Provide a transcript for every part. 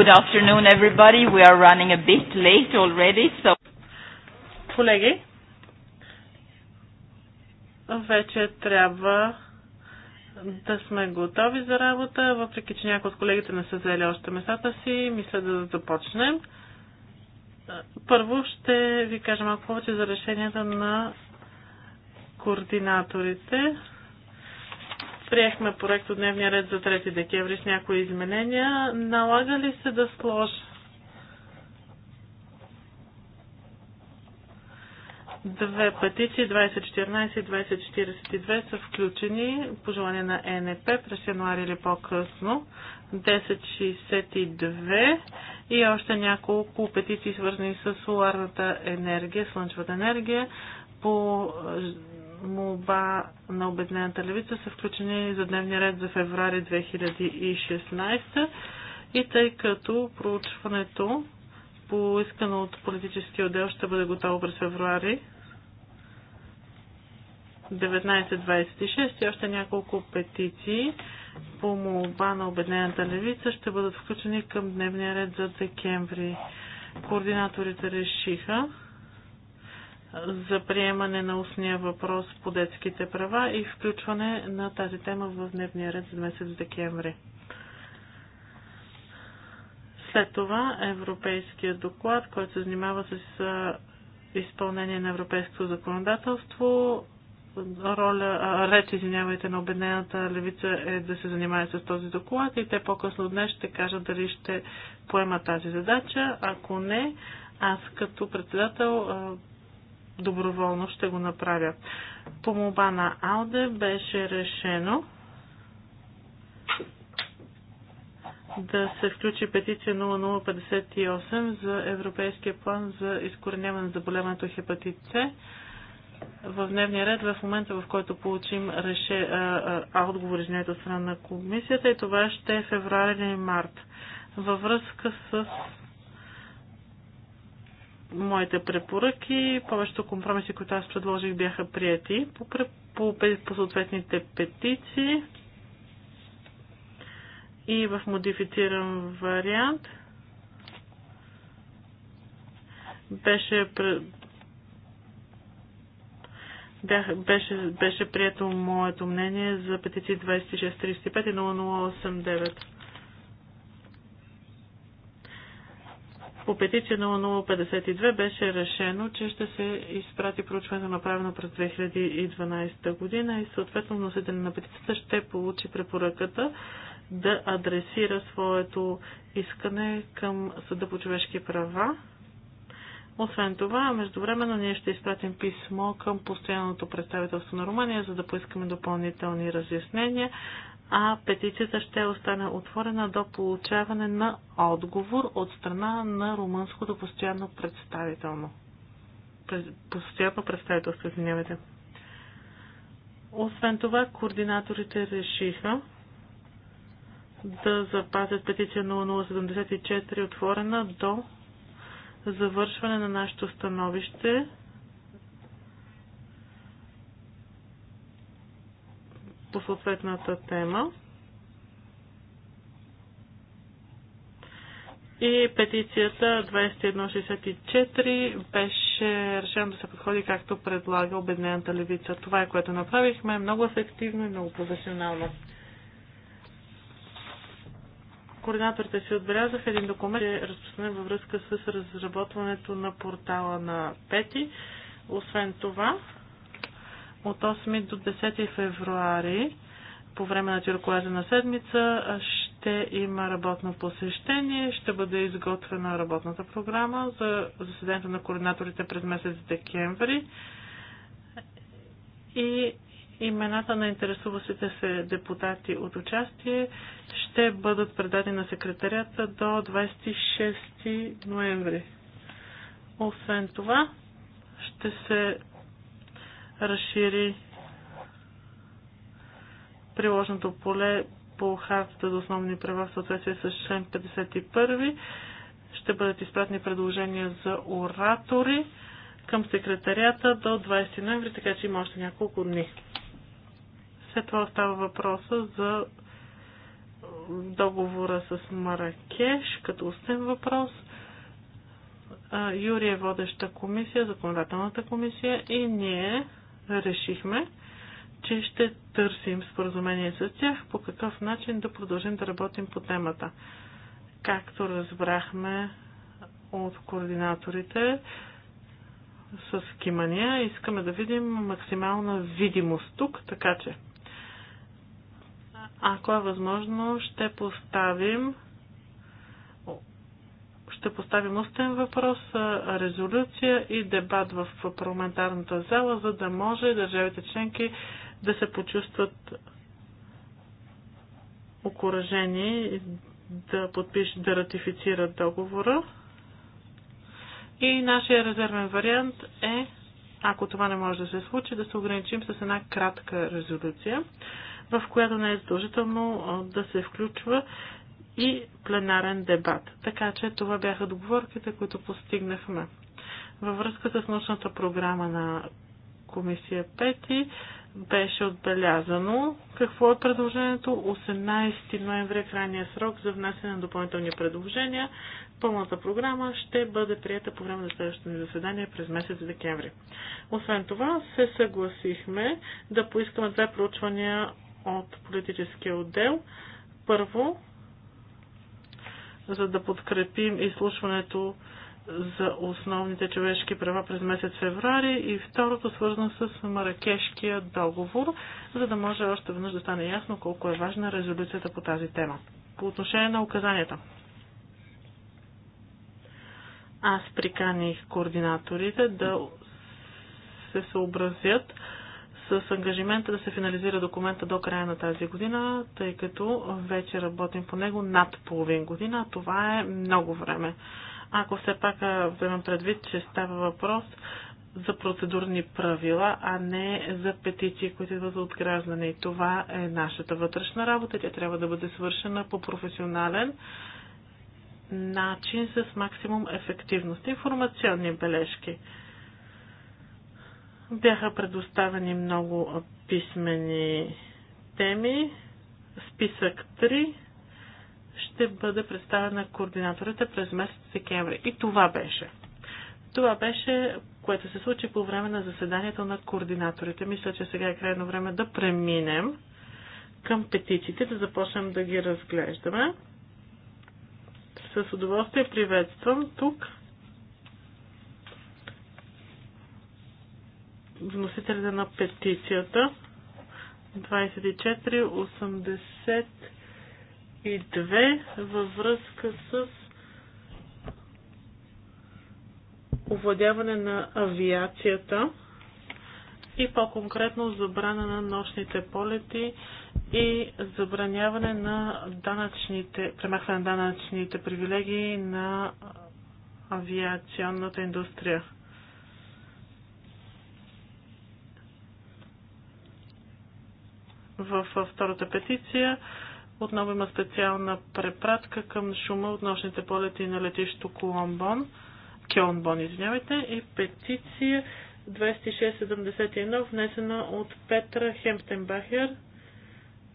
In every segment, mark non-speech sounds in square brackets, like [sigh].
Good afternoon, everybody. We are running a bit late already, so... Колеги, вече трябва да сме готови за работа, въпреки че някои от колегите не са взели още местата си, мисля да започнем. Първо ще ви кажа малко повече за решенията на координаторите. Приехме проект от дневния ред за 3 декември с някои изменения. Налага ли се да сложа две петиции, 2014 и 2042 са включени по желание на ЕНП през януари или по-късно, 1062 и още няколко петиции свързани с соларната енергия, слънчевата енергия по молба на Обеднената левица са включени за дневния ред за феврари 2016 и тъй като проучването поискано от политическия отдел ще бъде готово през февруари 19.26 и още няколко петиции по молба на Обеднената левица ще бъдат включени към дневния ред за декември. Координаторите решиха за приемане на устния въпрос по детските права и включване на тази тема в дневния ред за месец декември. След това европейския доклад, който се занимава с изпълнение на европейското законодателство. Роля, а, реч, извинявайте, на обеднената левица е да се занимае с този доклад и те по-късно днес ще кажат дали ще поема тази задача. Ако не, аз като председател доброволно ще го направя. По моба на Алде беше решено да се включи петиция 0058 за Европейския план за изкореняване на заболяването хепатит С в дневния ред в момента, в който получим реше, а, а, отговор от страна на комисията и това ще е февруари или март. Във връзка с моите препоръки. Повечето компромиси, които аз предложих, бяха прияти по, по, по съответните петиции и в модифициран вариант беше бях, беше, беше прието моето мнение за петиции 2635 и 0089. По петиция 0052 беше решено, че ще се изпрати проучването направено през 2012 година и съответно носителя на петицията ще получи препоръката да адресира своето искане към Съда по човешки права. Освен това, междувременно ние ще изпратим писмо към постоянното представителство на Румъния, за да поискаме допълнителни разяснения а петицията ще остане отворена до получаване на отговор от страна на румънското постоянно представително. Постоянно представителство, извинявайте. Освен това, координаторите решиха да запазят петиция 0074 отворена до завършване на нашето становище по съответната тема. И петицията 2164 беше решено да се подходи както предлага Обединената левица. Това е което направихме много ефективно и много професионално. Координаторите си отбелязаха един документ, е разпространен във връзка с разработването на портала на Пети. Освен това, от 8 до 10 февруари по време на тюркоазена седмица ще има работно посещение, ще бъде изготвена работната програма за заседанието на координаторите през месец декември и имената на интересуващите се депутати от участие ще бъдат предадени на секретарията до 26 ноември. Освен това, ще се разшири приложното поле по хартата за основни права в съответствие с член 51. Ще бъдат изпратни предложения за оратори към секретарията до 20 ноември, така че има още няколко дни. След това остава въпроса за договора с Маракеш, като устен въпрос. Юрия е водеща комисия, законодателната комисия и ние решихме, че ще търсим споразумение с тях по какъв начин да продължим да работим по темата. Както разбрахме от координаторите с Кимания, искаме да видим максимална видимост тук, така че ако е възможно, ще поставим ще поставим устен въпрос, резолюция и дебат в парламентарната зала, за да може държавите членки да се почувстват окоръжени да подпишат, да ратифицират договора. И нашия резервен вариант е, ако това не може да се случи, да се ограничим с една кратка резолюция, в която не е задължително да се включва и пленарен дебат. Така че това бяха договорките, които постигнахме. Във връзка с научната програма на комисия 5 беше отбелязано какво е предложението. 18 ноември е крайния срок за внасяне на допълнителни предложения. Пълната програма ще бъде прията по време на следващото ни заседание през месец декември. Освен това, се съгласихме да поискаме две проучвания от политическия отдел. Първо, за да подкрепим изслушването за основните човешки права през месец феврари и второто свързано с Маракешкия договор, за да може още веднъж да стане ясно колко е важна резолюцията по тази тема. По отношение на указанията. Аз приканих координаторите да се съобразят с ангажимента да се финализира документа до края на тази година, тъй като вече работим по него над половин година. Това е много време. Ако все пак вземем предвид, че става въпрос за процедурни правила, а не за петиции, които идват от граждане. И това е нашата вътрешна работа. Тя трябва да бъде свършена по професионален начин с максимум ефективност. Информационни бележки. Бяха предоставени много писмени теми. Списък 3 ще бъде представен на координаторите през месец декември. И това беше. Това беше, което се случи по време на заседанието на координаторите. Мисля, че сега е крайно време да преминем към петициите, да започнем да ги разглеждаме. С удоволствие приветствам тук вносителите на петицията 2482 във връзка с овладяване на авиацията и по-конкретно забрана на нощните полети и забраняване на данъчните, премахване на данъчните привилегии на авиационната индустрия. В втората петиция отново има специална препратка към шума от нощните полети на летището Коломбон, Кьонбон, извинявайте, и петиция 2671, внесена от Петра Хемптенбахер,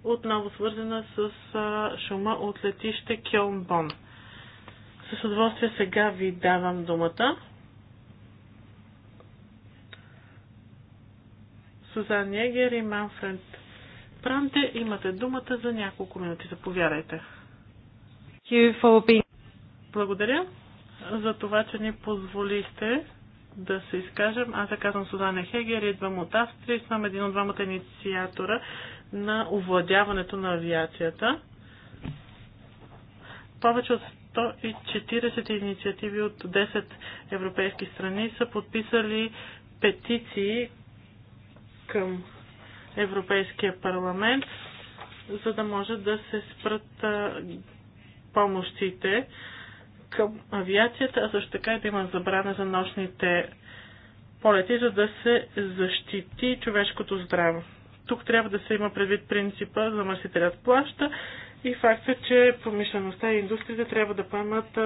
отново свързана с шума от летище Кьонбон. С удоволствие сега ви давам думата. Сузан Егер и Манфред Пранте, имате думата за няколко минути. Заповядайте. Благодаря за това, че ни позволихте да се изкажем. Аз се казвам Сузана Хегер, идвам от Австрия и съм един от двамата инициатора на овладяването на авиацията. Повече от 140 инициативи от 10 европейски страни са подписали петиции към Европейския парламент, за да може да се спрат помощите към авиацията, а също така и да има забрана за нощните полети, за да се защити човешкото здраве. Тук трябва да се има предвид принципа замърсителят плаща и факта, че промишлеността и индустрията трябва да поемат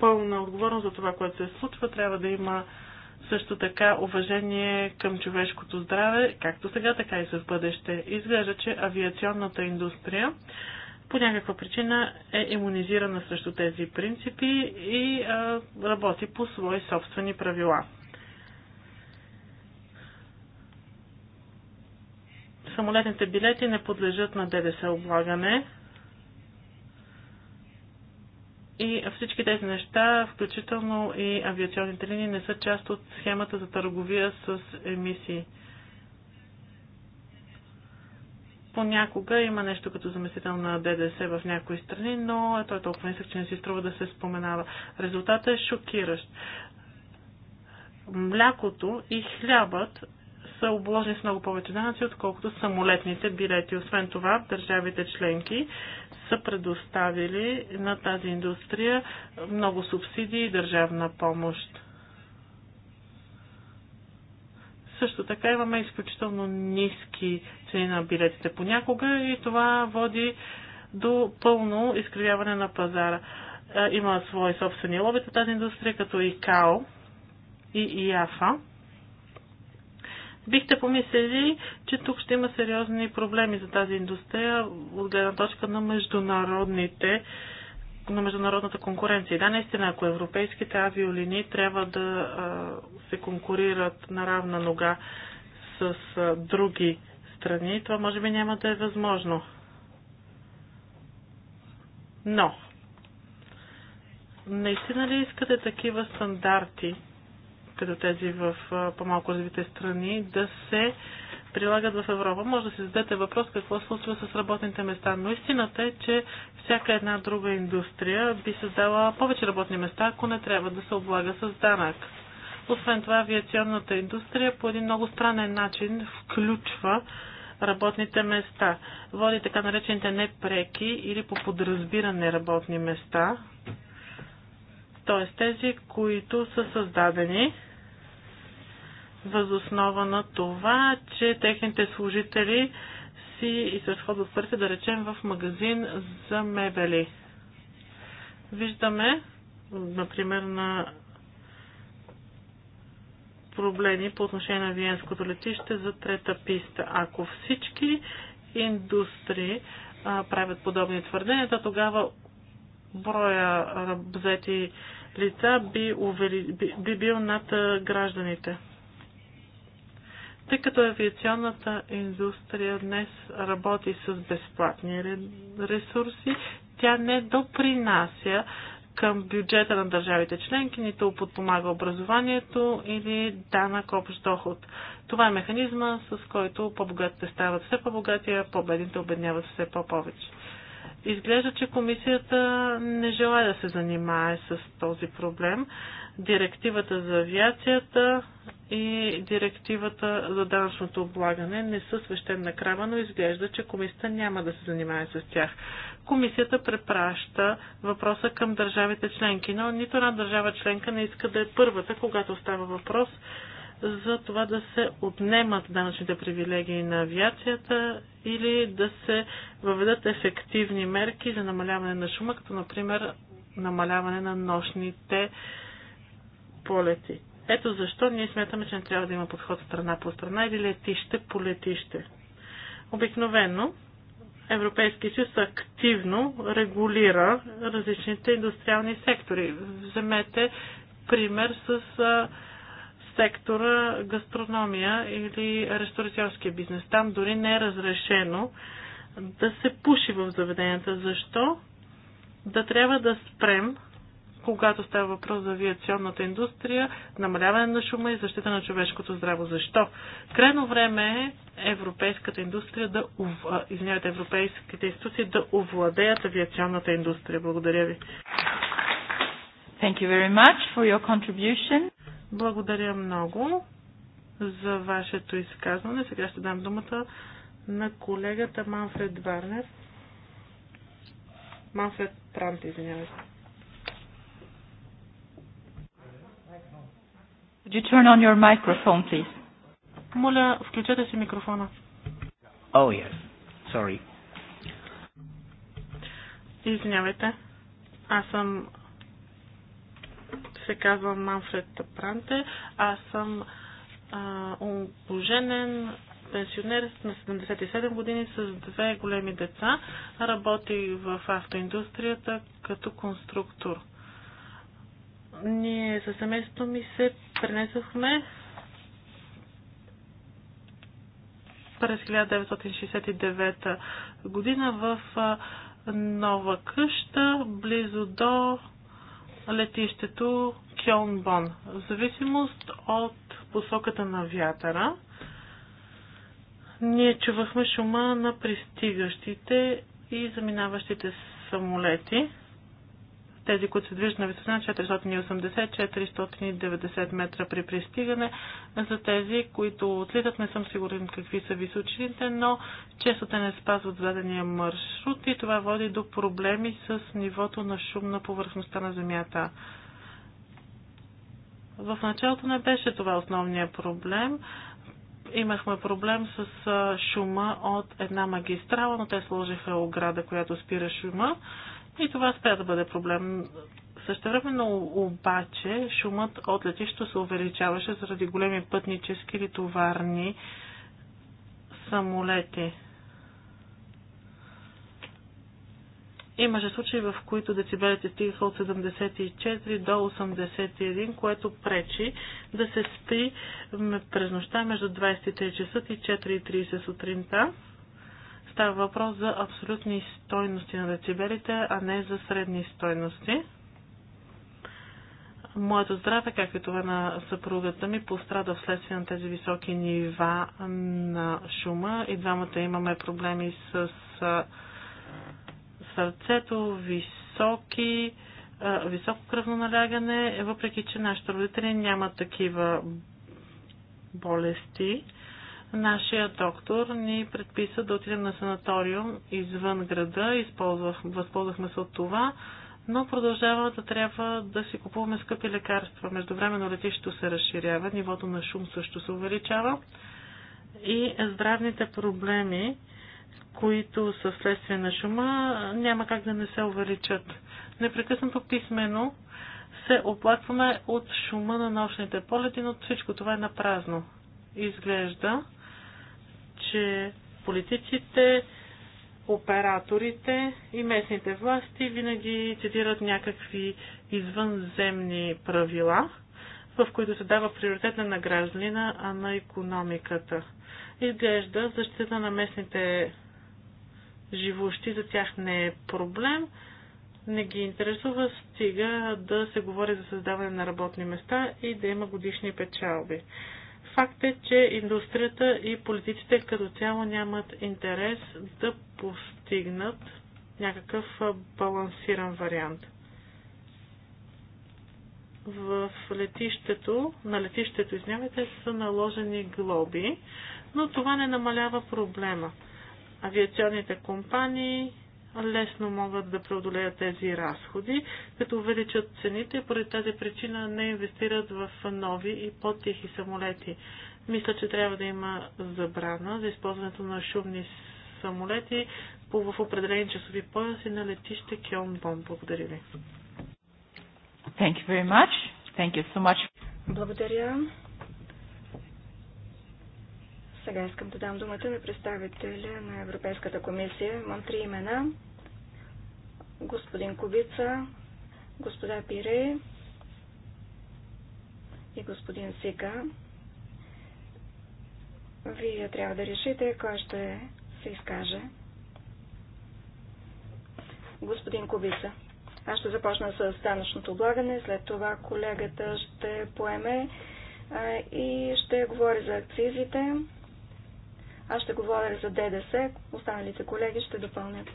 пълна отговорност за това, което се случва. Трябва да има също така уважение към човешкото здраве, както сега, така и за в бъдеще. Изглежда, че авиационната индустрия по някаква причина е иммунизирана срещу тези принципи и а, работи по свои собствени правила. Самолетните билети не подлежат на ДДС облагане, и всички тези неща, включително и авиационните линии, не са част от схемата за търговия с емисии. Понякога има нещо като заместител на ДДС в някои страни, но е той е толкова нисък, че не си струва да се споменава. Резултатът е шокиращ. Млякото и хлябът са обложени с много повече данъци, отколкото самолетните билети. Освен това, държавите членки са предоставили на тази индустрия много субсидии и държавна помощ. Също така имаме изключително ниски цени на билетите понякога и това води до пълно изкривяване на пазара. Е, има свои собствени лобита тази индустрия, като ИКАО и ИАФА бихте помислили, че тук ще има сериозни проблеми за тази индустрия от гледна точка на международните на международната конкуренция. Да, наистина, ако европейските авиолинии трябва да а, се конкурират на равна нога с а, други страни, това може би няма да е възможно. Но, наистина ли искате такива стандарти като тези в по-малко развитите страни, да се прилагат в Европа. Може да си зададете въпрос какво случва с работните места, но истината е, че всяка една друга индустрия би създала повече работни места, ако не трябва да се облага с данък. Освен това, авиационната индустрия по един много странен начин включва работните места. Води така наречените непреки или по подразбиране работни места, т.е. тези, които са създадени възоснова на това, че техните служители си изразходват парите, да речем, в магазин за мебели. Виждаме, например, на проблеми по отношение на Виенското летище за трета писта. Ако всички индустрии а, правят подобни твърдения, то тогава броя взети лица би, увели, би, би бил над гражданите. Тъй като авиационната индустрия днес работи с безплатни ресурси, тя не допринася към бюджета на държавите членки, нито подпомага образованието или данък общ доход. Това е механизма, с който по-богатите стават все по-богати, а по-бедните обедняват все по-повече. Изглежда, че комисията не желая да се занимае с този проблем директивата за авиацията и директивата за данъчното облагане не са свещена крава, но изглежда, че комисията няма да се занимае с тях. Комисията препраща въпроса към държавите членки, но нито една държава членка не иска да е първата, когато става въпрос за това да се отнемат данъчните привилегии на авиацията или да се въведат ефективни мерки за намаляване на шума, като например намаляване на нощните полети. Ето защо ние смятаме, че не трябва да има подход страна по страна или летище по летище. Обикновено Европейския съюз активно регулира различните индустриални сектори. Вземете пример с сектора гастрономия или ресторационския бизнес. Там дори не е разрешено да се пуши в заведенията. Защо? Да трябва да спрем когато става въпрос за авиационната индустрия, намаляване на шума и защита на човешкото здраво. Защо? Крайно време е европейската индустрия да, извинявайте, европейските институции да овладеят авиационната индустрия. Благодаря ви. Thank you very much for your contribution. Благодаря много за вашето изказване. Сега ще дам думата на колегата Манфред Варнер. Манфред Трант, извинявайте. Could you turn on your microphone, please? Моля, включете си микрофона. Oh, yes. Sorry. Извинявайте. Аз съм... Се казвам Манфред Пранте. Аз съм обоженен пенсионер на 77 години с две големи деца. Работи в автоиндустрията като конструктор. Ние със семейството ми се пренесохме през 1969 година в нова къща, близо до летището Кьонбон. В зависимост от посоката на вятъра, ние чувахме шума на пристигащите и заминаващите самолети тези, които се движат на височина 480-490 метра при пристигане. За тези, които отлитат, не съм сигурен какви са височините, но често те не спазват зададения маршрут и това води до проблеми с нивото на шум на повърхността на Земята. В началото не беше това основния проблем. Имахме проблем с шума от една магистрала, но те сложиха ограда, която спира шума. И това спря да бъде проблем. Същевременно обаче шумът от летището се увеличаваше заради големи пътнически или товарни самолети. Имаше случаи, в които децибелите стигаха от 74 до 81, което пречи да се спи през нощта между 23 часа и 4.30 сутринта. Става въпрос за абсолютни стойности на децибелите, а не за средни стойности. Моето здраве, както и това на съпругата ми, пострада вследствие на тези високи нива на шума. И двамата имаме проблеми с сърцето, високи, високо кръвно налягане, въпреки че нашите родители нямат такива болести. Нашия доктор ни предписа да отидем на санаториум извън града. Използвах, възползвахме се от това, но продължава да трябва да си купуваме скъпи лекарства. Междувременно летището се разширява, нивото на шум също се увеличава и здравните проблеми, които са вследствие на шума, няма как да не се увеличат. Непрекъснато писмено се оплакваме от шума на нощните полети, но всичко това е напразно. Изглежда, че политиците, операторите и местните власти винаги цитират някакви извънземни правила, в които се дава приоритет на гражданина, а на економиката. Изглежда защита на местните живущи за тях не е проблем, не ги интересува, стига да се говори за създаване на работни места и да има годишни печалби. Факт е, че индустрията и политиците като цяло нямат интерес да постигнат някакъв балансиран вариант. В летището, на летището, извинявайте, са наложени глоби, но това не намалява проблема. Авиационните компании лесно могат да преодолеят тези разходи, като увеличат цените и поради тази причина не инвестират в нови и по-тихи самолети. Мисля, че трябва да има забрана за използването на шумни самолети по в определени часови пояси на летище Кьонбон. Благодаря ви. Thank you very much. Thank you so much. Благодаря. Сега искам да дам думата на представителя на Европейската комисия. Имам три имена. Господин Кубица, господа Пире и господин Сика. Вие трябва да решите кой ще се изкаже. Господин Кубица. Аз ще започна с данъчното облагане, след това колегата ще поеме и ще говори за акцизите. Аз ще говоря за ДДС, останалите колеги ще допълнят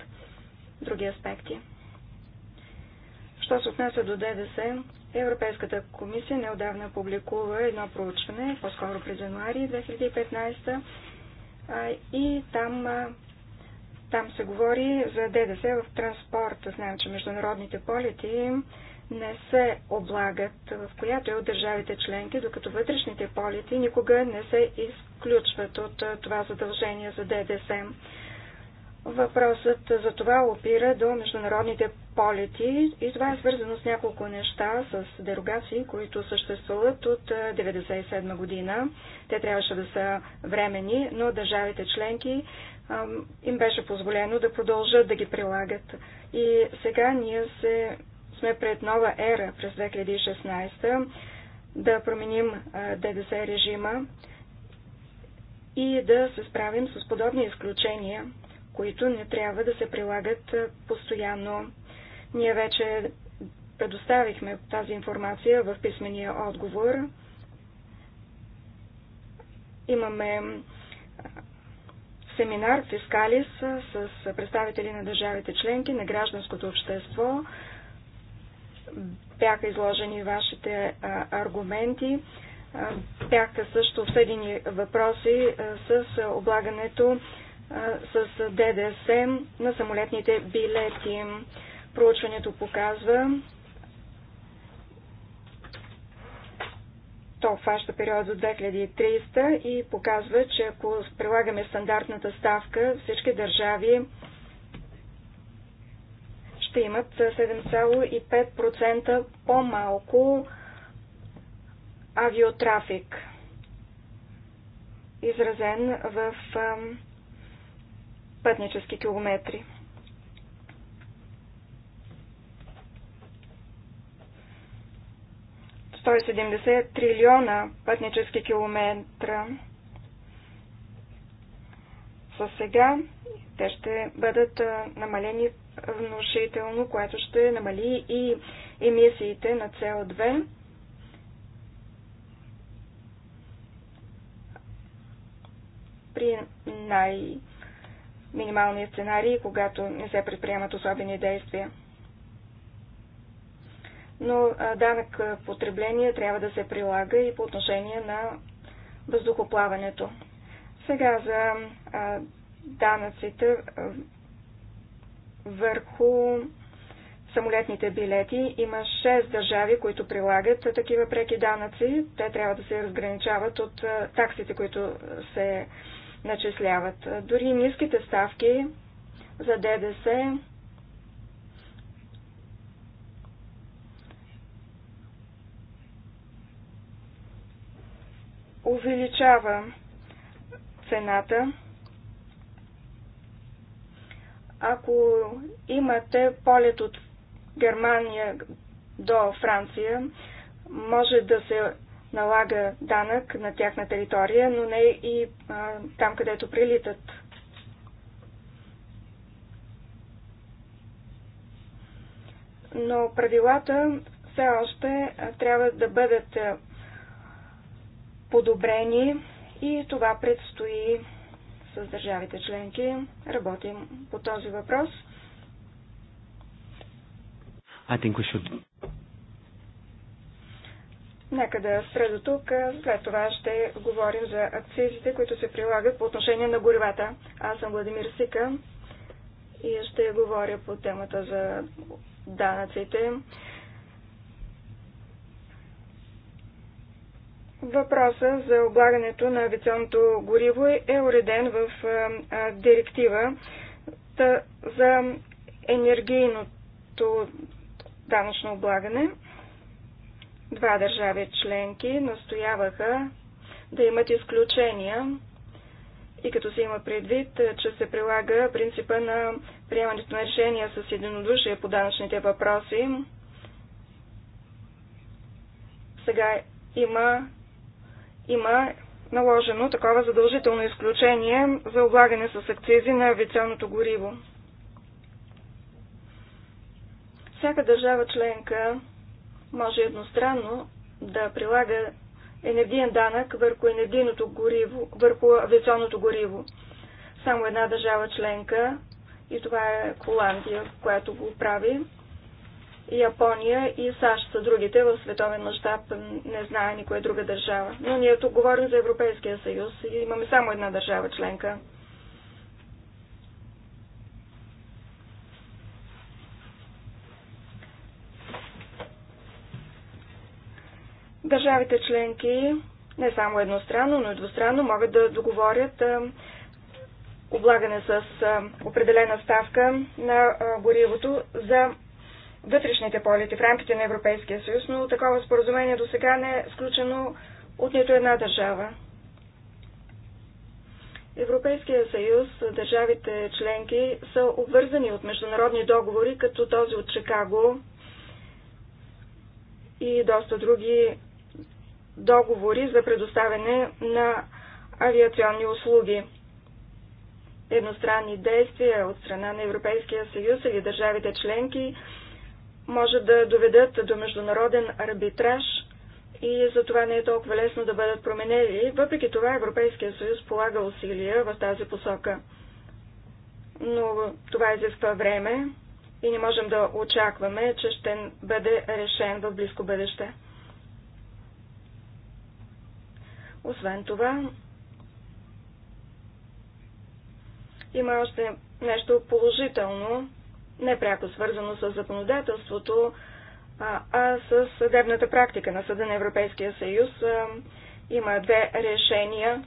други аспекти. Що се отнася до ДДС, Европейската комисия неодавна публикува едно проучване, по-скоро през януари 2015, и там, там се говори за ДДС в транспорта. Знаем, че международните полети не се облагат в която е от държавите членки, докато вътрешните полети никога не се изключват от това задължение за ДДС. Въпросът за това опира до международните полети и това е свързано с няколко неща, с дерогации, които съществуват от 1997 година. Те трябваше да са времени, но държавите членки им беше позволено да продължат да ги прилагат. И сега ние се сме пред нова ера през 2016, да променим ДДС режима и да се справим с подобни изключения, които не трябва да се прилагат постоянно. Ние вече предоставихме тази информация в писмения отговор. Имаме семинар Фискалис с представители на държавите членки, на гражданското общество, бяха изложени вашите аргументи. Бяха също обсъдени въпроси с облагането с ДДС на самолетните билети. Проучването показва, то хваща период за 2300 и показва, че ако прилагаме стандартната ставка, всички държави ще имат 7,5% по-малко авиотрафик, изразен в пътнически километри. Сто трилиона пътнически километра са сега. Те ще бъдат намалени внушително, което ще намали и емисиите на CO2. При най-минималния сценарий, когато не се предприемат особени действия. Но данък потребление трябва да се прилага и по отношение на въздухоплаването. Сега за данъците върху самолетните билети. Има 6 държави, които прилагат такива преки данъци. Те трябва да се разграничават от таксите, които се начисляват. Дори ниските ставки за ДДС увеличава цената ако имате полет от Германия до Франция, може да се налага данък на тяхна територия, но не и а, там, където прилитат. Но правилата все още трябва да бъдат подобрени и това предстои с държавите членки. Работим по този въпрос. I think we should... Нека да спре до тук. След това ще говорим за акцизите, които се прилагат по отношение на горивата. Аз съм Владимир Сика и ще говоря по темата за данъците. Въпроса за облагането на авиационното гориво е уреден в директива за енергийното данъчно облагане. Два държави членки настояваха да имат изключения и като се има предвид, че се прилага принципа на приемането на решения с единодушие по данъчните въпроси, сега има има наложено такова задължително изключение за облагане с акцизи на авиационното гориво. Всяка държава членка може едностранно да прилага енергиен данък върху енергийното гориво, върху авиационното гориво. Само една държава членка, и това е Холандия, която го прави, Япония и САЩ са другите в световен мащаб, не знае никоя друга държава. Но ние тук говорим за Европейския съюз и имаме само една държава членка. Държавите членки не само едностранно, но и двустранно могат да договорят облагане с определена ставка на горивото за вътрешните полети в рамките на Европейския съюз, но такова споразумение до сега не е сключено от нито една държава. Европейския съюз, държавите членки са обвързани от международни договори, като този от Чикаго и доста други договори за предоставяне на авиационни услуги. Едностранни действия от страна на Европейския съюз или държавите членки може да доведат до международен арбитраж и за това не е толкова лесно да бъдат променени. Въпреки това Европейския съюз полага усилия в тази посока. Но това изисква време и не можем да очакваме, че ще бъде решен в близко бъдеще. Освен това, има още нещо положително не пряко свързано с законодателството, а, а с съдебната практика на Съда на Европейския съюз. А, има две решения.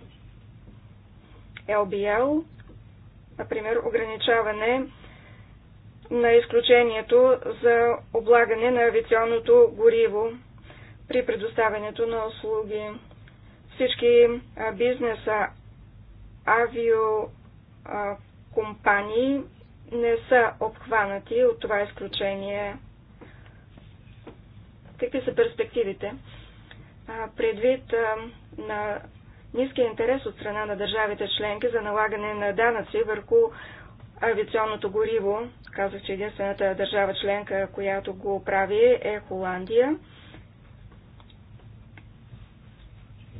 LBL, например, ограничаване на изключението за облагане на авиационното гориво при предоставянето на услуги. Всички бизнеса авиокомпании не са обхванати от това изключение. Какви са перспективите? Предвид на ниския интерес от страна на държавите членки за налагане на данъци върху авиационното гориво, казах, че единствената държава членка, която го прави е Холандия,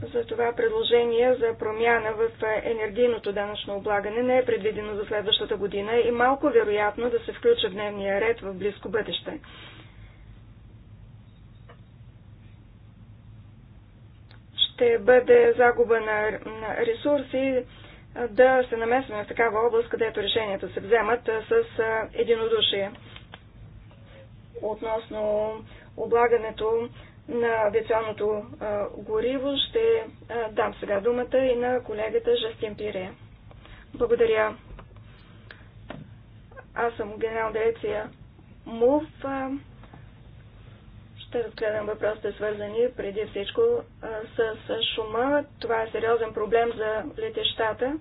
За това предложение за промяна в енергийното данъчно облагане не е предвидено за следващата година и малко вероятно да се включи в дневния ред в близко бъдеще. Ще бъде загуба на, ресурси да се намесваме в такава област, където решенията се вземат с единодушие. Относно облагането на авиационното гориво, ще дам сега думата и на колегата Жастин Пире. Благодаря. Аз съм генерал дирекция МУВ. Ще разгледам въпросите свързани преди всичко с шума. Това е сериозен проблем за летещата.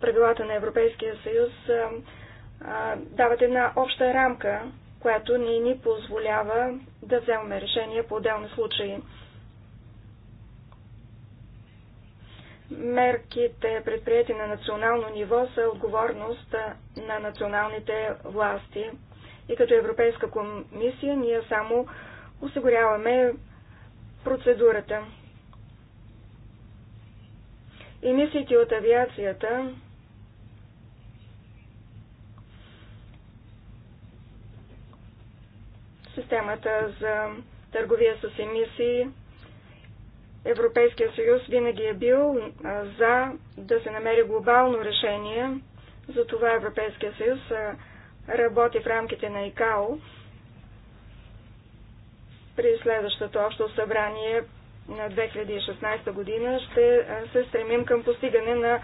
Правилата на Европейския съюз дават една обща рамка която ни ни позволява да вземаме решения по отделни случаи. Мерките, предприяти на национално ниво, са отговорност на националните власти. И като Европейска комисия ние само осигуряваме процедурата. Емисиите от авиацията системата за търговия с емисии. Европейския съюз винаги е бил за да се намери глобално решение. Затова Европейския съюз работи в рамките на ИКАО. При следващото общо събрание на 2016 година ще се стремим към постигане на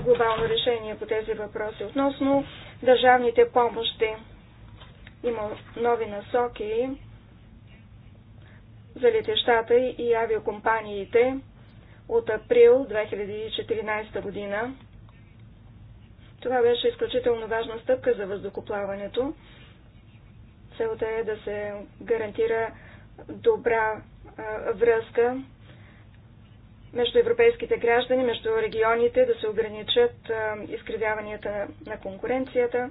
глобално решение по тези въпроси. Относно държавните помощи, има нови насоки за летещата и авиокомпаниите от април 2014 година. Това беше изключително важна стъпка за въздухоплаването. Целта е да се гарантира добра а, връзка между европейските граждани, между регионите, да се ограничат а, изкривяванията на конкуренцията.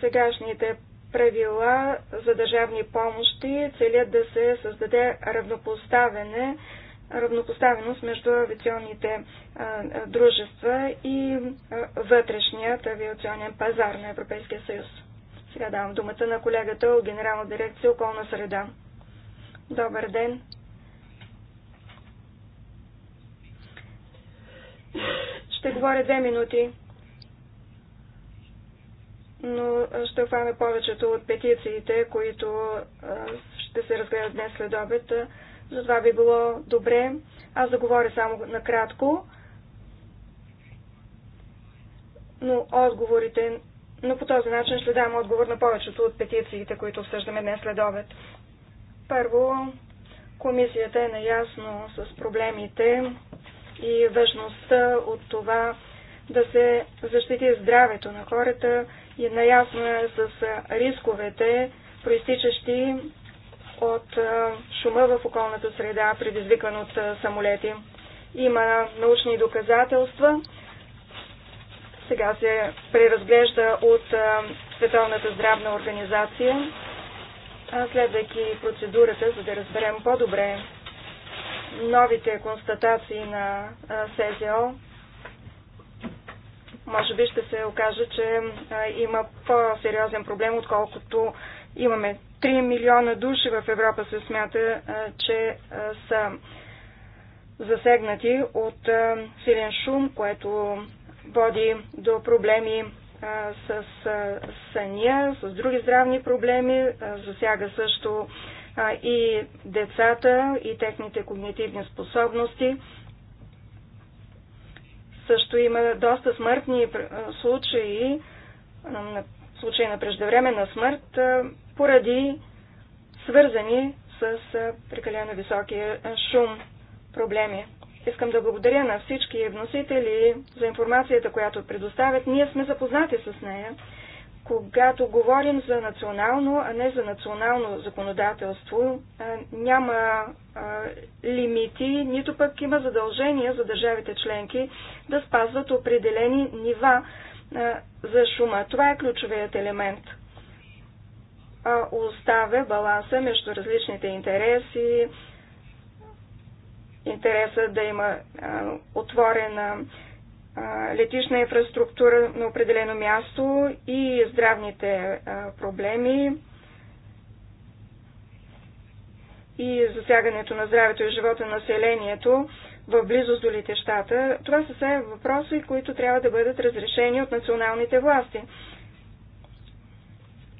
Сегашните правила за държавни помощи целят да се създаде равнопоставене, равнопоставеност между авиационните а, дружества и а, вътрешният авиационен пазар на Европейския съюз. Сега давам думата на колегата от Генерална дирекция околна среда. Добър ден! Ще говоря две минути но ще хвана повечето от петициите, които ще се разгледат днес след обед. Затова би било добре. Аз да говоря само накратко, но отговорите, но по този начин ще дам отговор на повечето от петициите, които обсъждаме днес след обед. Първо, комисията е наясно с проблемите и важността от това да се защити здравето на хората и е с рисковете, проистичащи от шума в околната среда, предизвикан от самолети. Има научни доказателства. Сега се преразглежда от Световната здравна организация, следвайки процедурата, за да разберем по-добре новите констатации на СЗО може би ще се окаже, че има по-сериозен проблем, отколкото имаме 3 милиона души в Европа се смята, че са засегнати от силен шум, което води до проблеми с съня, с други здравни проблеми, засяга също и децата и техните когнитивни способности. Също има доста смъртни случаи, случаи на преждевременна смърт, поради свързани с прекалено високия шум проблеми. Искам да благодаря на всички вносители за информацията, която предоставят. Ние сме запознати с нея когато говорим за национално, а не за национално законодателство, няма лимити, нито пък има задължения за държавите членки да спазват определени нива за шума. Това е ключовият елемент. Оставя баланса между различните интереси, интереса да има отворена летишна инфраструктура на определено място и здравните проблеми и засягането на здравето и живота на населението в близост до летищата. Това са все въпроси, които трябва да бъдат разрешени от националните власти.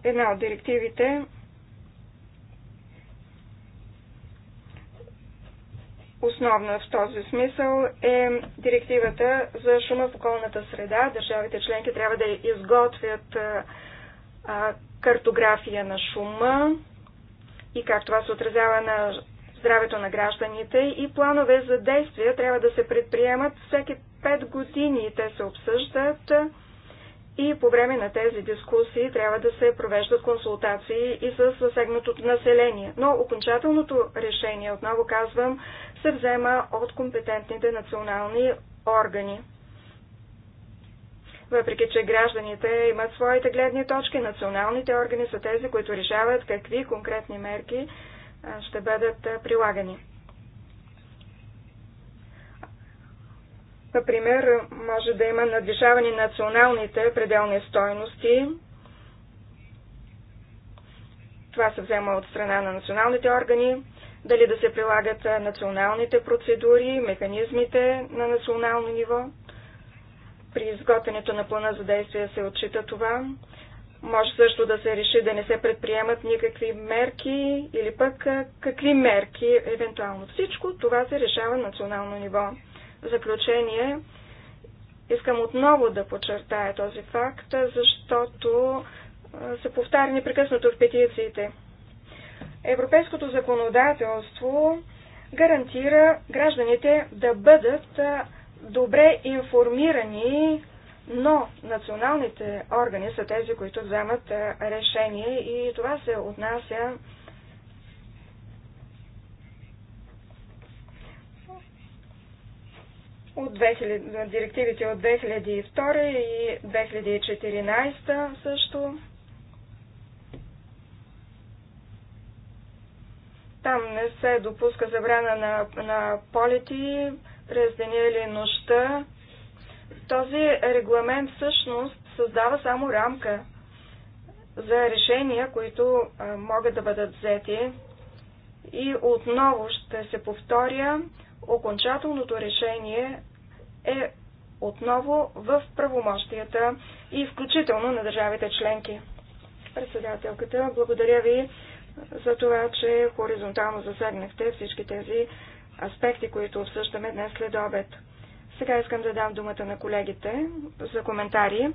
Една от директивите Основна в този смисъл е директивата за шума в околната среда. Държавите членки трябва да изготвят картография на шума и как това се отразява на здравето на гражданите и планове за действия трябва да се предприемат всеки 5 години. Те се обсъждат и по време на тези дискусии трябва да се провеждат консултации и с засегнатото население. Но окончателното решение, отново казвам, се взема от компетентните национални органи. Въпреки, че гражданите имат своите гледни точки, националните органи са тези, които решават какви конкретни мерки ще бъдат прилагани. Например, може да има надвишаване националните пределни стойности. Това се взема от страна на националните органи дали да се прилагат националните процедури, механизмите на национално ниво. При изготвянето на плана за действие се отчита това. Може също да се реши да не се предприемат никакви мерки или пък какви мерки, евентуално всичко, това се решава на национално ниво. В заключение, искам отново да подчертая този факт, защото се повтаря непрекъснато в петициите. Европейското законодателство гарантира гражданите да бъдат добре информирани, но националните органи са тези, които вземат решение и това се отнася от 2000, директивите от 2002 и 2014 също. Там не се допуска забрана на, на полети през деня или нощта. Този регламент всъщност създава само рамка за решения, които а, могат да бъдат взети. И отново ще се повторя, окончателното решение е отново в правомощията и включително на държавите членки. Председателката, благодаря ви за това, че хоризонтално засегнахте всички тези аспекти, които обсъждаме днес след обед. Сега искам да дам думата на колегите за коментари.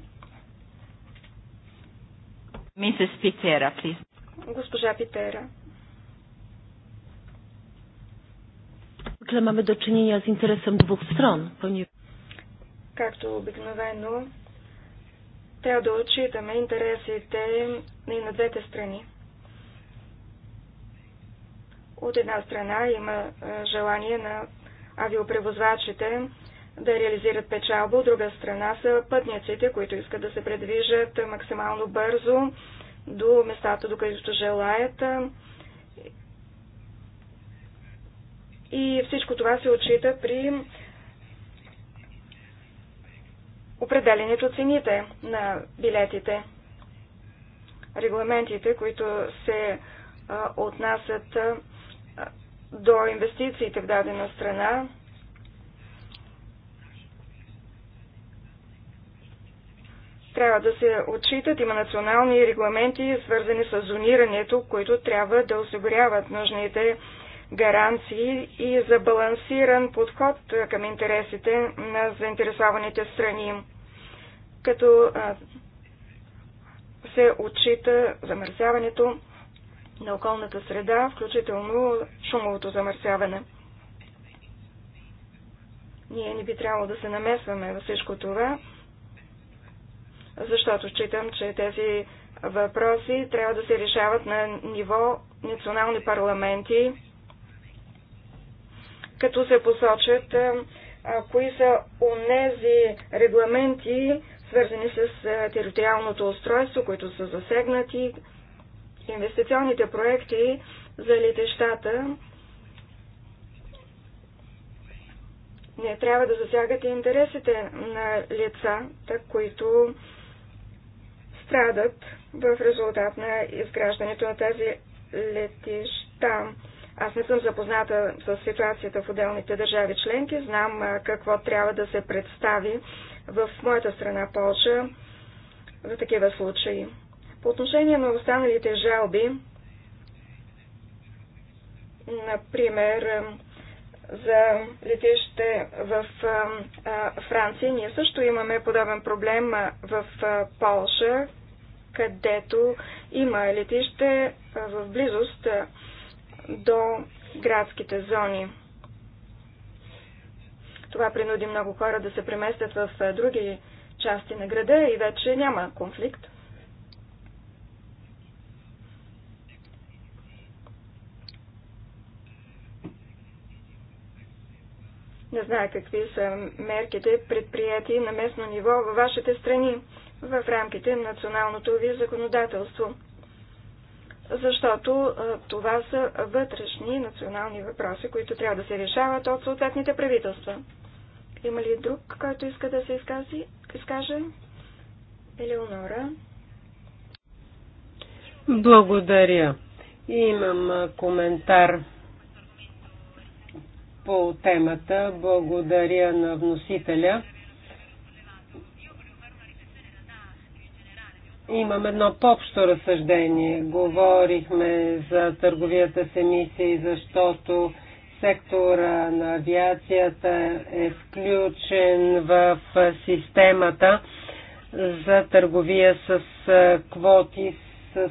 Мисис Питера, плиз. Госпожа Питера. Zwykle до do с интересъм двух стран. Както обикновено, трябва да отчитаме интересите и на двете страни. От една страна има е, желание на авиопревозвачите да реализират печалба, от друга страна са пътниците, които искат да се предвижат максимално бързо до местата, до където желаят. И всичко това се отчита при определенето цените на билетите. Регламентите, които се отнасят до инвестициите в дадена страна. Трябва да се отчитат, има национални регламенти, свързани с зонирането, които трябва да осигуряват нужните гаранции и за балансиран подход към интересите на заинтересованите страни, като се отчита замърсяването, на околната среда, включително шумовото замърсяване. Ние не би трябвало да се намесваме във всичко това, защото считам, че тези въпроси трябва да се решават на ниво национални парламенти, като се посочат кои са онези регламенти, свързани с териториалното устройство, които са засегнати, инвестиционните проекти за летещата не трябва да засягат и интересите на лицата, които страдат в резултат на изграждането на тези летища. Аз не съм запозната с ситуацията в отделните държави членки, знам какво трябва да се представи в моята страна Полша за такива случаи. По отношение на останалите жалби, например, за летище в Франция, ние също имаме подобен проблем в Полша, където има летище в близост до градските зони. Това принуди много хора да се преместят в други части на града и вече няма конфликт. Не знае какви са мерките предприяти на местно ниво във вашите страни в рамките на националното ви законодателство. Защото това са вътрешни национални въпроси, които трябва да се решават от съответните правителства. Има ли друг, който иска да се изкази, изкаже? Елеонора. Благодаря. Имам коментар по темата. Благодаря на вносителя. Имам едно по-общо разсъждение. Говорихме за търговията с емисии, защото сектора на авиацията е включен в системата за търговия с квоти с,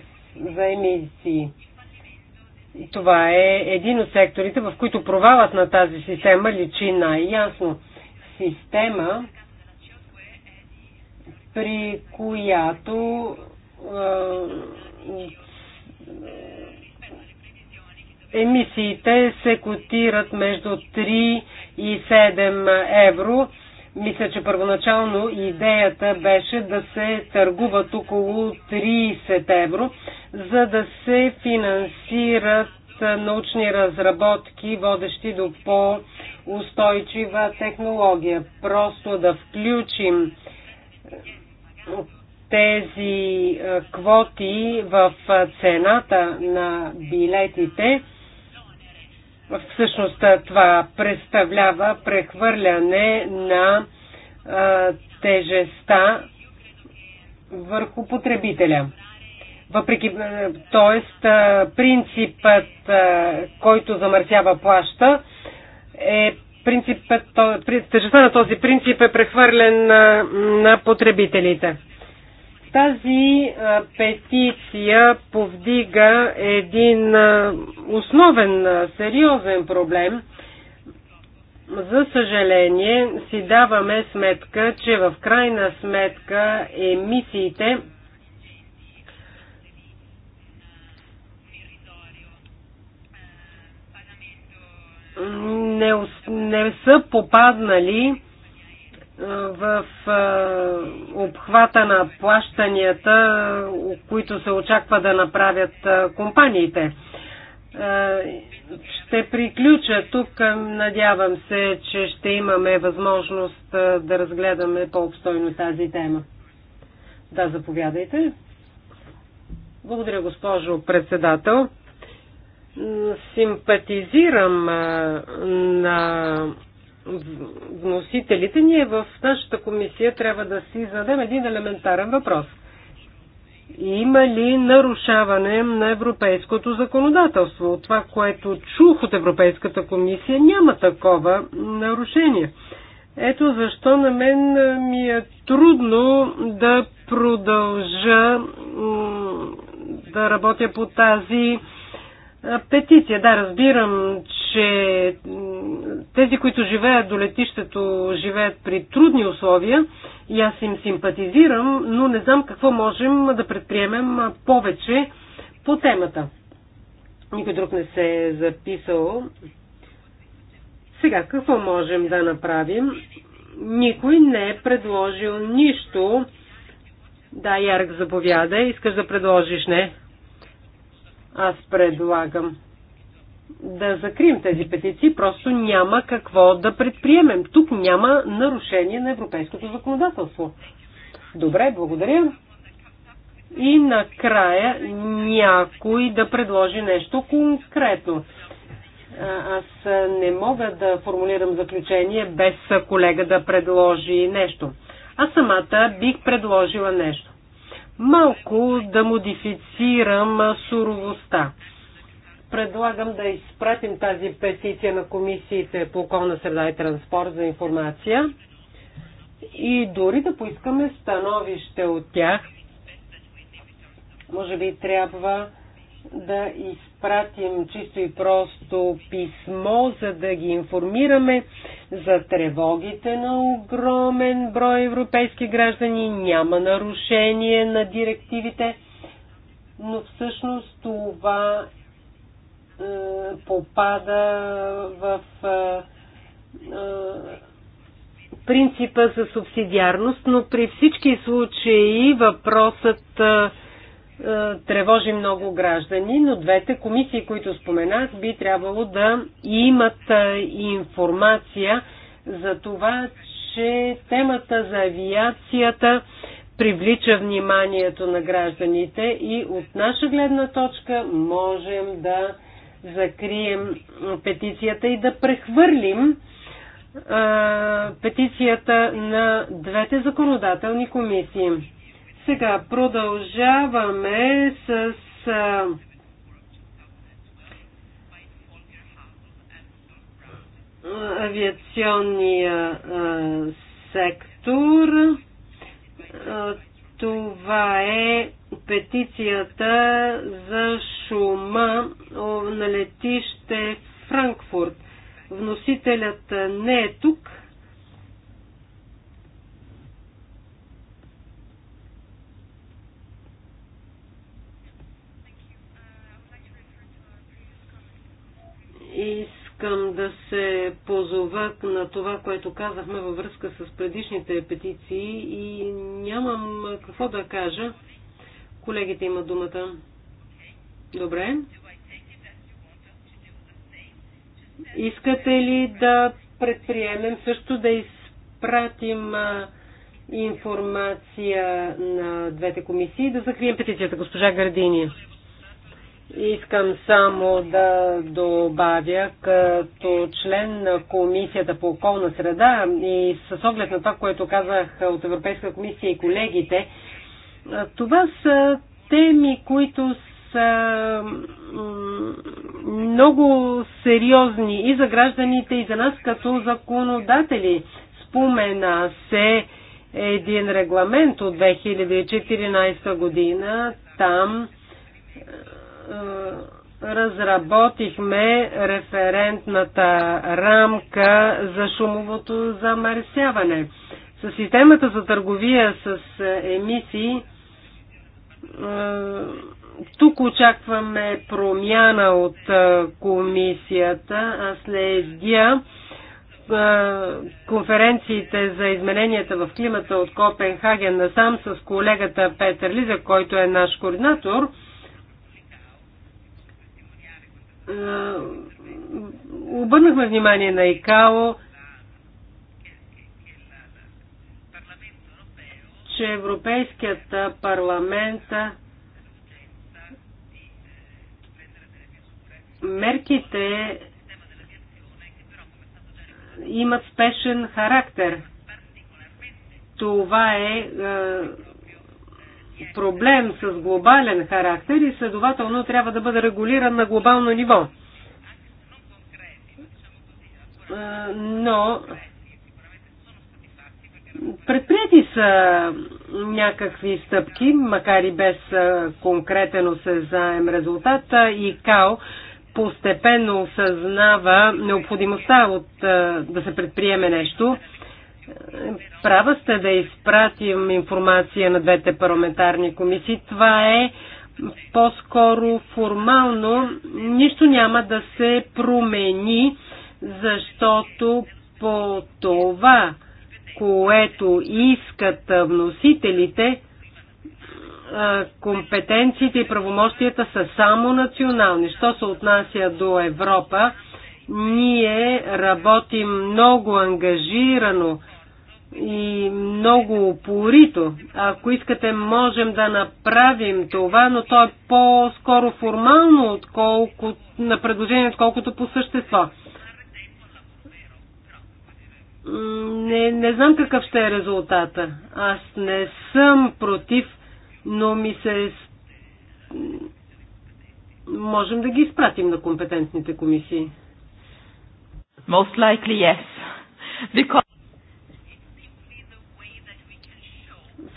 за емисии това е един от секторите, в които провалът на тази система личи най-ясно. Система, при която е, емисиите се котират между 3 и 7 евро мисля, че първоначално идеята беше да се търгуват около 30 евро, за да се финансират научни разработки, водещи до по-устойчива технология. Просто да включим тези квоти в цената на билетите Всъщност това представлява прехвърляне на а, тежеста върху потребителя. Въпреки, т.е. принципът, който замърсява плаща, е принципът, тежестта на този принцип е прехвърлен на, на потребителите. Тази петиция повдига един основен, сериозен проблем. За съжаление си даваме сметка, че в крайна сметка емисиите не, не са попаднали в обхвата на плащанията, които се очаква да направят компаниите. Ще приключа тук. Надявам се, че ще имаме възможност да разгледаме по-обстойно тази тема. Да, заповядайте. Благодаря, госпожо председател. Симпатизирам на вносителите, ние в нашата комисия трябва да си зададем един елементарен въпрос. Има ли нарушаване на европейското законодателство? От това, което чух от Европейската комисия, няма такова нарушение. Ето защо на мен ми е трудно да продължа да работя по тази петиция. Да, разбирам, че тези, които живеят до летището, живеят при трудни условия и аз им симпатизирам, но не знам какво можем да предприемем повече по темата. Никой друг не се е записал. Сега, какво можем да направим? Никой не е предложил нищо. Да, Ярк, заповяда. Искаш да предложиш, не? Аз предлагам да закрием тези петиции, просто няма какво да предприемем. Тук няма нарушение на европейското законодателство. Добре, благодаря. И накрая някой да предложи нещо конкретно. Аз не мога да формулирам заключение без колега да предложи нещо. Аз самата бих предложила нещо малко да модифицирам суровостта. Предлагам да изпратим тази петиция на комисиите по околна среда и транспорт за информация и дори да поискаме становище от тях. Може би трябва да изпратим чисто и просто писмо, за да ги информираме за тревогите на огромен брой европейски граждани. Няма нарушение на директивите, но всъщност това е, попада в е, е принципа за субсидиарност, но при всички случаи въпросът е, е, тревожи много граждани, но двете комисии, които споменах, би трябвало да имат е, информация за това, че темата за авиацията привлича вниманието на гражданите и от наша гледна точка можем да закрием петицията и да прехвърлим а, е, петицията на двете законодателни комисии. Сега продължаваме с а, авиационния а, сектор. А, това е петицията за шума на летище Франкфурт. Вносителят не е тук, Искам да се позова на това, което казахме във връзка с предишните петиции и нямам какво да кажа. Колегите имат думата. Добре. Искате ли да предприемем също да изпратим информация на двете комисии и да закрием петицията, госпожа Гардиния? Искам само да добавя, като член на Комисията по околна среда и с оглед на това, което казах от Европейска комисия и колегите, това са теми, които са много сериозни и за гражданите, и за нас като законодатели. Спомена се един регламент от 2014 година. Там е, разработихме референтната рамка за шумовото замърсяване. С системата за търговия с е, емисии е, тук очакваме промяна от комисията. Аз следя конференциите за измененията в климата от Копенхаген насам с колегата Петър Лиза, който е наш координатор – е, обърнахме внимание на ИКАО, че Европейският парламент мерките имат спешен характер. Това е, е проблем с глобален характер и следователно трябва да бъде регулиран на глобално ниво. Но предприяти са някакви стъпки, макар и без конкретен осезаем резултат. И КАО постепенно осъзнава необходимостта от да се предприеме нещо Права сте да изпратим информация на двете парламентарни комисии. Това е по-скоро формално. Нищо няма да се промени, защото по това, което искат вносителите, компетенциите и правомощията са само национални. Що се отнася до Европа, ние работим много ангажирано и много упорито. Ако искате, можем да направим това, но то е по-скоро формално отколко, на предложение, отколкото по същество. Не, не знам какъв ще е резултата. Аз не съм против, но ми се... Можем да ги изпратим на компетентните комисии. Most likely yes. Because...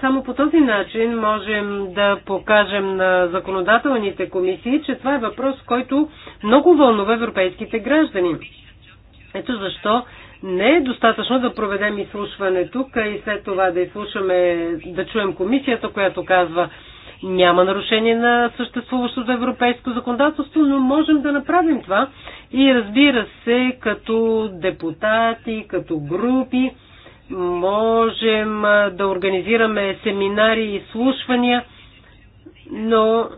Само по този начин можем да покажем на законодателните комисии, че това е въпрос, който много вълнува европейските граждани. Ето защо не е достатъчно да проведем изслушване тук и след това да изслушаме, да чуем комисията, която казва няма нарушение на съществуващото европейско законодателство, но можем да направим това. И разбира се, като депутати, като групи, можем да организираме семинари и слушвания, но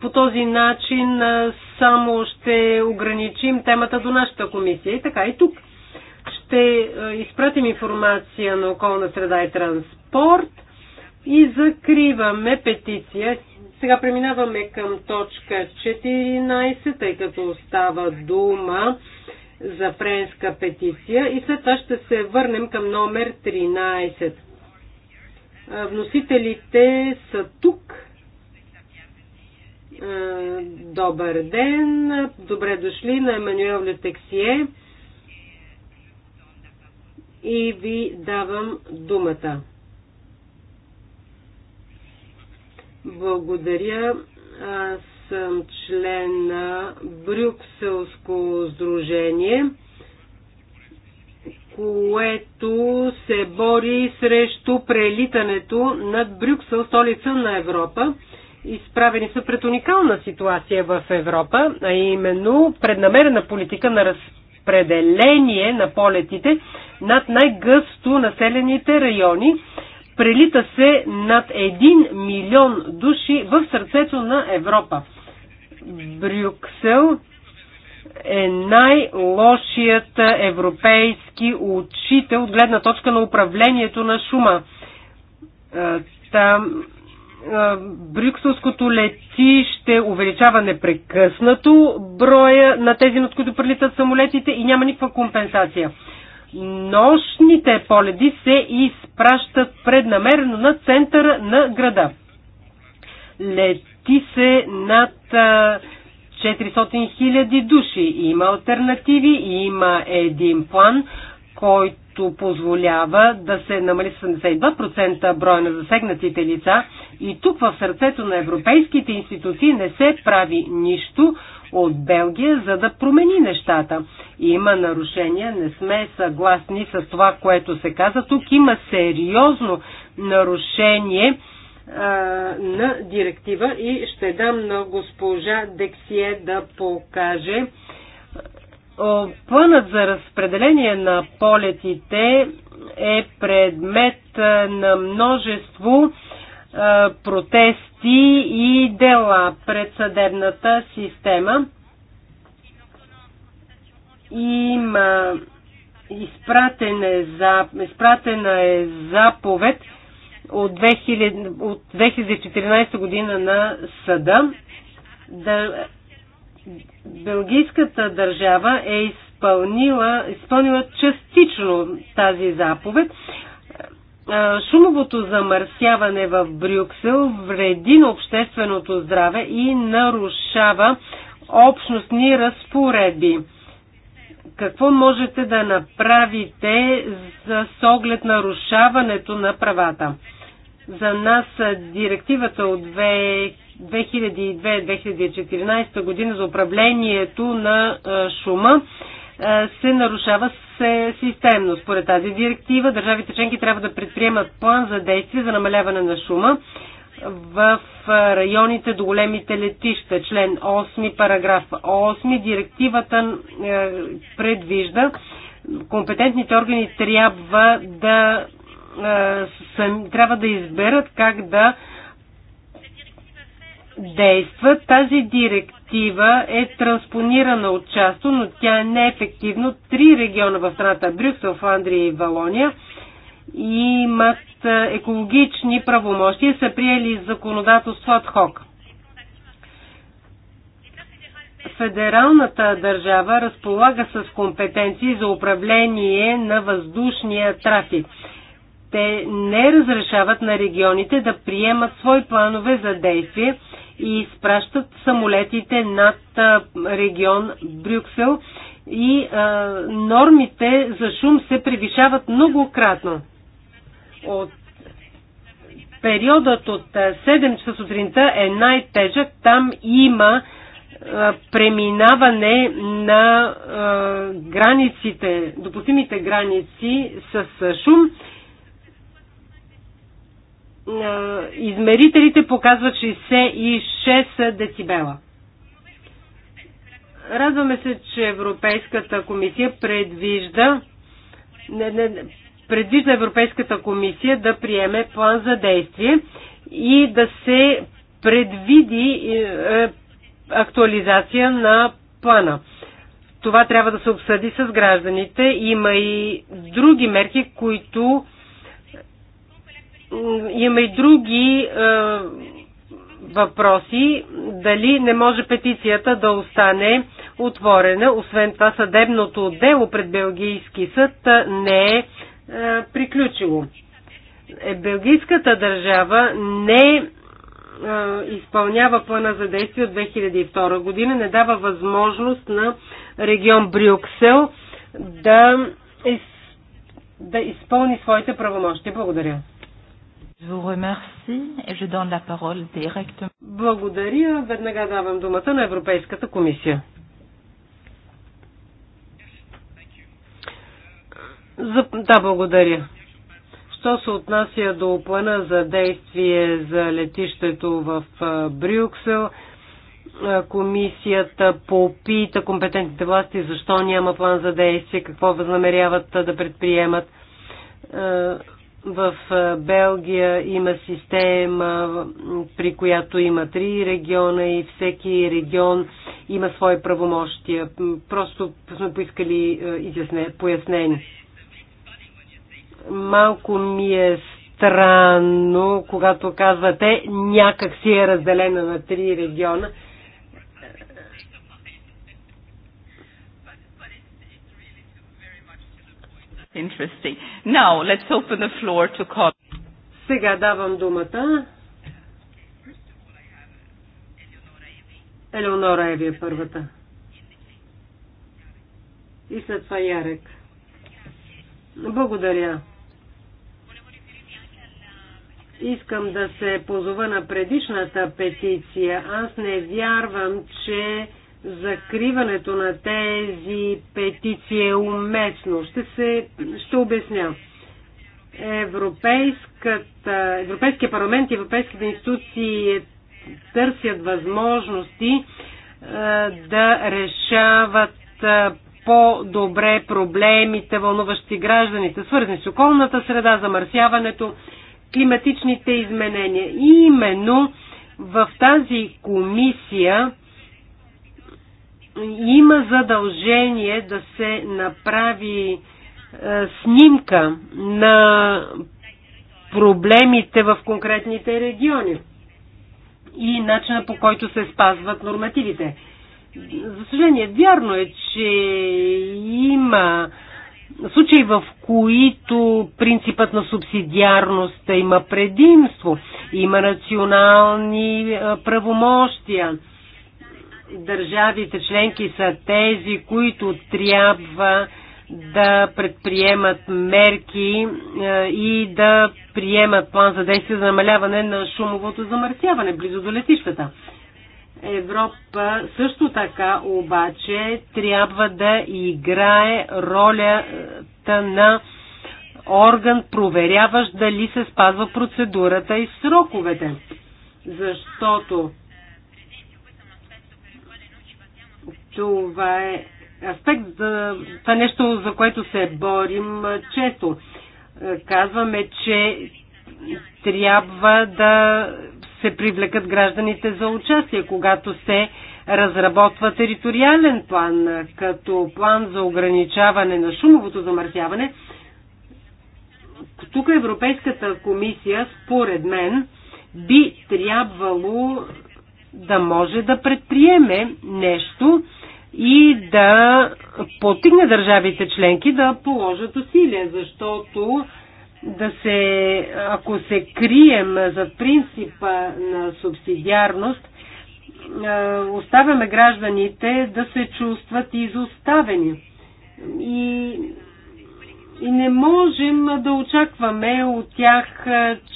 по този начин само ще ограничим темата до нашата комисия. И така и тук ще изпратим информация на околна среда и транспорт и закриваме петиция. Сега преминаваме към точка 14, тъй като остава дума за френска петиция и след това ще се върнем към номер 13. Вносителите са тук. Добър ден, добре дошли на Емануел Летексие и ви давам думата. Благодаря. Аз съм член на Брюкселско сдружение, което се бори срещу прелитането над Брюксел, столица на Европа. Изправени са пред уникална ситуация в Европа, а именно преднамерена политика на разпределение на полетите над най-гъсто населените райони, прелита се над 1 милион души в сърцето на Европа. Брюксел е най-лошият европейски учител от гледна точка на управлението на шума. Е, там е, Брюкселското летище увеличава непрекъснато броя на тези, над които прилитат самолетите и няма никаква компенсация. Нощните поледи се изпращат преднамерено на центъра на града. Летище плати се над 400 000 души. Има альтернативи и има един план, който позволява да се намали 72% броя на засегнатите лица. И тук в сърцето на европейските институции не се прави нищо от Белгия, за да промени нещата. Има нарушения, не сме съгласни с това, което се каза. Тук има сериозно нарушение на директива и ще дам на госпожа Дексие да покаже. Планът за разпределение на полетите е предмет на множество протести и дела пред съдебната система. Има е изпратена е заповед от, 2000, от 2014 година на съда. Да, Белгийската държава е изпълнила, изпълнила частично тази заповед. Шумовото замърсяване в Брюксел вреди на общественото здраве и нарушава общностни разпоредби. Какво можете да направите за с оглед нарушаването на правата? За нас директивата от 2002-2014 година за управлението на шума се нарушава се системно. Според тази директива държавите членки трябва да предприемат план за действие за намаляване на шума в районите до големите летища. Член 8, параграф 8, директивата предвижда компетентните органи трябва да е, трябва да изберат как да действат. Тази директива е транспонирана от часто, но тя е неефективно. Три региона в страната Брюксел, Фландрия и Валония имат е, екологични правомощия, са приели законодателство от ХОК. Федералната държава разполага с компетенции за управление на въздушния трафик. Те не разрешават на регионите да приемат свои планове за действие и изпращат самолетите над регион Брюксел и а, нормите за шум се превишават многократно. От периодът от 7 часа сутринта е най-тежък. Там има а, преминаване на а, границите, допустимите граници с а, шум измерителите показват 66 децибела. Радваме се, че Европейската комисия предвижда не, не, предвижда Европейската комисия да приеме план за действие и да се предвиди е, е актуализация на плана. Това трябва да се обсъди с гражданите. Има и други мерки, които има и други е, въпроси. Дали не може петицията да остане отворена? Освен това, съдебното дело пред Белгийски съд е, не е, е приключило. Е, Белгийската държава не е, изпълнява плана за действие от 2002 година, не дава възможност на регион Брюксел да, из, да изпълни своите правомощи. Благодаря. Благодаря. Веднага давам думата на Европейската комисия. За... Да, благодаря. Що се отнася до плана за действие за летището в Брюксел, комисията попита компетентните власти защо няма план за действие, какво възнамеряват да предприемат. В Белгия има система, при която има три региона и всеки регион има свои правомощия. Просто сме поискали пояснение. Малко ми е странно, когато казвате някак си е разделена на три региона. Interesting. Now, let's open the floor to call. Сега давам думата. Елеонора Еви е първата. И след това Ярек. Благодаря. Искам да се позова на предишната петиция. Аз не вярвам, че закриването на тези петиции е уместно. Ще, се, ще обясня. Европейския парламент и европейските институции е, търсят възможности е, да решават е, по-добре проблемите, вълнуващи гражданите, свързани с околната среда, замърсяването, климатичните изменения. И именно в тази комисия има задължение да се направи е, снимка на проблемите в конкретните региони и начина по който се спазват нормативите. За съжаление, вярно е, че има случаи, в които принципът на субсидиарност има предимство, има национални е, правомощия държавите членки са тези, които трябва да предприемат мерки е, и да приемат план за действие за намаляване на шумовото замърсяване близо до летищата. Европа също така обаче трябва да играе ролята на орган, проверяващ дали се спазва процедурата и сроковете. Защото това е аспект, за, това е нещо, за което се борим често. Казваме, че трябва да се привлекат гражданите за участие, когато се разработва териториален план, като план за ограничаване на шумовото замърсяване. Тук Европейската комисия, според мен, би трябвало да може да предприеме нещо, и да потигне държавите членки да положат усилия, защото да се, ако се крием за принципа на субсидиарност, оставяме гражданите да се чувстват изоставени. И, и не можем да очакваме от тях,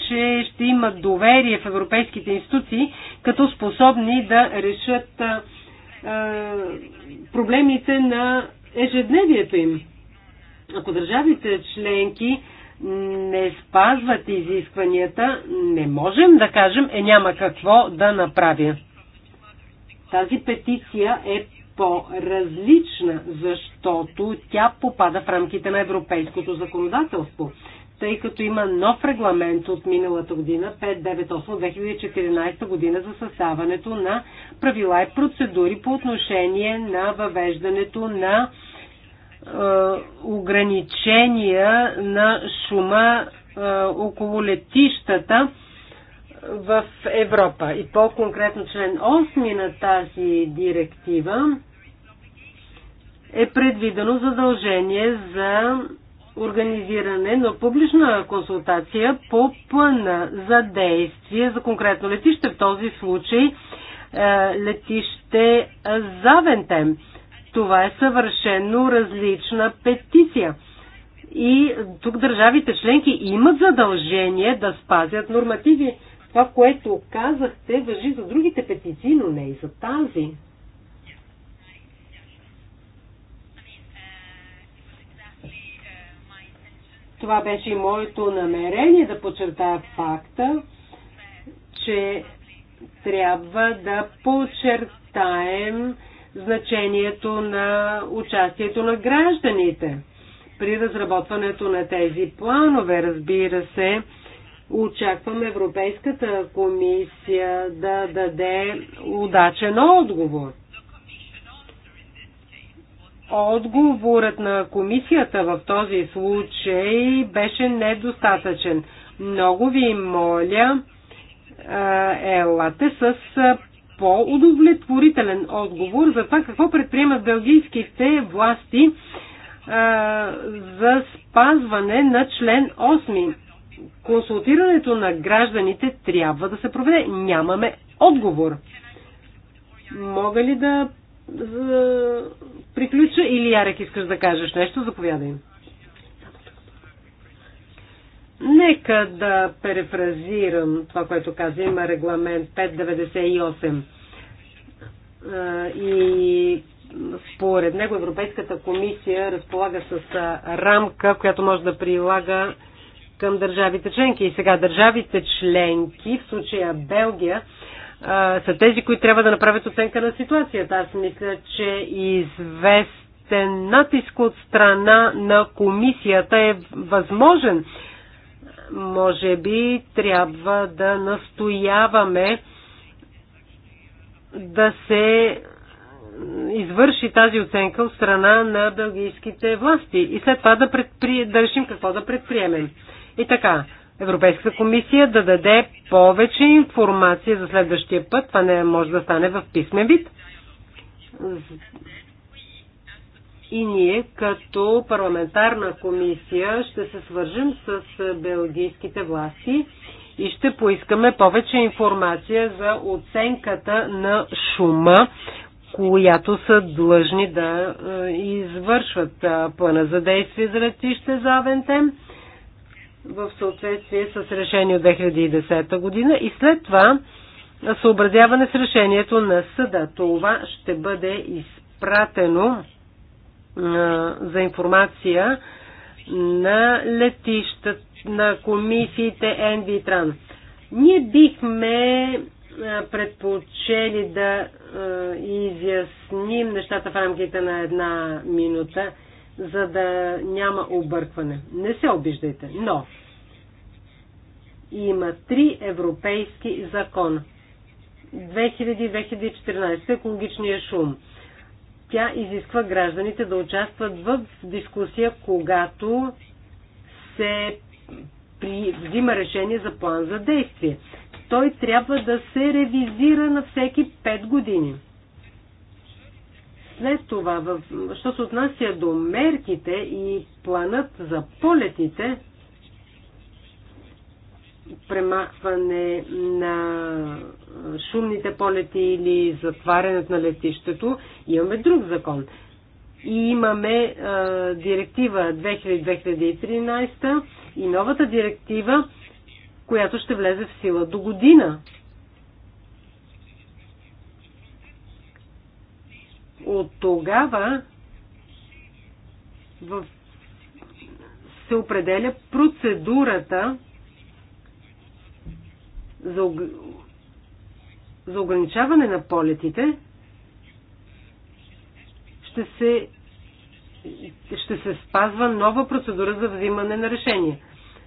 че ще имат доверие в европейските институции, като способни да решат проблемите на ежедневието им. Ако държавите членки не спазват изискванията, не можем да кажем, е няма какво да направя. Тази петиция е по-различна, защото тя попада в рамките на европейското законодателство тъй като има нов регламент от миналата година, 598-2014 година за съставането на правила и процедури по отношение на въвеждането на е, ограничения на шума е, около летищата е, в Европа. И по-конкретно член 8 на тази директива е предвидено задължение за организиране на публична консултация по плана за действие за конкретно летище, в този случай е, летище Завентем. Това е съвършено различна петиция. И тук държавите членки имат задължение да спазят нормативи. Това, което казахте, въжи за другите петиции, но не и за тази. Това беше и моето намерение да подчертая факта, че трябва да подчертаем значението на участието на гражданите при разработването на тези планове. Разбира се, очаквам Европейската комисия да даде удачен отговор. Отговорът на комисията в този случай беше недостатъчен. Много ви моля, елате с по-удовлетворителен отговор за това какво предприемат белгийските власти за спазване на член 8. Консултирането на гражданите трябва да се проведе. Нямаме отговор. Мога ли да за... приключа или Ярек искаш да кажеш нещо? Заповядай. Нека да перефразирам това, което каза. Има регламент 598. И според него Европейската комисия разполага с рамка, която може да прилага към държавите членки. И сега държавите членки, в случая Белгия, са тези, които трябва да направят оценка на ситуацията. Аз мисля, че известен натиск от страна на комисията е възможен. Може би трябва да настояваме да се извърши тази оценка от страна на бългийските власти и след това да, предпри... да решим какво да предприемем. И така, Европейската комисия да даде повече информация за следващия път. Това не може да стане в писмен вид. И ние като парламентарна комисия ще се свържем с белгийските власти и ще поискаме повече информация за оценката на шума, която са длъжни да е, извършват плана за действие за летище за Авентем в съответствие с решение от 2010 година и след това съобразяване с решението на съда. Това ще бъде изпратено за информация на летищата, на комисиите Енви Тран. Ние бихме предпочели да изясним нещата в рамките на една минута за да няма объркване. Не се обиждайте, но има три европейски закона. 2000-2014 екологичния шум. Тя изисква гражданите да участват в дискусия, когато се при, взима решение за план за действие. Той трябва да се ревизира на всеки 5 години. След това, що се отнася до мерките и планът за полетите, премахване на шумните полети или затварянето на летището, имаме друг закон. И имаме а, директива 2013 и новата директива, която ще влезе в сила до година. От тогава в... се определя процедурата за, ог... за ограничаване на полетите. Ще се ще се спазва нова процедура за взимане на решение.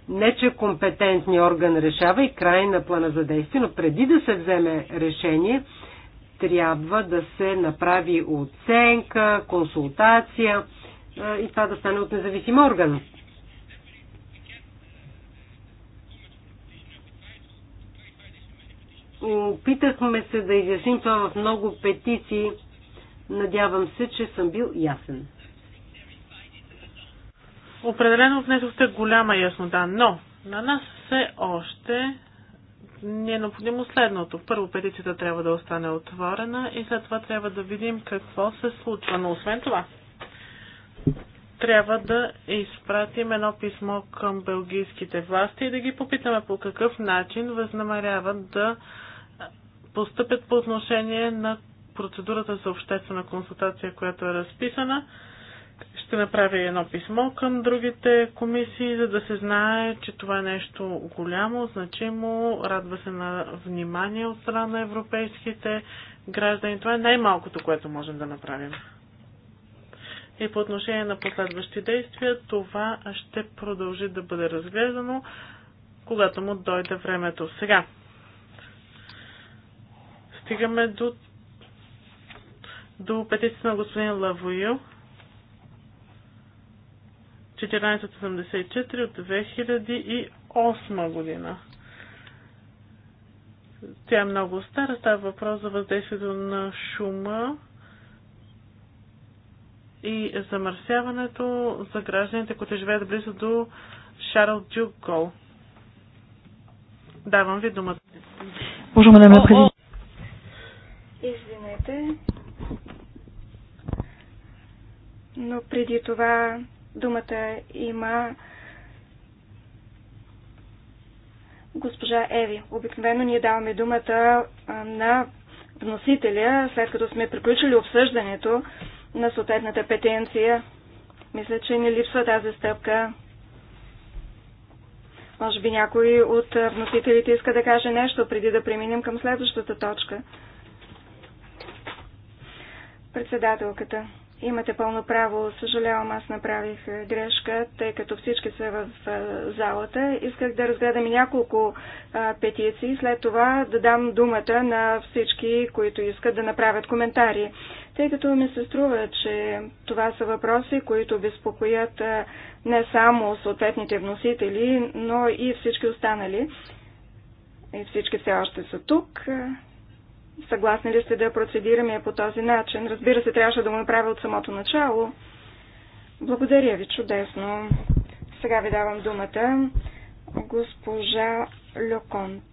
Не, че компетентният орган решава и край на плана за действие, но преди да се вземе решение, трябва да се направи оценка, консултация и това да стане от независим орган. Опитахме се да изясним това в много петиции. Надявам се, че съм бил ясен. Определено внесохте голяма яснота, но на нас все още ни е необходимо следното. Първо, петицията трябва да остане отворена и след това трябва да видим какво се случва. Но освен това, трябва да изпратим едно писмо към белгийските власти и да ги попитаме по какъв начин възнамеряват да постъпят по отношение на процедурата за обществена консултация, която е разписана ще направя едно писмо към другите комисии, за да се знае, че това е нещо голямо, значимо, радва се на внимание от страна на европейските граждани. Това е най-малкото, което можем да направим. И по отношение на последващи действия, това ще продължи да бъде разгледано, когато му дойде времето. Сега стигаме до, до петицията на господин Лавою. 1484 от 2008 година. Тя е много стара, става въпрос за въздействието на шума и замърсяването за гражданите, които живеят близо до Шарл Дюкол. Давам ви думата. Може да ме Извинете. Но преди това Думата има госпожа Еви. Обикновено ние даваме думата на вносителя, след като сме приключили обсъждането на съответната петенция. Мисля, че не липсва тази стъпка. Може би някой от вносителите иска да каже нещо, преди да преминем към следващата точка. Председателката. Имате пълно право. Съжалявам, аз направих е, грешка, тъй като всички са в е, залата. Исках да разгледам няколко е, петиции, след това да дам думата на всички, които искат да направят коментари. Тъй като ми се струва, че това са въпроси, които безпокоят не само съответните вносители, но и всички останали. И всички все още са тук. Съгласни ли сте да процедираме по този начин? Разбира се, трябваше да го направя от самото начало. Благодаря ви, чудесно. Сега ви давам думата. Госпожа Леконт.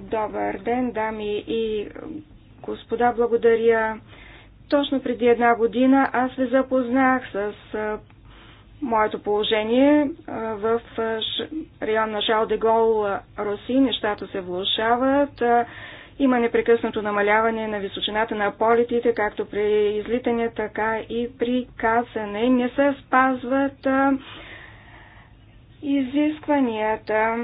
Добър ден, дами и господа, благодаря. Точно преди една година аз ви запознах с моето положение в район на Шал де Гол, Руси, нещата се влушават. Има непрекъснато намаляване на височината на полетите, както при излитане, така и при кацане. Не се спазват изискванията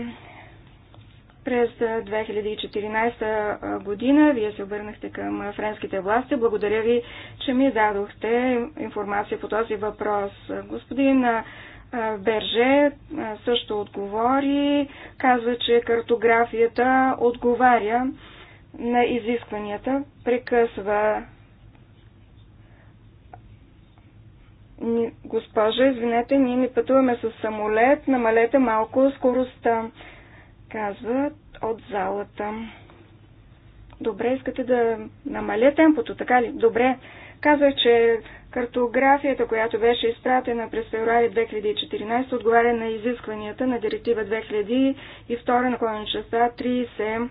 през 2014 година вие се обърнахте към френските власти. Благодаря ви, че ми дадохте информация по този въпрос. Господин Берже също отговори, каза, че картографията отговаря на изискванията, прекъсва госпожа, извинете, ние не пътуваме с самолет, намалете малко скоростта. Казва от залата. Добре, искате да намаля темпото, така ли? Добре. Казах, че картографията, която беше изпратена през февруари 2014, отговаря на изискванията на директива 2002 на конечеста 37,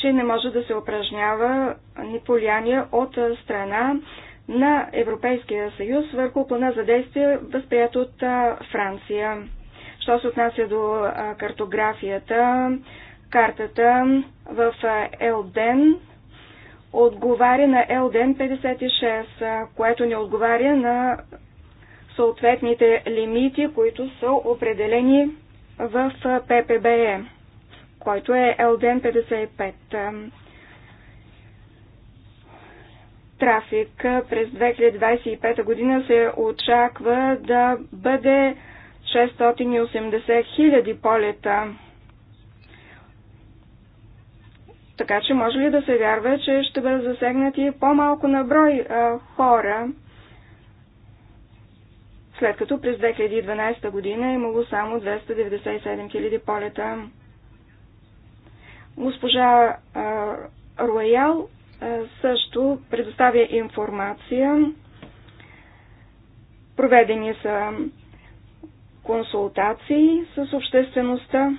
че не може да се упражнява ни влияние от страна на Европейския съюз върху плана за действие, възприят от Франция. Що се отнася до картографията, картата в Елден отговаря на Елден 56, което не отговаря на съответните лимити, които са определени в ППБЕ, който е Елден 55. Трафик през 2025 година се очаква да бъде 680 хиляди полета. Така че може ли да се вярва, че ще бъдат засегнати по-малко на брой а, хора, след като през 2012 година е имало само 297 хиляди полета? Госпожа Роял също предоставя информация. Проведени са консултации с обществеността.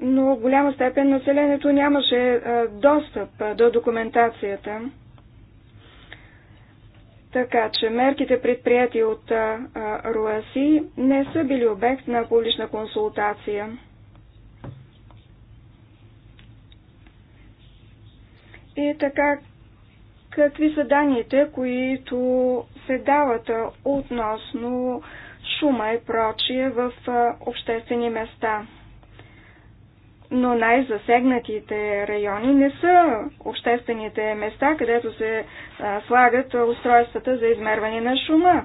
Но в голяма степен населението нямаше е, достъп е, до документацията. Така че мерките предприяти от е, Руаси не са били обект на публична консултация. И така какви са данните, които се дават относно шума и прочие в обществени места. Но най-засегнатите райони не са обществените места, където се слагат устройствата за измерване на шума.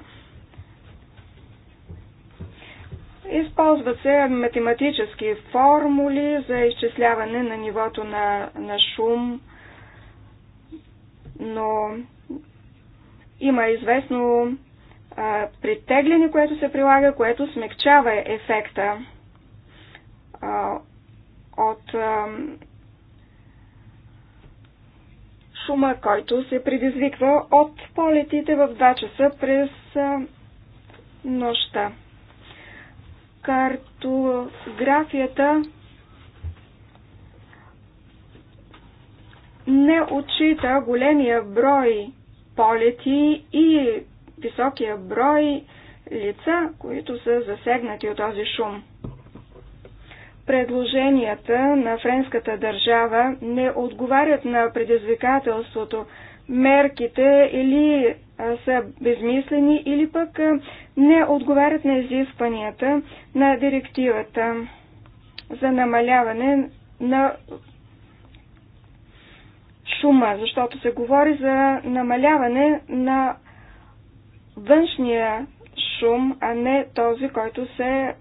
Използват се математически формули за изчисляване на нивото на, на шум, но има известно а, притегляне, което се прилага, което смягчава ефекта а, от а, шума, който се предизвиква от полетите в 2 часа през а, нощта. Картографията не отчита големия брой полети и високия брой лица, които са засегнати от този шум. Предложенията на френската държава не отговарят на предизвикателството. Мерките или са безмислени, или пък не отговарят на изискванията на директивата за намаляване на шума, защото се говори за намаляване на външния шум, а не този, който се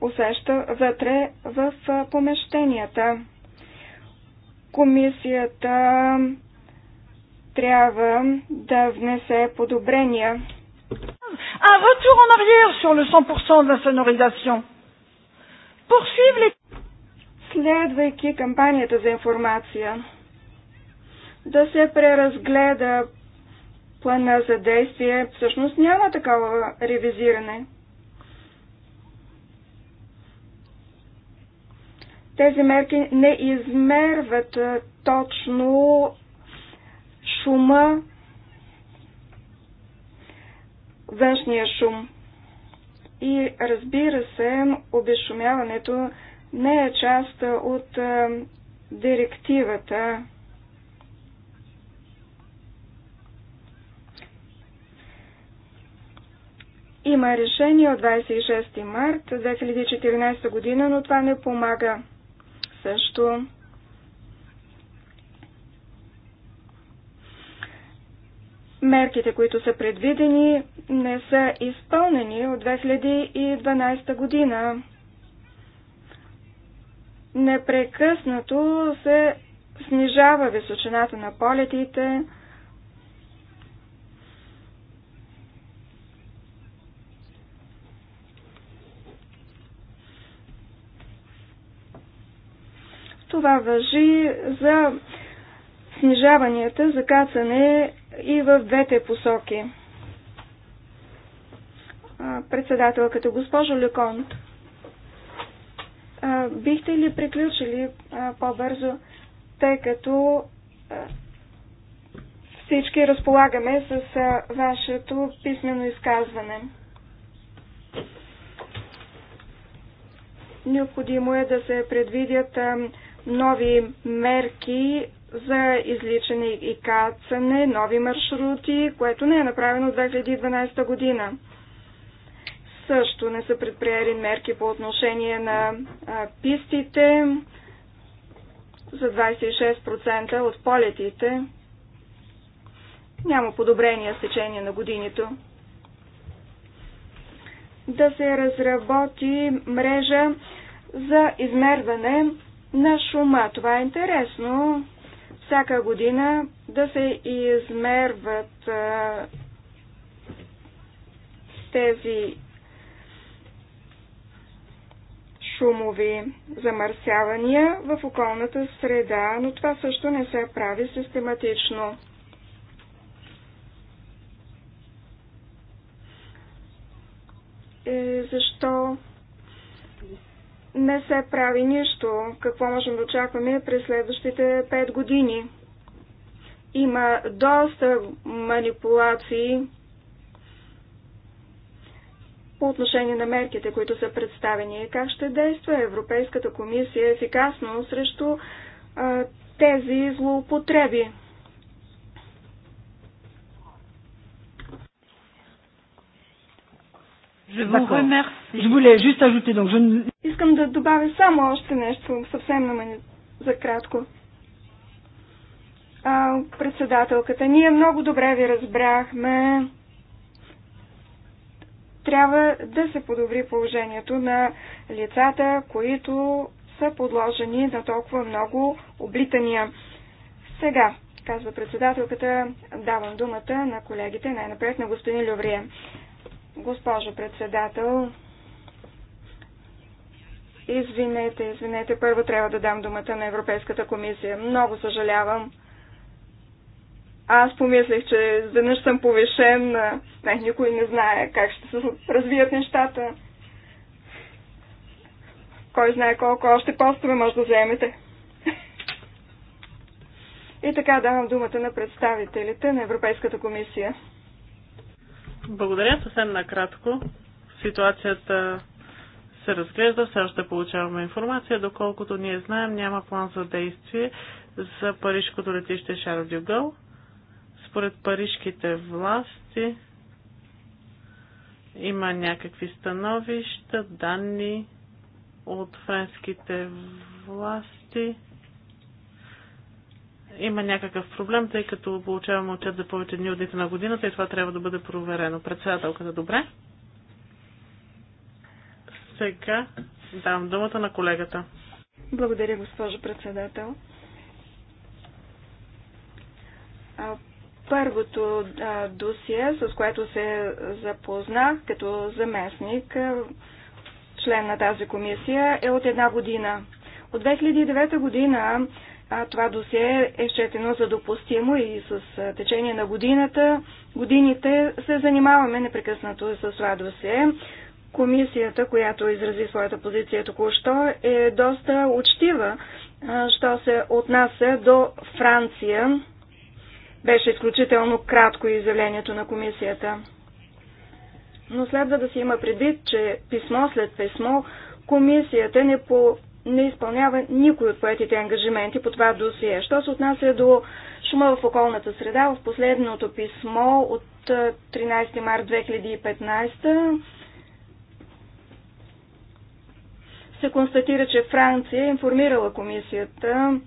усеща вътре в помещенията. Комисията трябва да внесе подобрения. Un retour en arrière sur le 100% de la sonorisation. Poursuivre les... Следвайки кампанията за информация, да се преразгледа плана за действие. Всъщност няма такова ревизиране. Тези мерки не измерват точно шума, външния шум. И разбира се, обезшумяването не е част от директивата Има решение от 26 март 2014 година, но това не помага също. Мерките, които са предвидени, не са изпълнени от 2012 година. Непрекъснато се снижава височината на полетите, Това въжи за снижаванията за кацане и в двете посоки. Председателката госпожо Леконт, бихте ли приключили по-бързо, тъй като всички разполагаме с вашето писмено изказване. Необходимо е да се предвидят нови мерки за изличане и кацане, нови маршрути, което не е направено от 2012 година. Също не са предприели мерки по отношение на а, пистите за 26% от полетите. Няма подобрение с течение на годинито. Да се разработи мрежа за измерване на шума. Това е интересно. Всяка година да се измерват а, тези шумови замърсявания в околната среда, но това също не се прави систематично. Е, защо не се прави нищо. Какво можем да очакваме през следващите 5 години? Има доста манипулации по отношение на мерките, които са представени. Как ще действа Европейската комисия ефикасно срещу а, тези злоупотреби? Je vous remercie. Je voulais juste ajouter, donc je... Искам да добавя само още нещо, съвсем на мен за кратко. А, председателката, ние много добре ви разбрахме. Трябва да се подобри положението на лицата, които са подложени на толкова много облитания. Сега, казва председателката, давам думата на колегите, най-напред на господин Люврия. Госпожо председател, извинете, извинете, първо трябва да дам думата на Европейската комисия. Много съжалявам. Аз помислих, че веднъж съм повишен. Не, никой не знае как ще се развият нещата. Кой знае колко още постове може да вземете. И така давам думата на представителите на Европейската комисия. Благодаря. Съвсем накратко. Ситуацията се разглежда, все още получаваме информация. Доколкото ние знаем, няма план за действие за парижкото летище Шарл Дюгъл. Според парижките власти има някакви становища, данни от френските власти има някакъв проблем, тъй като получаваме отчет за повече дни от дните на годината и това трябва да бъде проверено. Председателката, добре? Сега давам думата на колегата. Благодаря, госпожо председател. Първото досие, с което се запознах като заместник, член на тази комисия, е от една година. От 2009 година а, това досие е счетено за допустимо и с течение на годината, годините се занимаваме непрекъснато с това досие. Комисията, която изрази своята позиция току-що, е доста учтива, що се отнася до Франция. Беше изключително кратко изявлението на комисията. Но следва да се има предвид, че писмо след писмо комисията не по не изпълнява никой от поетите ангажименти по това досие. Що се отнася до шума в околната среда, в последното писмо от 13 март 2015 се констатира, че Франция е информирала комисията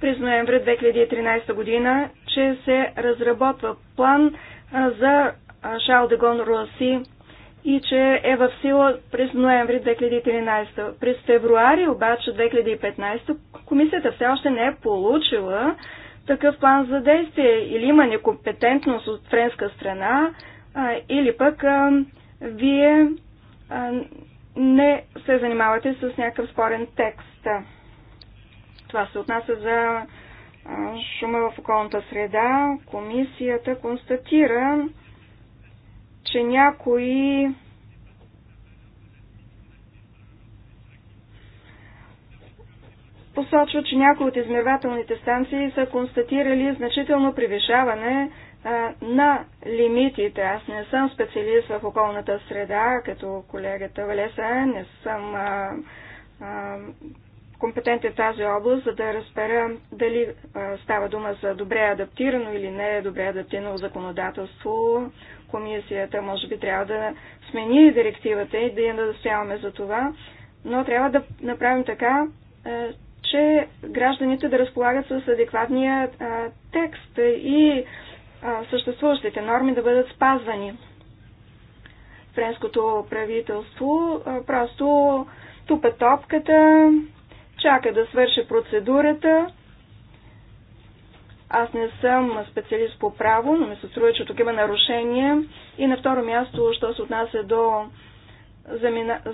през ноември 2013 година, че се разработва план за Шал де Гон Руаси и че е в сила през ноември 2013. През февруари обаче 2015 комисията все още не е получила такъв план за действие или има некомпетентност от френска страна, а, или пък а, вие а, не се занимавате с някакъв спорен текст. Това се отнася за шума в околната среда. Комисията констатира, че някои посочва, че някои от измервателните станции са констатирали значително превишаване на лимитите. Аз не съм специалист в околната среда, като колегата Валеса, не съм а, а, компетентен в тази област, за да разбера дали а, става дума за добре адаптирано или не добре адаптирано законодателство комисията. Може би трябва да смени директивата и да я настояваме за това, но трябва да направим така, е, че гражданите да разполагат с адекватния е, текст и е, съществуващите норми да бъдат спазвани. Френското правителство просто тупа топката, чака да свърши процедурата аз не съм специалист по право, но ми се струва, че тук има нарушение. И на второ място, що се отнася до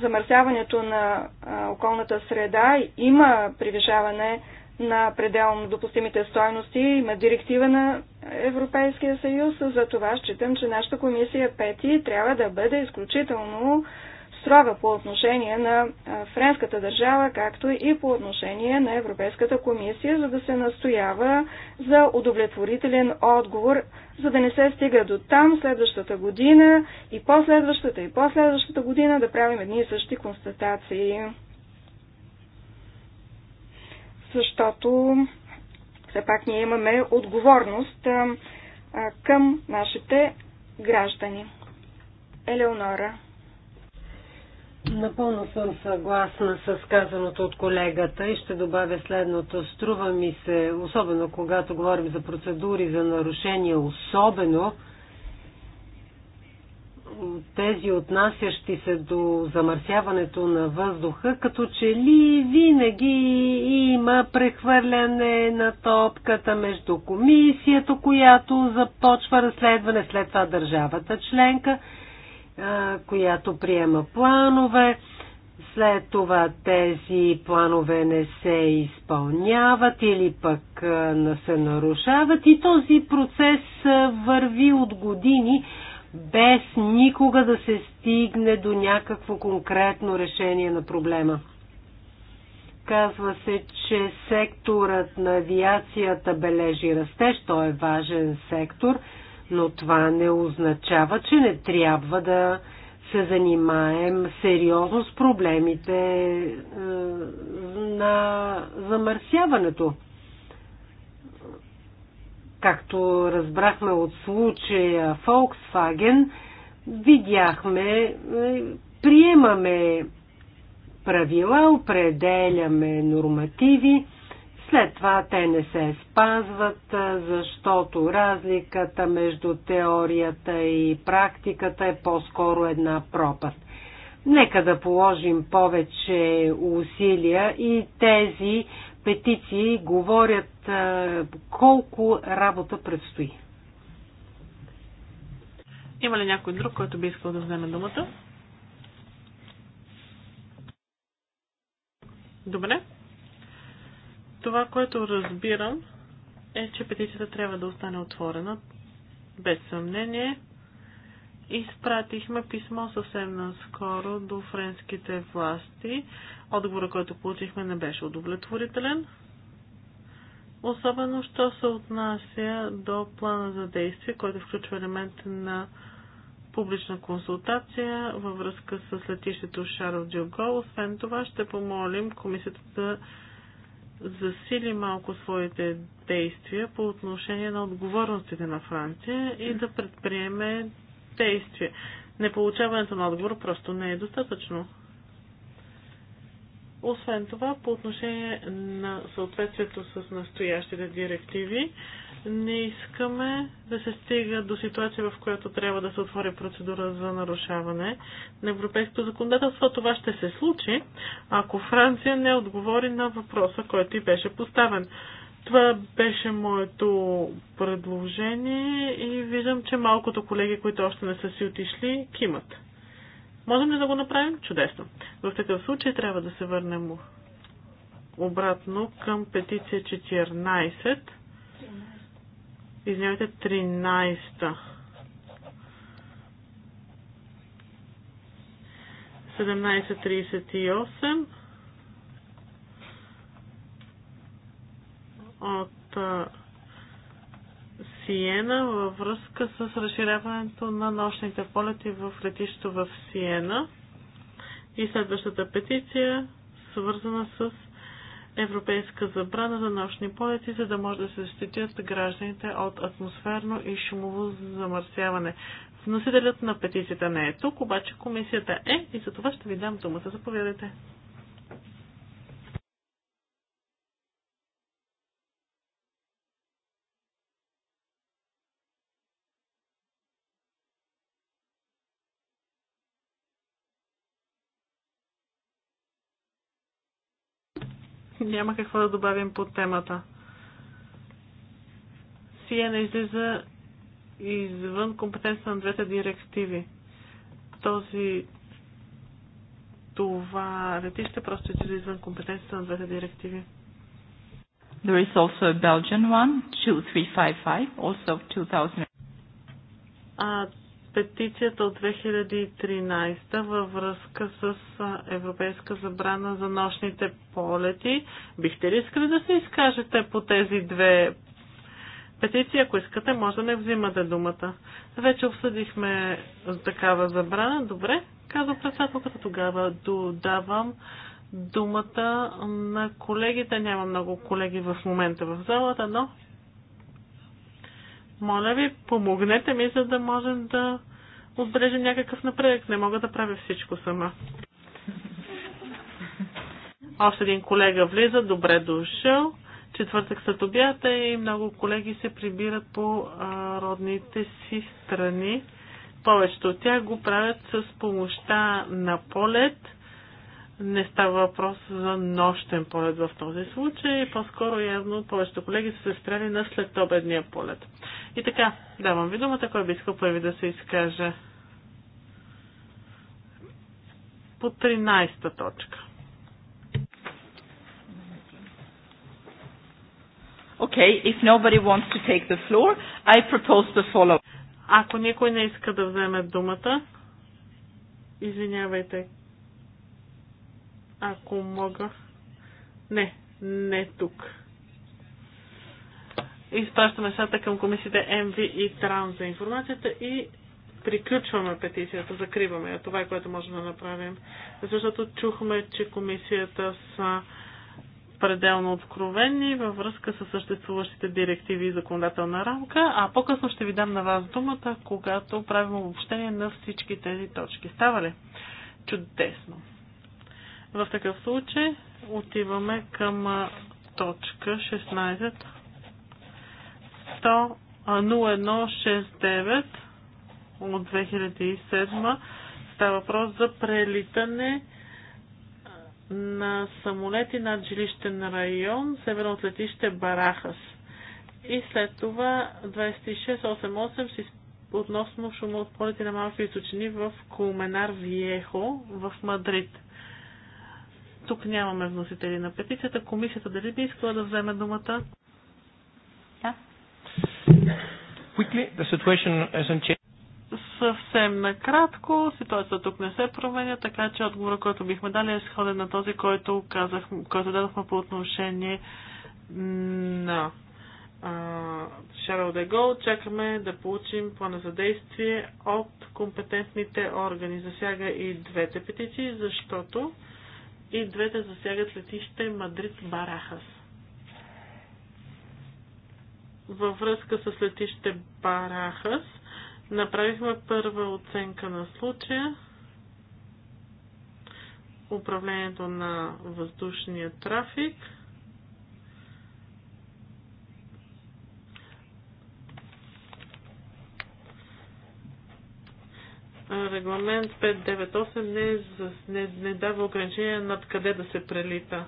замърсяването на околната среда, има превишаване на пределно допустимите стойности, има директива на Европейския съюз. За това считам, че нашата комисия пети трябва да бъде изключително строга по отношение на френската държава, както и по отношение на Европейската комисия, за да се настоява за удовлетворителен отговор, за да не се стига до там следващата година и последващата и последващата година да правим едни и същи констатации. Защото все пак ние имаме отговорност към нашите граждани. Елеонора. Напълно съм съгласна с казаното от колегата и ще добавя следното. Струва ми се, особено когато говорим за процедури за нарушения, особено тези отнасящи се до замърсяването на въздуха, като че ли винаги има прехвърляне на топката между комисията, която започва разследване, след това държавата членка – която приема планове. След това тези планове не се изпълняват или пък не се нарушават и този процес върви от години без никога да се стигне до някакво конкретно решение на проблема. Казва се, че секторът на авиацията бележи растеж, той е важен сектор – но това не означава, че не трябва да се занимаем сериозно с проблемите е, на замърсяването. Както разбрахме от случая Volkswagen, видяхме, е, приемаме правила, определяме нормативи, след това те не се спазват, защото разликата между теорията и практиката е по-скоро една пропаст. Нека да положим повече усилия и тези петиции говорят колко работа предстои. Има ли някой друг, който би искал да вземе думата? Добре. Това, което разбирам, е, че петицията трябва да остане отворена. Без съмнение. Изпратихме писмо съвсем наскоро до френските власти. Отговора, който получихме, не беше удовлетворителен. Особено, що се отнася до плана за действие, който включва елемент на публична консултация във връзка с летището Шаров Дюго. Освен това, ще помолим комисията да засили малко своите действия по отношение на отговорностите на Франция и да предприеме действия. Неполучаването на отговор просто не е достатъчно. Освен това, по отношение на съответствието с настоящите директиви, не искаме да се стига до ситуация, в която трябва да се отвори процедура за нарушаване на европейското законодателство. Това ще се случи, ако Франция не отговори на въпроса, който и беше поставен. Това беше моето предложение и виждам, че малкото колеги, които още не са си отишли, кимат. Можем ли да го направим? Чудесно. В такъв случай трябва да се върнем обратно към петиция 14. Извинявайте, 13-та. 17.38 от Сиена във връзка с разширяването на нощните полети в летището в Сиена. И следващата петиция, свързана с европейска забрана за нощни полети, за да може да се защитят гражданите от атмосферно и шумово замърсяване. Вносителят на петицията не е тук, обаче комисията е и за това ще ви дам думата. Заповядайте. Няма какво да добавим по темата. не излиза извън компетенцията на двете директиви. Този това летище просто излиза извън компетенцията на двете директиви. There is also a Belgian one, 2355, also 2000. А петицията от 2013 във връзка с европейска забрана за нощните полети. Бихте ли искали да се изкажете по тези две петиции? Ако искате, може да не взимате думата. Вече обсъдихме такава забрана. Добре, казва председателката тогава. Додавам думата на колегите. Няма много колеги в момента в залата, но моля ви, помогнете ми, за да можем да отбележим някакъв напредък. Не мога да правя всичко сама. Още един колега влиза, добре дошъл. Четвъртък след обяд е и много колеги се прибират по а, родните си страни. Повечето от тях го правят с помощта на полет – не става въпрос за нощен полет в този случай, по-скоро явно повечето колеги са се спряли на следобедния полет. И така, давам ви думата, кой би искал първи да се изкаже по 13-та точка. Okay, if nobody wants to take the floor, I propose the follow. Ако никой не иска да вземе думата, извинявайте, ако мога. Не, не тук. Изпращаме сата към комисиите МВ и Тран за информацията и приключваме петицията, закриваме я. Това е което можем да направим. Защото чухме, че комисията са пределно откровени във връзка с съществуващите директиви и законодателна рамка, а по-късно ще ви дам на вас думата, когато правим обобщение на всички тези точки. Става ли? Чудесно! В такъв случай отиваме към точка 16. 0169 от 2007 става въпрос за прелитане на самолети над жилищен район, северно от летище Барахас. И след това 2688 относно шума от полети на малки височини в Кулменар Виехо в Мадрид. Тук нямаме вносители на петицията. Комисията дали би искала да вземе думата? Да. Quickly, Съвсем накратко, ситуацията тук не се променя, така че отговорът, който бихме дали е сходен на този, който, казах, който дадохме по отношение на Шарл Дегол. Чакаме да получим плана за действие от компетентните органи. Засяга и двете петиции, защото и двете засягат летище Мадрид-Барахас. Във връзка с летище Барахас направихме първа оценка на случая. Управлението на въздушния трафик – регламент 598 не, не, не дава ограничение над къде да се прелита.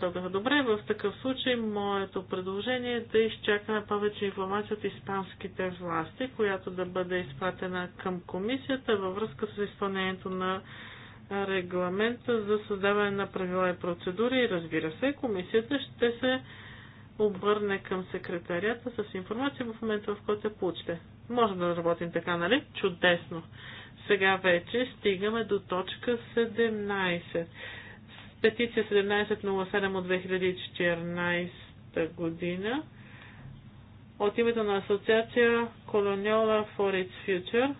да Добре, в такъв случай моето предложение е да изчакаме повече информация от испанските власти, която да бъде изпратена към комисията във връзка с изпълнението на регламента за създаване на правила и процедури и разбира се, комисията ще се обърне към секретарията с информация в момента, в който я получите. Може да работим така, нали? Чудесно. Сега вече стигаме до точка 17. Петиция 1707 от 2014 година от името на асоциация Колониола for its Future.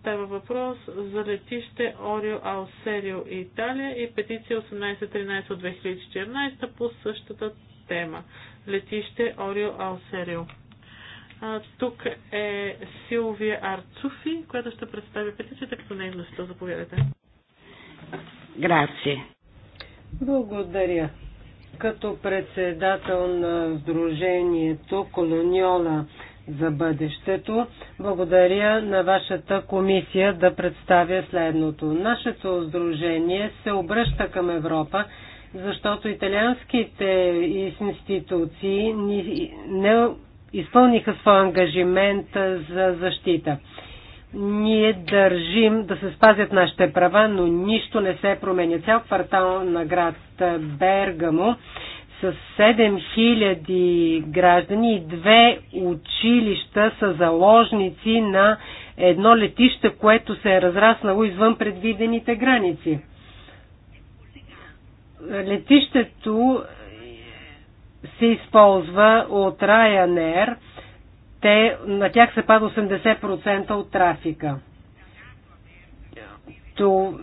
Става въпрос за летище Орио Алсерио Италия и петиция 1813 от 2014 по същата система. Летище Орио Алсерио. Тук е Силвия Арцуфи, която ще представи петицията като нейността. Е Заповядайте. Грация. Благодаря. Като председател на Сдружението Колониола за бъдещето. Благодаря на вашата комисия да представя следното. Нашето сдружение се обръща към Европа защото италианските институции не изпълниха своя ангажимент за защита. Ние държим да се спазят нашите права, но нищо не се променя. Цял квартал на град Бергамо с 7000 граждани и две училища са заложници на едно летище, което се е разраснало извън предвидените граници летището се използва от Ryanair. Те, на тях се пада 80% от трафика. То,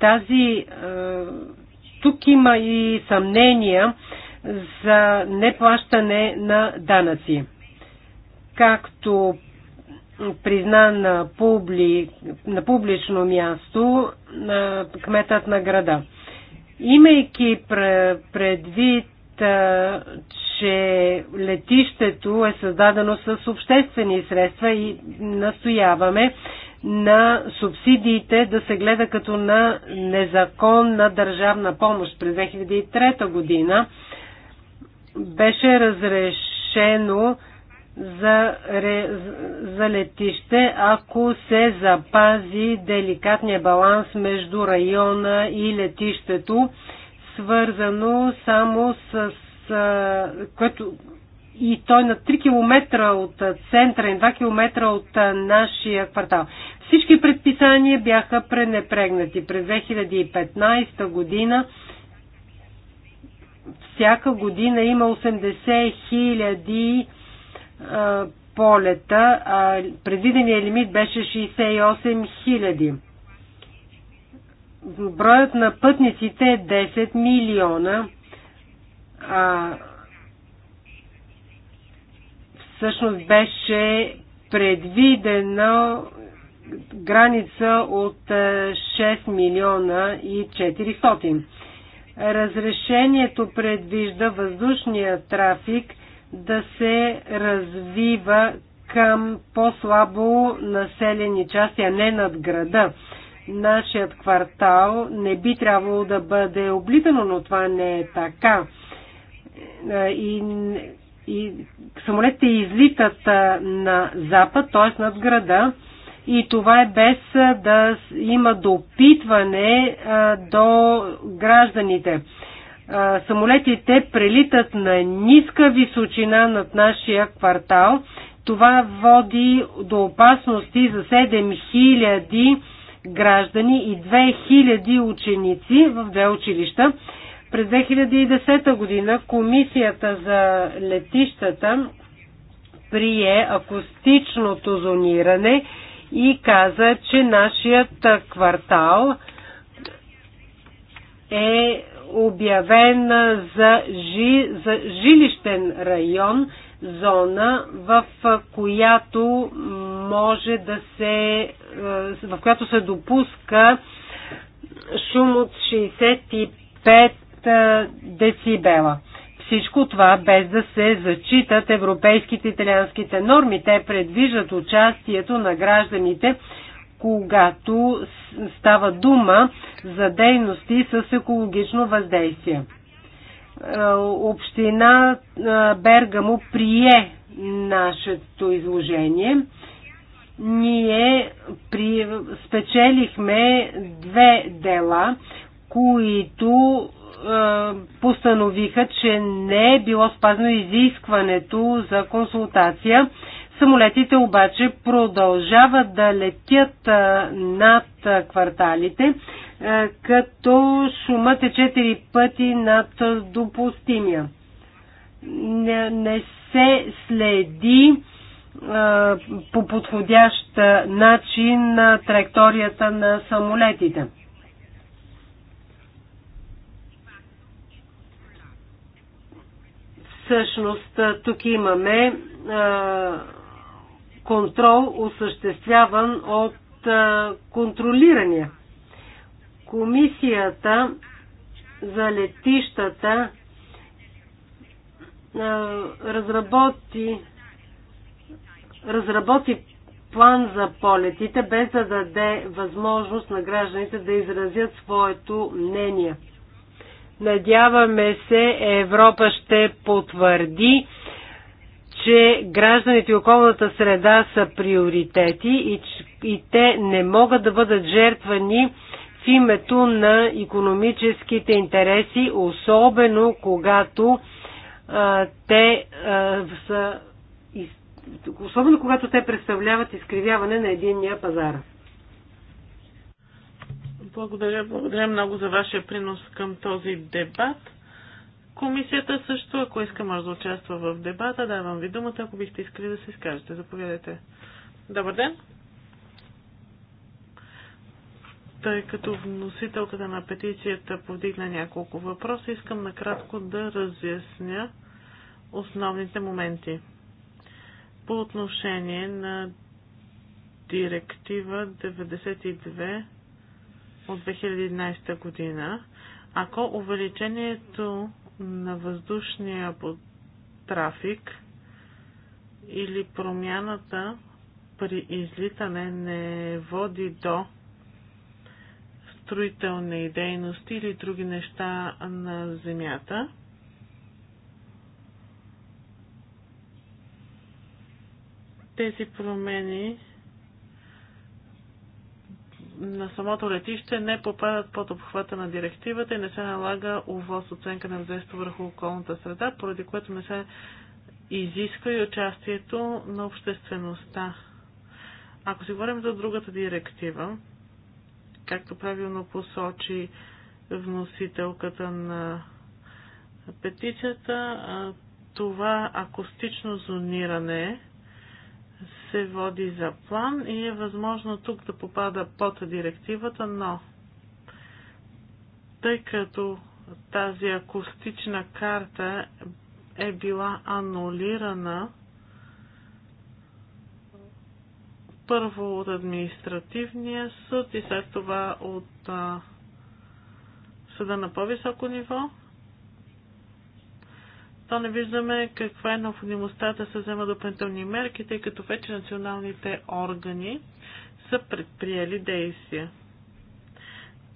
тази, е, тук има и съмнения за неплащане на данъци. Както призна на, публи, на публично място на кметът на града. Имайки предвид, че летището е създадено с обществени средства и настояваме на субсидиите да се гледа като на незаконна държавна помощ. През 2003 година беше разрешено за, ре, за летище, ако се запази деликатния баланс между района и летището, свързано само с. А, което, и той на 3 км от центъра и 2 км от нашия квартал. Всички предписания бяха пренепрегнати. През 2015 година всяка година има 80 хиляди 000 полета, а предвиденият лимит беше 68 000. Броят на пътниците е 10 милиона. А, всъщност беше предвидена граница от 6 милиона и 400. Разрешението предвижда въздушния трафик – да се развива към по-слабо населени части, а не над града. Нашият квартал не би трябвало да бъде облитано, но това не е така. Е, и, и самолетите излитат на запад, т.е. над града, и това е без да има допитване до гражданите самолетите прелитат на ниска височина над нашия квартал. Това води до опасности за 7000 граждани и 2000 ученици в две училища. През 2010 година Комисията за летищата прие акустичното зониране и каза, че нашият квартал е Обявена за, жи, за жилищен район, зона, в която може да се, е, в която се допуска шум от 65 е, децибела. Всичко това без да се зачитат европейските и италианските норми. Те предвиждат участието на гражданите когато става дума за дейности с екологично въздействие. Е, община е, Бергамо прие нашето изложение. Ние при... спечелихме две дела, които е, постановиха, че не е било спазно изискването за консултация Самолетите обаче продължават да летят над кварталите, като шумът е 4 пъти над допустимия. Не, не се следи по подходящ начин на траекторията на самолетите. Всъщност тук имаме контрол, осъществяван от контролирания. Комисията за летищата разработи, разработи план за полетите, без да даде възможност на гражданите да изразят своето мнение. Надяваме се, Европа ще потвърди че гражданите и околната среда са приоритети и, и те не могат да бъдат жертвани в името на економическите интереси, особено когато а, те а, са особено когато те представляват изкривяване на единния пазар. Благодаря, благодаря много за вашия принос към този дебат. Комисията също, ако иска, може да участва в дебата. Давам ви думата, ако бихте искали да се изкажете. Заповядайте. Добър ден! Тъй като вносителката на петицията повдигна няколко въпроса, искам накратко да разясня основните моменти. По отношение на директива 92 от 2011 година, ако увеличението на въздушния трафик или промяната при излитане не води до строителни дейности или други неща на земята. Тези промени на самото летище не попадат под обхвата на директивата и не се налага увоз оценка на въздействието върху околната среда, поради което не се изисква и участието на обществеността. Ако си говорим за другата директива, както правилно посочи вносителката на петицията, това акустично зониране се води за план и е възможно тук да попада под директивата, но тъй като тази акустична карта е била анулирана първо от административния съд и след това от а, съда на по-високо ниво, то не виждаме каква е необходимостта да се взема допълнителни мерки, тъй като вече националните органи са предприели действия.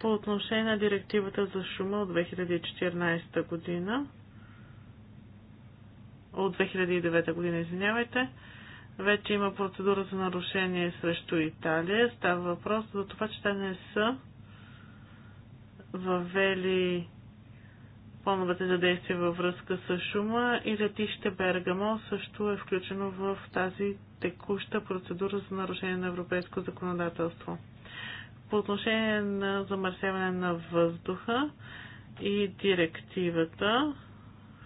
По отношение на директивата за шума от 2014 година, от 2009 година, извинявайте, вече има процедура за нарушение срещу Италия. Става въпрос за това, че те не са въвели плановете за действие във връзка с шума и летище Бергамо също е включено в тази текуща процедура за нарушение на европейско законодателство. По отношение на замърсяване на въздуха и директивата,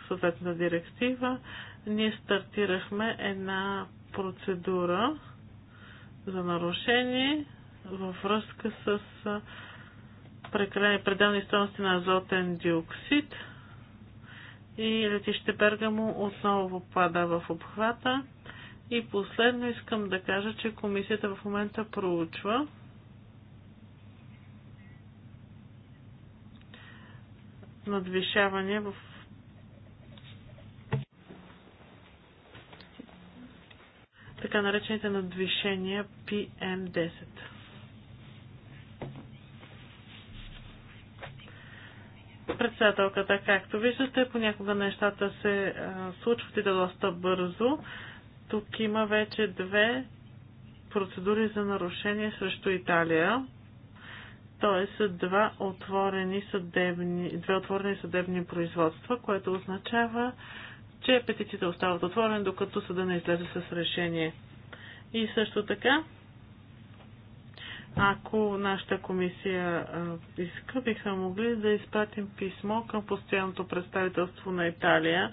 съответната директива, ние стартирахме една процедура за нарушение във връзка с пределни стоености на азотен диоксид и летище Бергамо отново попада в обхвата. И последно искам да кажа, че комисията в момента проучва надвишаване в така наречените надвишения PM10. председателката. Както виждате, понякога нещата се а, случват и да доста бързо. Тук има вече две процедури за нарушение срещу Италия. Т.е. два отворени съдебни, две отворени съдебни производства, което означава, че петициите остават отворени, докато съда не излезе с решение. И също така, ако нашата комисия иска, бихме могли да изпратим писмо към постоянното представителство на Италия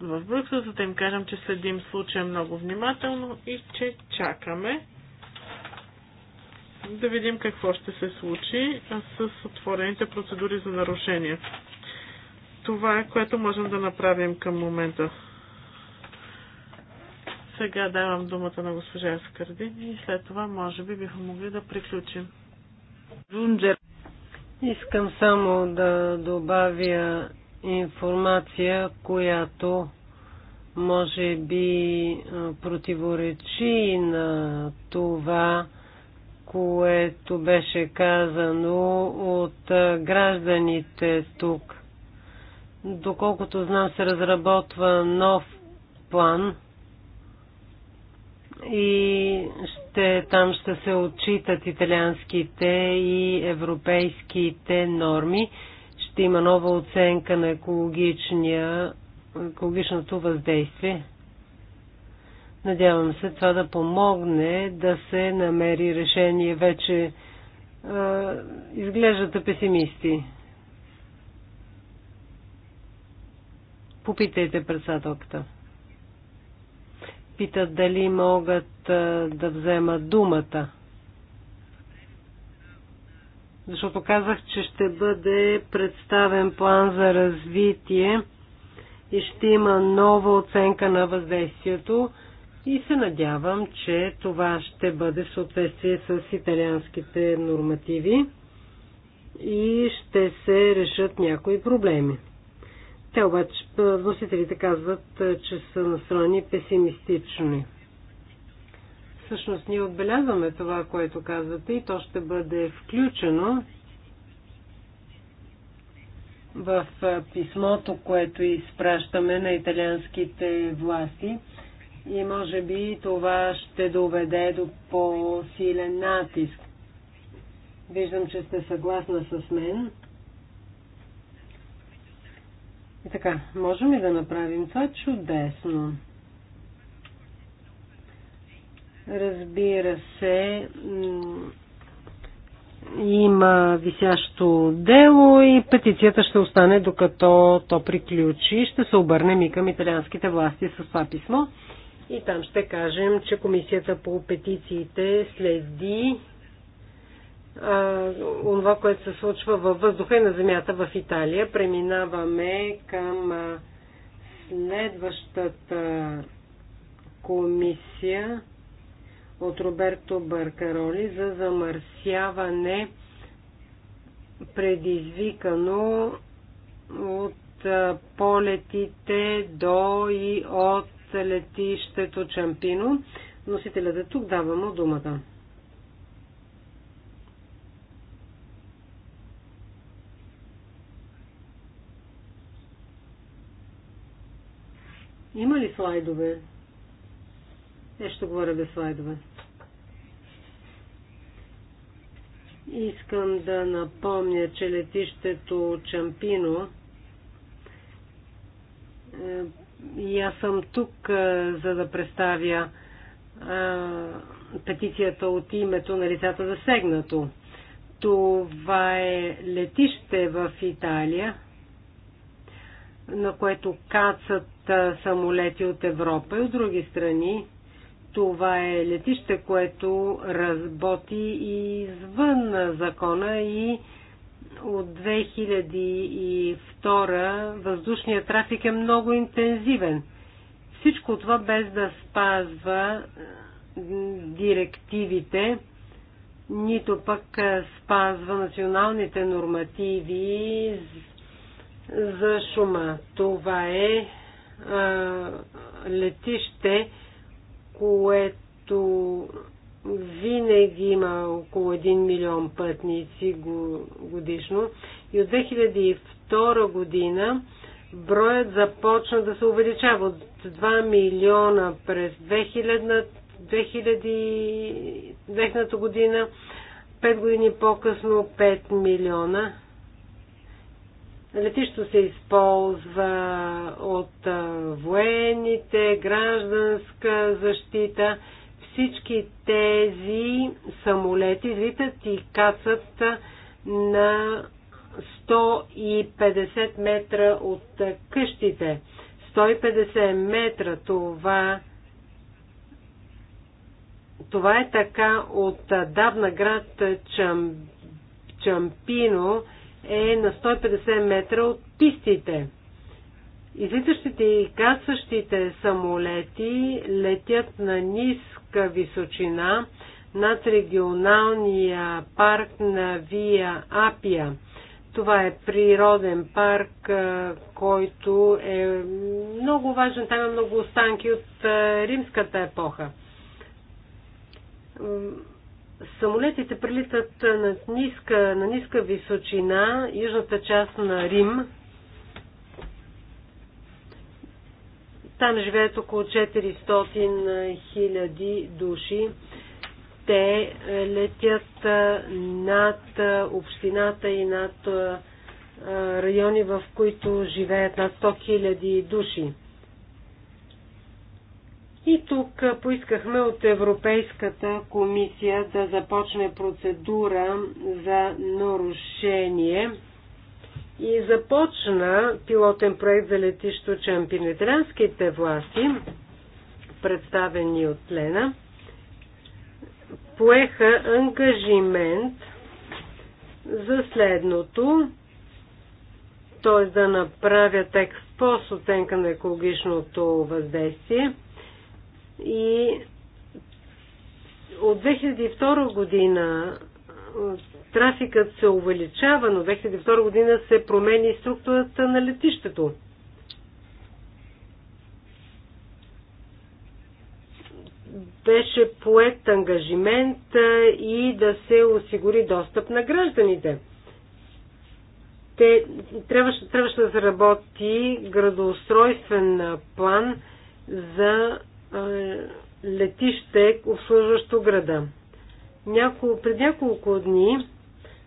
в Брюксел, за да им кажем, че следим случая много внимателно и че чакаме да видим какво ще се случи с отворените процедури за нарушения. Това е което можем да направим към момента. Сега давам думата на госпожа Скърдини и след това може би биха могли да приключим. Джунджер. Искам само да добавя информация, която може би противоречи на това, което беше казано от гражданите тук. Доколкото знам, се разработва нов план и ще, там ще се отчитат италианските и европейските норми. Ще има нова оценка на екологичния, екологичното въздействие. Надявам се това да помогне да се намери решение. Вече е, изглеждате песимисти. Попитайте председателката питат дали могат да вземат думата. Защото казах, че ще бъде представен план за развитие и ще има нова оценка на въздействието и се надявам, че това ще бъде в съответствие с италианските нормативи и ще се решат някои проблеми. Те обаче, вносителите казват, че са настроени песимистични. Всъщност ние отбелязваме това, което казвате и то ще бъде включено в писмото, което изпращаме на италианските власти и може би това ще доведе до по-силен натиск. Виждам, че сте съгласна с мен. И така, можем ли да направим това? Чудесно! Разбира се, има висящо дело и петицията ще остане докато то приключи. Ще се обърнем и към италианските власти с това писмо. И там ще кажем, че комисията по петициите следи това, което се случва във въздуха и на земята в Италия. Преминаваме към следващата комисия от Роберто Баркароли за замърсяване предизвикано от полетите до и от летището Чампино. Носителят е тук, давам му думата. Има ли слайдове? Не ще говоря без слайдове. Искам да напомня, че летището Чампино е, и аз съм тук, е, за да представя е, петицията от името на лицата засегнато. Това е летище в Италия, на което кацат самолети от Европа и от други страни. Това е летище, което работи и извън закона и от 2002 въздушният трафик е много интензивен. Всичко това без да спазва директивите, нито пък спазва националните нормативи за шума. Това е а, летище, което винаги има около 1 милион пътници годишно. И от 2002 година броят започна да се увеличава от 2 милиона през 2000, 2000, 2000 година, 5 години по-късно 5 милиона. Летището се използва от военните, гражданска защита. Всички тези самолети витат и кацат на 150 метра от къщите. 150 метра това това е така от давна град Чам, Чампино е на 150 метра от пистите. Излитащите и кацащите самолети летят на ниска височина над регионалния парк на Вия Апия. Това е природен парк, който е много важен. Там има много останки от римската епоха. Самолетите прилитат на ниска, на ниска височина, южната част на Рим. Там живеят около 400 хиляди души. Те е, летят е, над е, общината и над райони, в които живеят над 100 хиляди души. И тук поискахме от Европейската комисия да започне процедура за нарушение и започна пилотен проект за летището Чампинедранските власти, представени от Лена, поеха ангажимент за следното, т.е. да направят експос оценка на екологичното въздействие – и от 2002 година трафикът се увеличава, но 2002 година се промени структурата на летището. Беше поет ангажимент и да се осигури достъп на гражданите. Те, трябваше, трябваше да заработи градоустройствен план за е, летище, обслужващо града. Няко, пред няколко дни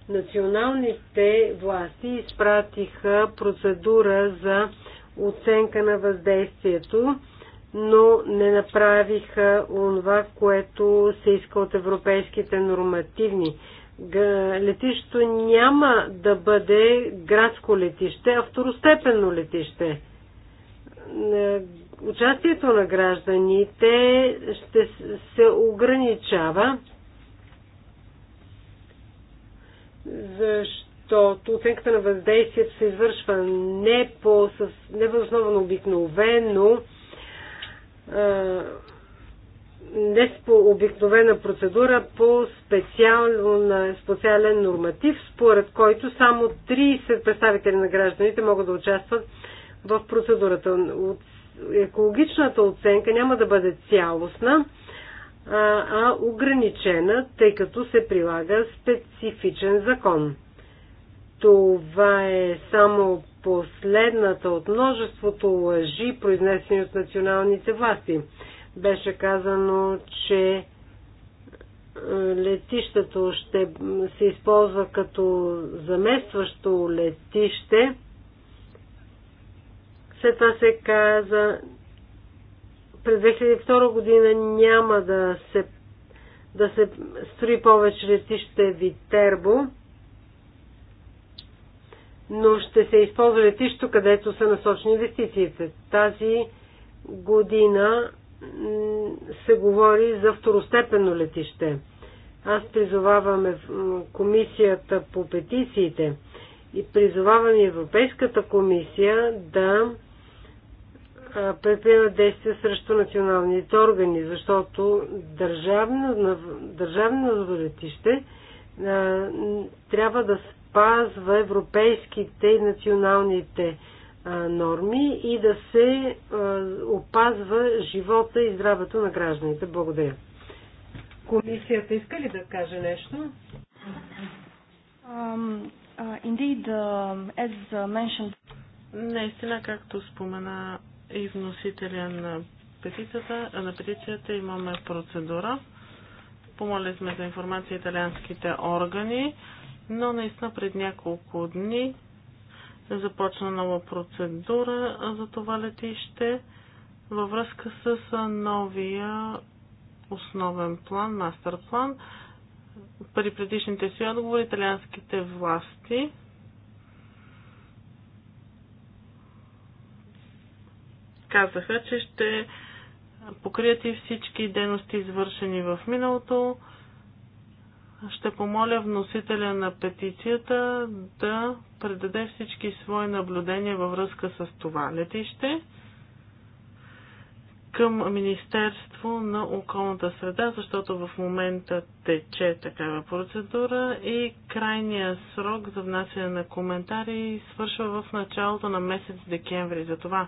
националните власти изпратиха процедура за оценка на въздействието, но не направиха онова, което се иска от европейските нормативни. Летището няма да бъде градско летище, а второстепенно летище е, участието на гражданите ще се ограничава, защото оценката на въздействието се извършва не по не основа обикновено не по обикновена процедура, по специален, специален норматив, според който само 30 представители на гражданите могат да участват в процедурата. от екологичната оценка няма да бъде цялостна, а, а ограничена, тъй като се прилага специфичен закон. Това е само последната от множеството лъжи, произнесени от националните власти. Беше казано, че летището ще се използва като заместващо летище – след това се каза, през 2002 година няма да се, да се строи повече летище Витербо, но ще се използва летището, където са насочени инвестициите. Тази година се говори за второстепенно летище. Аз призоваваме комисията по петициите и призовавам Европейската комисия да предприемат действия срещу националните органи, защото държавно, държавно летище трябва да спазва европейските и националните норми и да се опазва живота и здравето на гражданите. Благодаря. Комисията иска ли да каже нещо? Um, uh, indeed, um, uh, as mentioned... Наистина, както спомена и вносителя на петицията, на петицията имаме процедура. Помоли сме за информация италианските органи, но наистина пред няколко дни започна нова процедура за това летище във връзка с новия основен план, мастер план. При предишните си отговори италианските власти казаха, че ще покрият и всички дейности, извършени в миналото. Ще помоля вносителя на петицията да предаде всички свои наблюдения във връзка с това летище към Министерство на околната среда, защото в момента тече такава процедура и крайният срок за внасяне на коментари свършва в началото на месец декември. Затова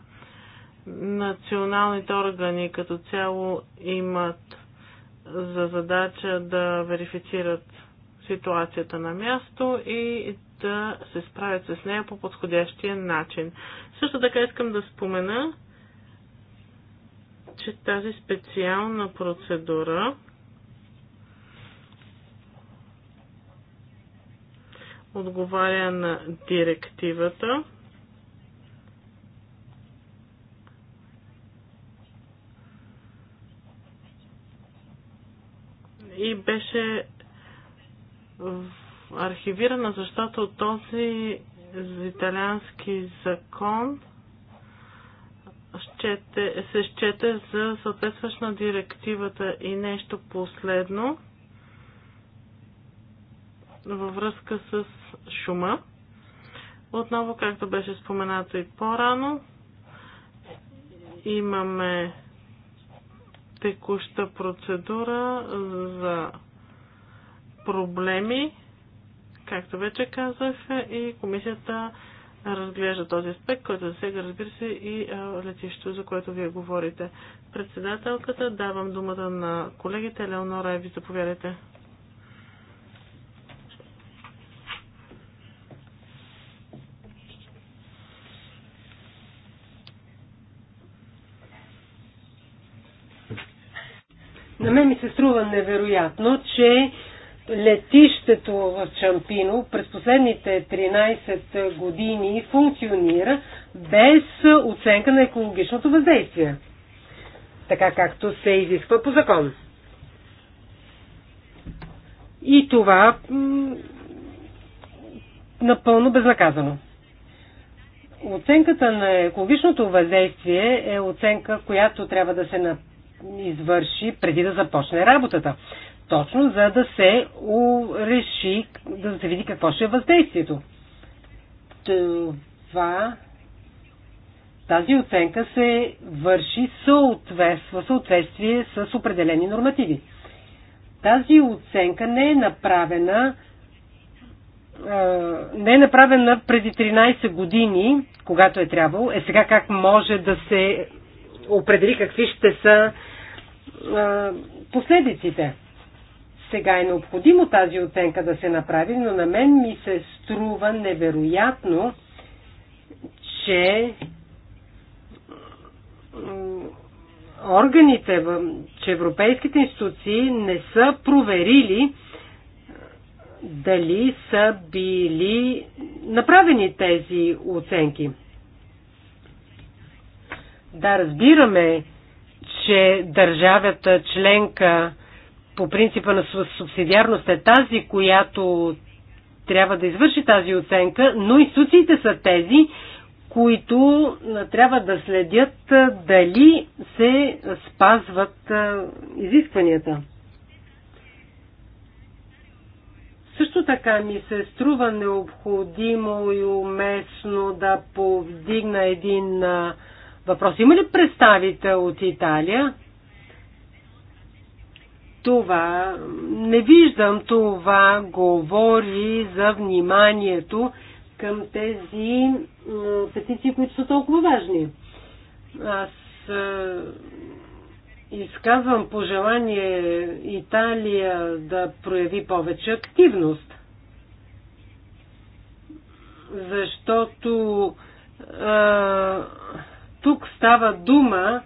Националните органи като цяло имат за задача да верифицират ситуацията на място и да се справят с нея по подходящия начин. Също така искам да спомена, че тази специална процедура отговаря на директивата и беше архивирана, защото този италиански закон щете, се счете за съответстващ на директивата и нещо последно във връзка с шума. Отново, както беше споменато и по-рано, имаме текуща процедура за проблеми, както вече казах, и комисията разглежда този аспект, който засега, разбира се, и летището, за което вие говорите. Председателката, давам думата на колегите. Елеонора, ви заповядайте. На мен ми се струва невероятно, че летището в Чампино през последните 13 години функционира без оценка на екологичното въздействие, така както се изисква по закон. И това напълно безнаказано. Оценката на екологичното въздействие е оценка, която трябва да се направи извърши преди да започне работата. Точно за да се реши, да се види какво ще е въздействието. Това тази оценка се върши в съответствие с определени нормативи. Тази оценка не е направена не е направена преди 13 години, когато е трябвало. Е сега как може да се определи какви ще са последиците. Сега е необходимо тази оценка да се направи, но на мен ми се струва невероятно, че органите, че европейските институции не са проверили дали са били направени тези оценки. Да, разбираме, че държавата членка по принципа на субсидиарност е тази, която трябва да извърши тази оценка, но институциите са тези, които трябва да следят дали се спазват изискванията. Също така ми се струва необходимо и уместно да повдигна един въпрос. Има ли представител от Италия? Това не виждам. Това говори за вниманието към тези петиции, които са толкова важни. Аз е, изказвам пожелание Италия да прояви повече активност, защото а, е, тук става дума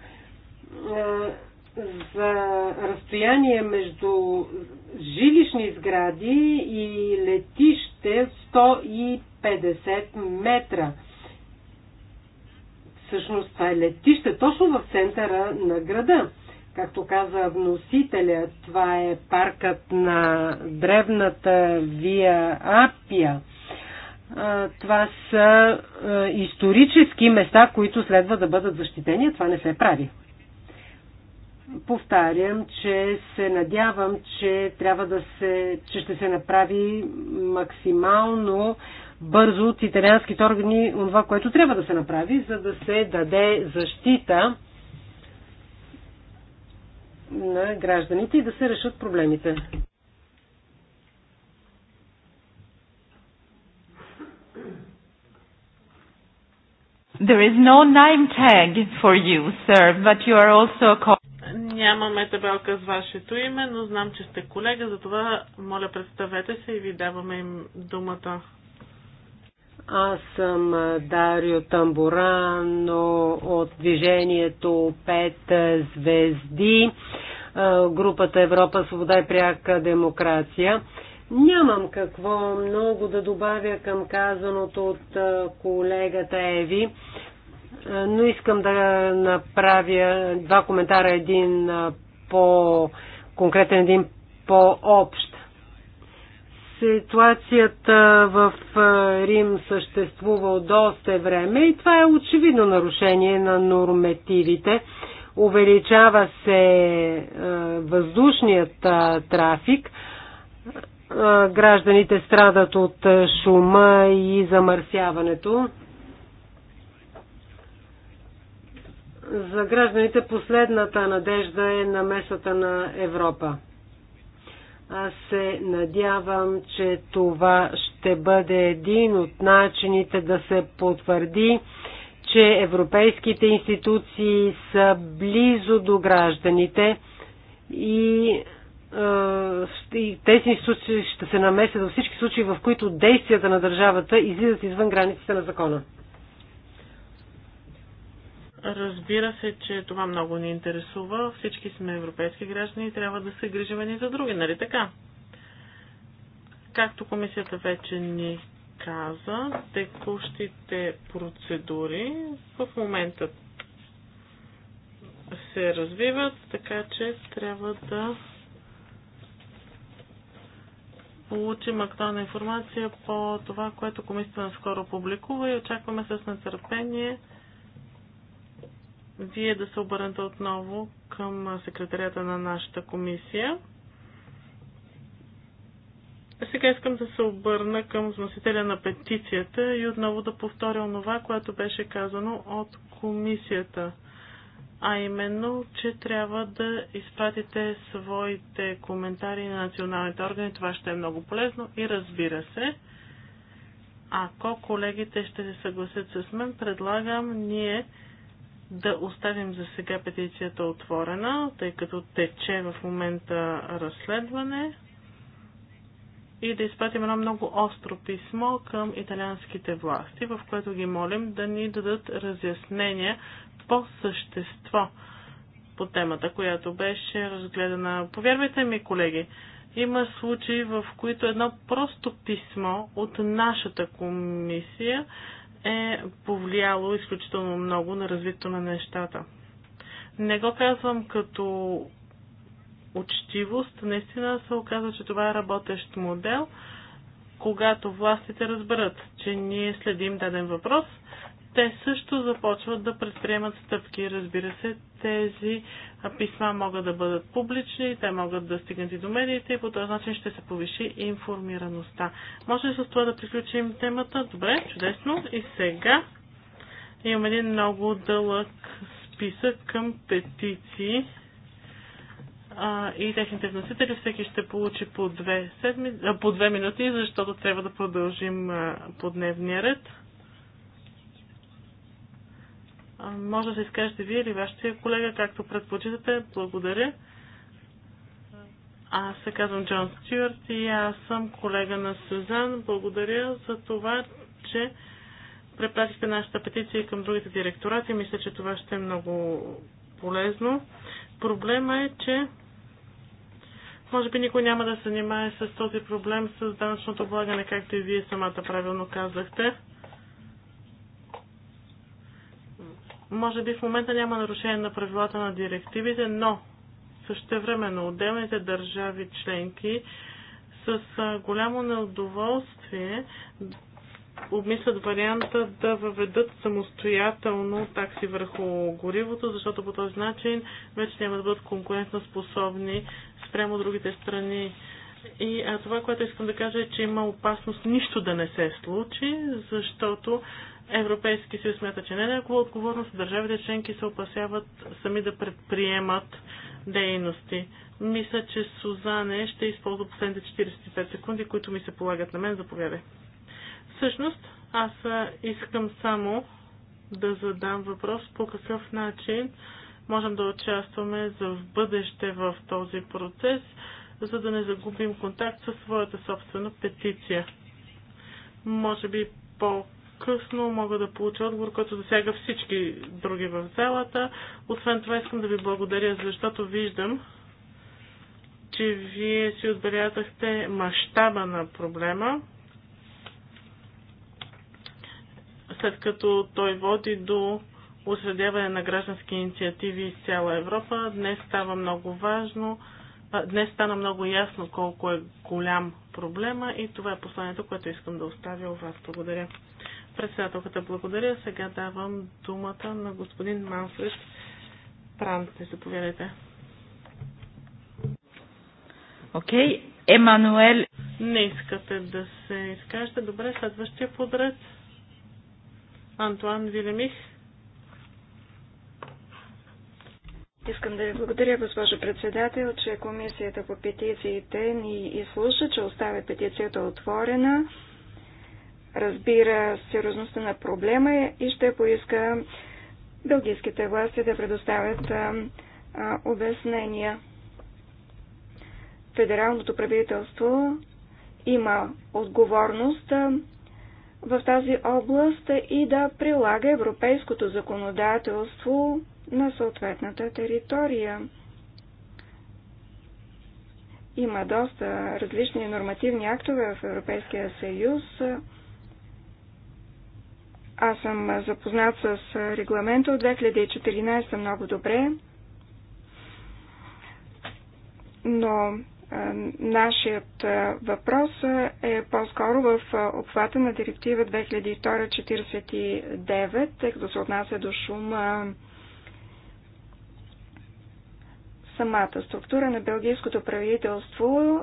за разстояние между жилищни сгради и летище 150 метра. Всъщност това е летище точно в центъра на града. Както каза вносителя, това е паркът на древната Вия Апия – това са исторически места, които следва да бъдат защитени, а това не се прави. Повтарям, че се надявам, че трябва да се, че ще се направи максимално бързо от италианските органи това, което трябва да се направи, за да се даде защита на гражданите и да се решат проблемите. There is no name tag for you, sir, but you are also a Нямаме табелка с вашето име, но знам, че сте колега, затова моля представете се и ви даваме им думата. Аз съм Дарио Тамбурано от движението 5 звезди, групата Европа, свобода и пряка демокрация. Нямам какво много да добавя към казаното от колегата Еви, но искам да направя два коментара, един по-конкретен, един по-общ. Ситуацията в Рим съществува от доста време и това е очевидно нарушение на нормативите. Увеличава се въздушният трафик гражданите страдат от шума и замърсяването. За гражданите последната надежда е на месата на Европа. Аз се надявам, че това ще бъде един от начините да се потвърди, че европейските институции са близо до гражданите и и тези институции ще се намесят във всички случаи, в които действията на държавата излизат извън границите на закона. Разбира се, че това много ни интересува. Всички сме европейски граждани и трябва да се грижим ни за други, нали така? Както комисията вече ни каза, текущите процедури в момента се развиват, така че трябва да получим актуална информация по това, което комисията наскоро публикува и очакваме с нетърпение вие да се обърнете отново към секретарията на нашата комисия. Сега искам да се обърна към вносителя на петицията и отново да повторя онова, което беше казано от комисията а именно, че трябва да изпратите своите коментари на националните органи. Това ще е много полезно и разбира се, ако колегите ще се съгласят с мен, предлагам ние да оставим за сега петицията отворена, тъй като тече в момента разследване и да изпратим едно много остро писмо към италианските власти, в което ги молим да ни дадат разяснения по същество по темата, която беше разгледана. Повярвайте ми, колеги, има случаи, в които едно просто писмо от нашата комисия е повлияло изключително много на развитието на нещата. Не го казвам като учтивост, наистина се оказва, че това е работещ модел, когато властите разберат, че ние следим даден въпрос, те също започват да предприемат стъпки. Разбира се, тези писма могат да бъдат публични, те могат да стигнат и до медиите и по този начин ще се повиши информираността. Може ли с това да приключим темата? Добре, чудесно. И сега имам един много дълъг списък към петиции и техните вносители. Всеки ще получи по две, седми, по две минути, защото трябва да продължим по дневния ред. Може да се изкажете вие или вашите колега, както предпочитате. Благодаря. Аз се казвам Джон Стюарт и аз съм колега на Сюзан. Благодаря за това, че препратихте нашата петиция към другите директорати. Мисля, че това ще е много полезно. Проблема е, че може би никой няма да се занимае с този проблем с данъчното облагане, както и вие самата правилно казахте. Може би в момента няма нарушение на правилата на директивите, но същевременно отделните държави членки с голямо неудоволствие обмислят варианта да въведат самостоятелно такси върху горивото, защото по този начин вече няма да бъдат конкурентно способни спрямо другите страни. И а това, което искам да кажа е, че има опасност нищо да не се случи, защото Европейски съюз смята, че не е някаква отговорност. Държавите членки се опасяват сами да предприемат дейности. Мисля, че Сузане ще използва последните 45 секунди, които ми се полагат на мен. Заповядай. Всъщност, аз искам само да задам въпрос по какъв начин можем да участваме за в бъдеще в този процес, за да не загубим контакт със своята собствена петиция. Може би по късно мога да получа отговор, който засяга всички други в залата. Освен това искам да ви благодаря, защото виждам, че вие си отбелязахте мащаба на проблема, след като той води до осредяване на граждански инициативи из цяла Европа. Днес става много важно, днес стана много ясно колко е голям проблема и това е посланието, което искам да оставя у вас. Благодаря. Председателката благодаря. Сега давам думата на господин Манфред Пранте. Заповядайте. Окей. Okay. Емануел. Не искате да се изкажете. Добре, следващия подред. Антуан Вилемих. Искам да ви благодаря, госпожо председател, че комисията по петициите ни изслуша, че оставя петицията отворена разбира сериозността на проблема и ще поиска белгийските власти да предоставят обяснения. Федералното правителство има отговорност в тази област и да прилага европейското законодателство на съответната територия. Има доста различни нормативни актове в Европейския съюз, аз съм запознат с регламента от 2014 много добре, но нашият въпрос е по-скоро в обхвата на директива 2002-49, тъй като се отнася до шума самата структура на белгийското правителство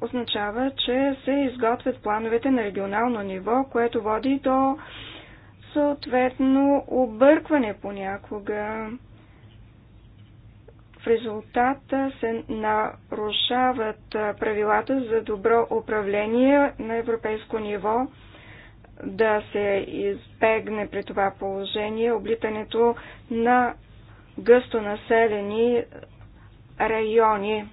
означава, че се изготвят плановете на регионално ниво, което води до съответно объркване понякога. В резултат се нарушават правилата за добро управление на европейско ниво, да се избегне при това положение облитането на гъсто населени райони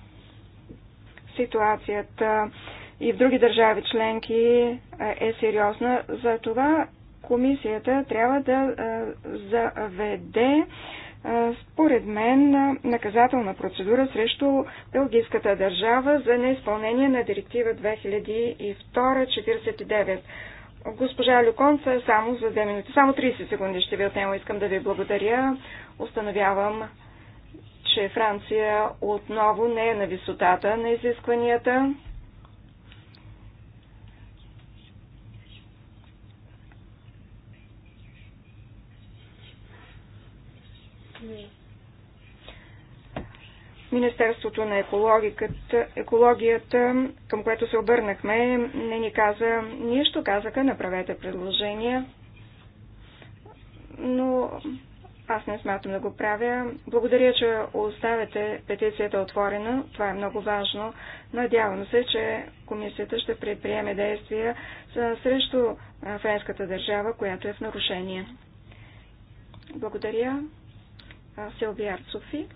ситуацията и в други държави членки е, е сериозна. Затова комисията трябва да е, заведе е, според мен наказателна процедура срещу белгийската държава за неизпълнение на директива 2002-49. Госпожа Люконца, само за 2 минути, само 30 секунди ще ви отнема. Искам да ви благодаря. Установявам, че Франция отново не е на висотата на изискванията. Министерството на екологията, към което се обърнахме, не ни каза нищо, казаха направете предложения. Но аз не смятам да го правя. Благодаря, че оставяте петицията отворена. Това е много важно. Надявам се, че комисията ще предприеме действия срещу френската държава, която е в нарушение. Благодаря. Силвия Софи.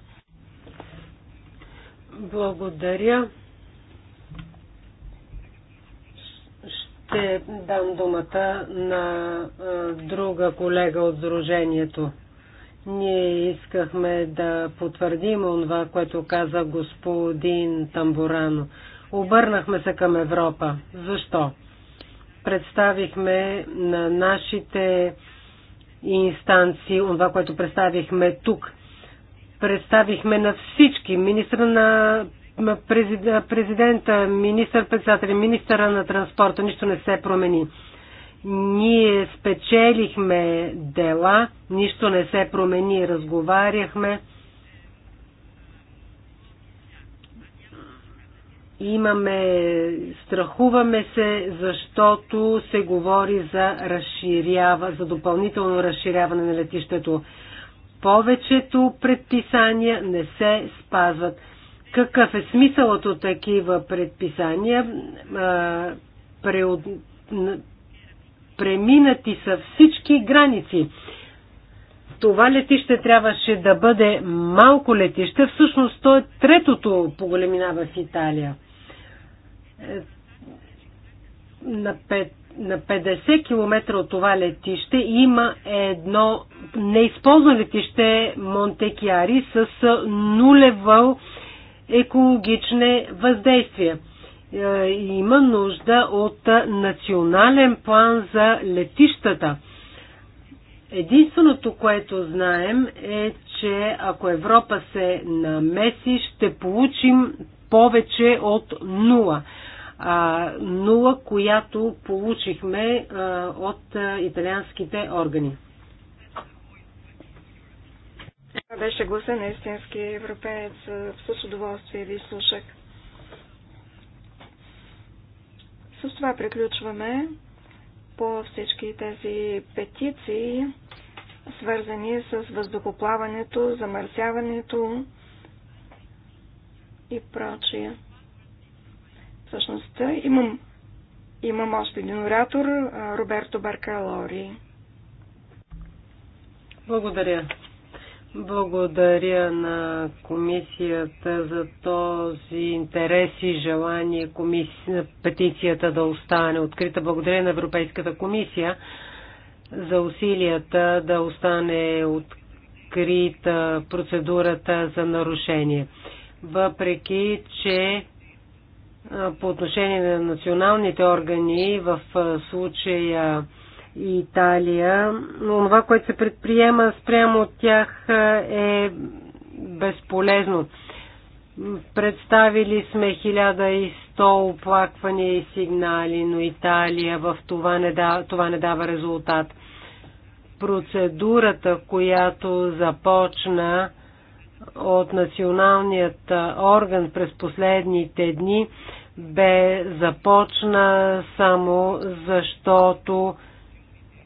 Благодаря. Ще дам думата на друга колега от Сдружението. Ние искахме да потвърдим това, което каза господин Тамбурано. Обърнахме се към Европа. Защо? Представихме на нашите инстанции това, което представихме тук. Представихме на всички. министър на президента, министър-председателя, министъра на транспорта. Нищо не се промени. Ние спечелихме дела, нищо не се промени, разговаряхме. Имаме, страхуваме се, защото се говори за, разширява, за допълнително разширяване на летището. Повечето предписания не се спазват. Какъв е смисълът от такива предписания? преминати са всички граници. Това летище трябваше да бъде малко летище, всъщност то е третото по големина в Италия. Е, на пет, на 50 км от това летище има едно неизползвано летище Монтекиари с нулево екологични въздействия. Е, има нужда от национален план за летищата. Единственото, което знаем е, че ако Европа се намеси, ще получим повече от нула. А, нула, която получихме а, е, от а, е, италианските органи. Това Беше гласа на истински европеец. С удоволствие ви слушах. С това приключваме по всички тези петиции, свързани с въздухоплаването, замърсяването и прочие. Всъщност имам, имам още един оратор, Роберто Баркалори. Благодаря, благодаря на комисията за този интерес и желание комисия, петицията да остане открита. Благодаря на Европейската комисия за усилията да остане открита процедурата за нарушение. Въпреки, че по отношение на националните органи в случая и Италия. Но това, което се предприема спрямо от тях е безполезно. Представили сме 1100 оплаквания и сигнали, но Италия в това не, да, това не дава резултат. Процедурата, която започна от националният орган през последните дни, бе започна само защото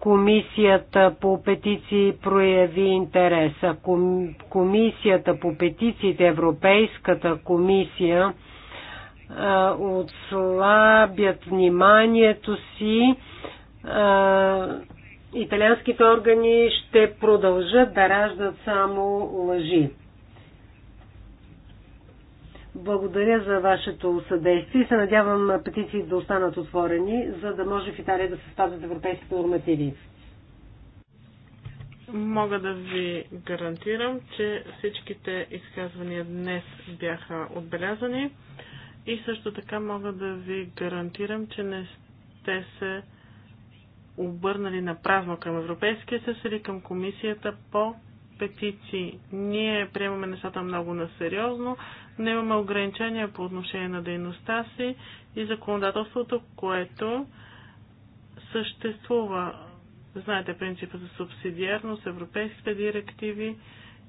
Комисията по петиции прояви интереса. Комисията по петициите, Европейската комисия, отслабят вниманието си. Италианските органи ще продължат да раждат само лъжи. Благодаря за вашето съдействие и се надявам петиции да останат отворени, за да може в Италия да се спазват европейските нормативи. Мога да ви гарантирам, че всичките изказвания днес бяха отбелязани и също така мога да ви гарантирам, че не сте се обърнали на празно към Европейския съюз или към комисията по петиции. Ние приемаме нещата много насериозно нямаме ограничения по отношение на дейността си и законодателството, което съществува. Знаете принципа за субсидиарност, европейските директиви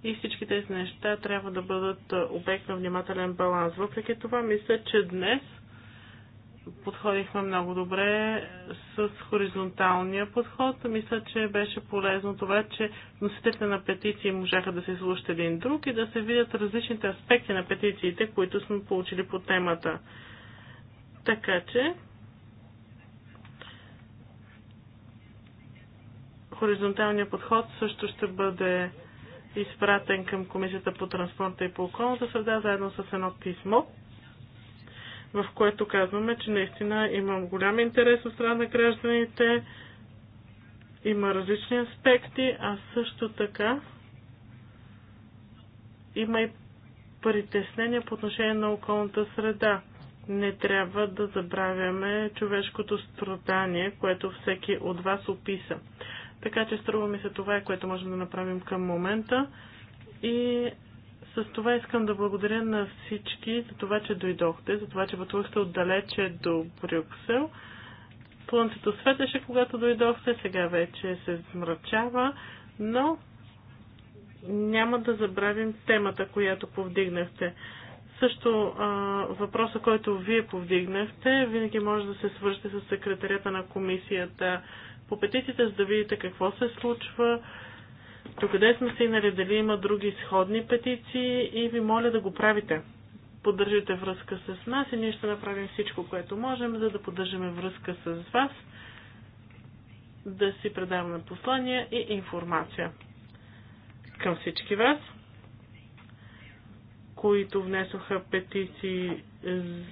и всички тези неща трябва да бъдат обект на внимателен баланс. Въпреки това, мисля, че днес – подходихме много добре с хоризонталния подход. Мисля, че беше полезно това, че носителите на петиции можаха да се слушат един друг и да се видят различните аспекти на петициите, които сме получили по темата. Така че хоризонталният подход също ще бъде изпратен към Комисията по транспорта и по околната среда, заедно с едно писмо, в което казваме, че наистина имам голям интерес от страна на гражданите, има различни аспекти, а също така има и притеснения по отношение на околната среда. Не трябва да забравяме човешкото страдание, което всеки от вас описа. Така че струва ми се това е, което можем да направим към момента. И с това искам да благодаря на всички за това, че дойдохте, за това, че пътувахте отдалече до Брюксел. Слънцето светеше, когато дойдохте, сега вече се смрачава, но няма да забравим темата, която повдигнахте. Също въпроса, който вие повдигнахте, винаги може да се свържете с секретарята на комисията по петициите, за да видите какво се случва, докъде сме стигнали, дали има други сходни петиции и ви моля да го правите. Поддържате връзка с нас и ние ще направим всичко, което можем, за да поддържаме връзка с вас, да си предаваме послания и информация към всички вас, които внесоха петиции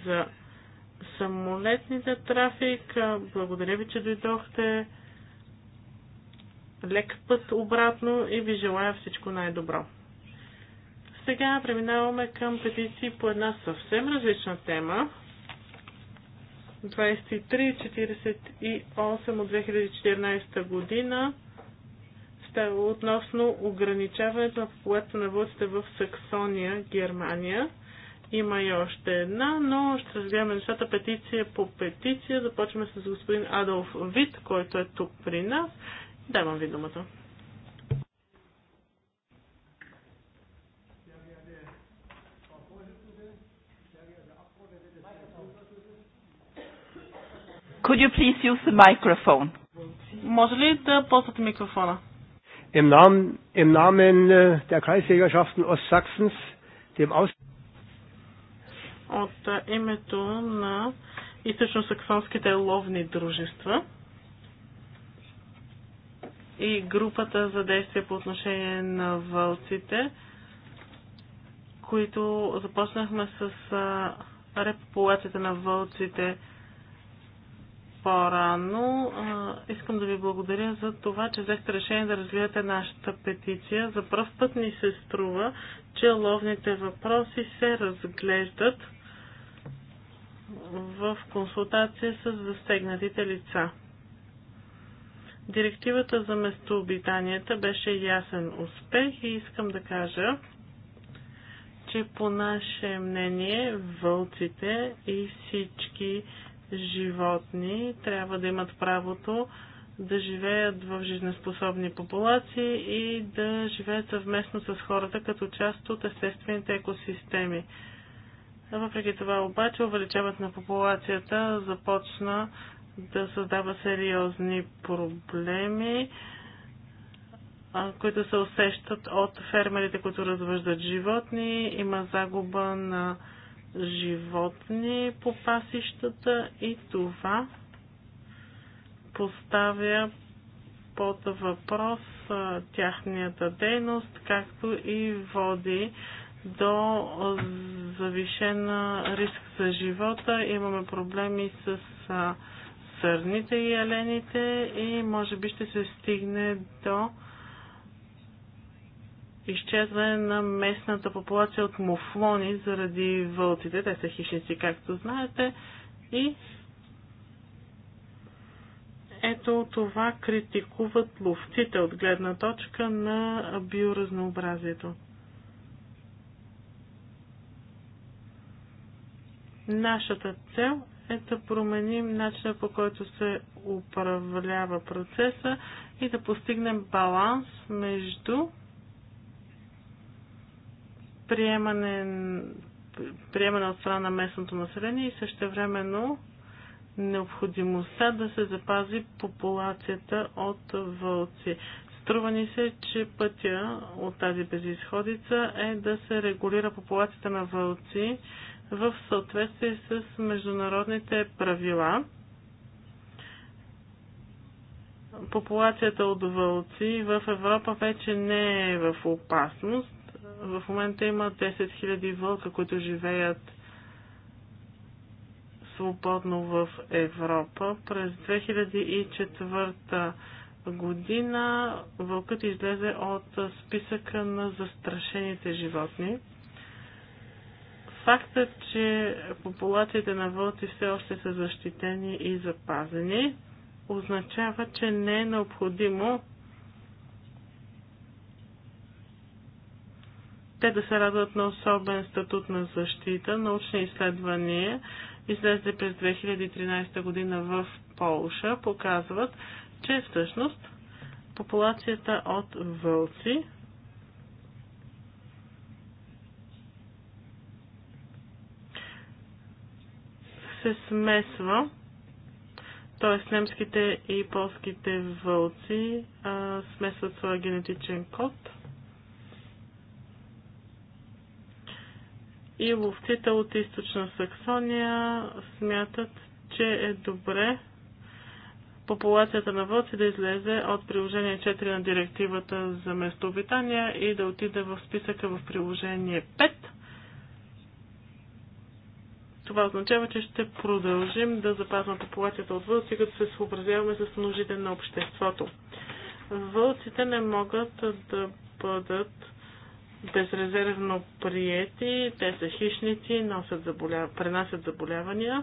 за самолетните трафик. Благодаря ви, че дойдохте лек път обратно и ви желая всичко най-добро. Сега преминаваме към петиции по една съвсем различна тема. 2348 от 2014 година относно ограничаването на популацията на вълците в Саксония, Германия. Има и още една, но ще разгледаме нещата петиция по петиция. Започваме с господин Адолф Вит, който е тук при нас. Давам ви думата. Could you please use the microphone? Може ли да ползвате микрофона? Im Namen, im Namen der Kreisjägerschaften Ostsachsens, dem Aus От името на източно-саксонските ловни дружества, и групата за действие по отношение на вълците, които започнахме с а, репопулацията на вълците по-рано. искам да ви благодаря за това, че взехте решение да разгледате нашата петиция. За първ път ни се струва, че ловните въпроси се разглеждат в консултация с застегнатите лица. Директивата за местообитанията беше ясен успех и искам да кажа, че по наше мнение вълците и всички животни трябва да имат правото да живеят в жизнеспособни популации и да живеят съвместно с хората като част от естествените екосистеми. Въпреки това обаче увеличават на популацията започна да създава сериозни проблеми, които се усещат от фермерите, които развъждат животни. Има загуба на животни по пасищата и това поставя под въпрос тяхната дейност, както и води до завишен риск за живота. Имаме проблеми с сърните и елените и може би ще се стигне до изчезване на местната популация от муфлони заради вълците. Те са хищници, както знаете. И ето това критикуват ловците от гледна точка на биоразнообразието. Нашата цел е да променим начина по който се управлява процеса и да постигнем баланс между приемане, приемане от страна на местното население и същевременно необходимостта да се запази популацията от вълци. Струва ни се, че пътя от тази безисходица е да се регулира популацията на вълци в съответствие с международните правила. Популацията от вълци в Европа вече не е в опасност. В момента има 10 000 вълка, които живеят свободно в Европа. През 2004 година вълкът излезе от списъка на застрашените животни. Фактът, че популациите на вълци все още са защитени и запазени, означава, че не е необходимо те да се радват на особен статут на защита. Научни изследвания, излезли през 2013 година в Полша, показват, че всъщност популацията от вълци се смесва, т.е. немските и полските вълци а, смесват своя генетичен код. И ловците от източна Саксония смятат, че е добре популацията на вълци да излезе от приложение 4 на директивата за местообитания и да отиде в списъка в приложение 5 това означава, че ще продължим да запазваме популацията от вълци, като се съобразяваме с нуждите на обществото. Вълците не могат да бъдат безрезервно приети, те са хищници, носят заболя... пренасят заболявания.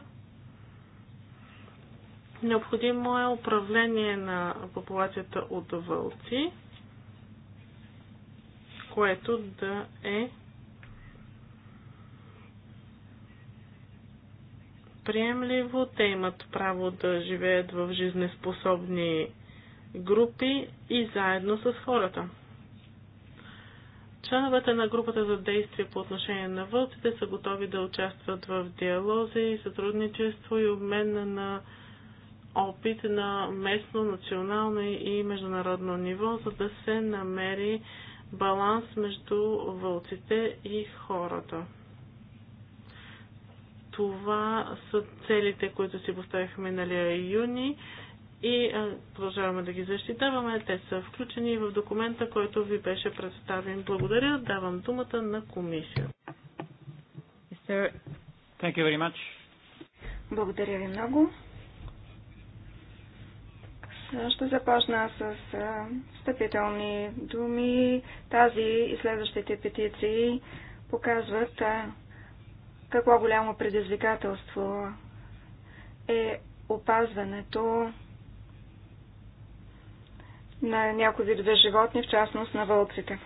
Необходимо е управление на популацията от вълци, което да е приемливо. Те имат право да живеят в жизнеспособни групи и заедно с хората. Членовете на групата за действие по отношение на вълците са готови да участват в диалози, сътрудничество и обмен на опит на местно, национално и международно ниво, за да се намери баланс между вълците и хората. Това са целите, които си поставихме миналия юни и продължаваме да ги защитаваме. Те са включени в документа, който ви беше представен. Благодаря. Давам думата на комисия. Благодаря ви много. Ще започна с встъпителни думи. Тази и следващите петиции показват какво голямо предизвикателство е опазването на някои видове животни, в частност на вълците.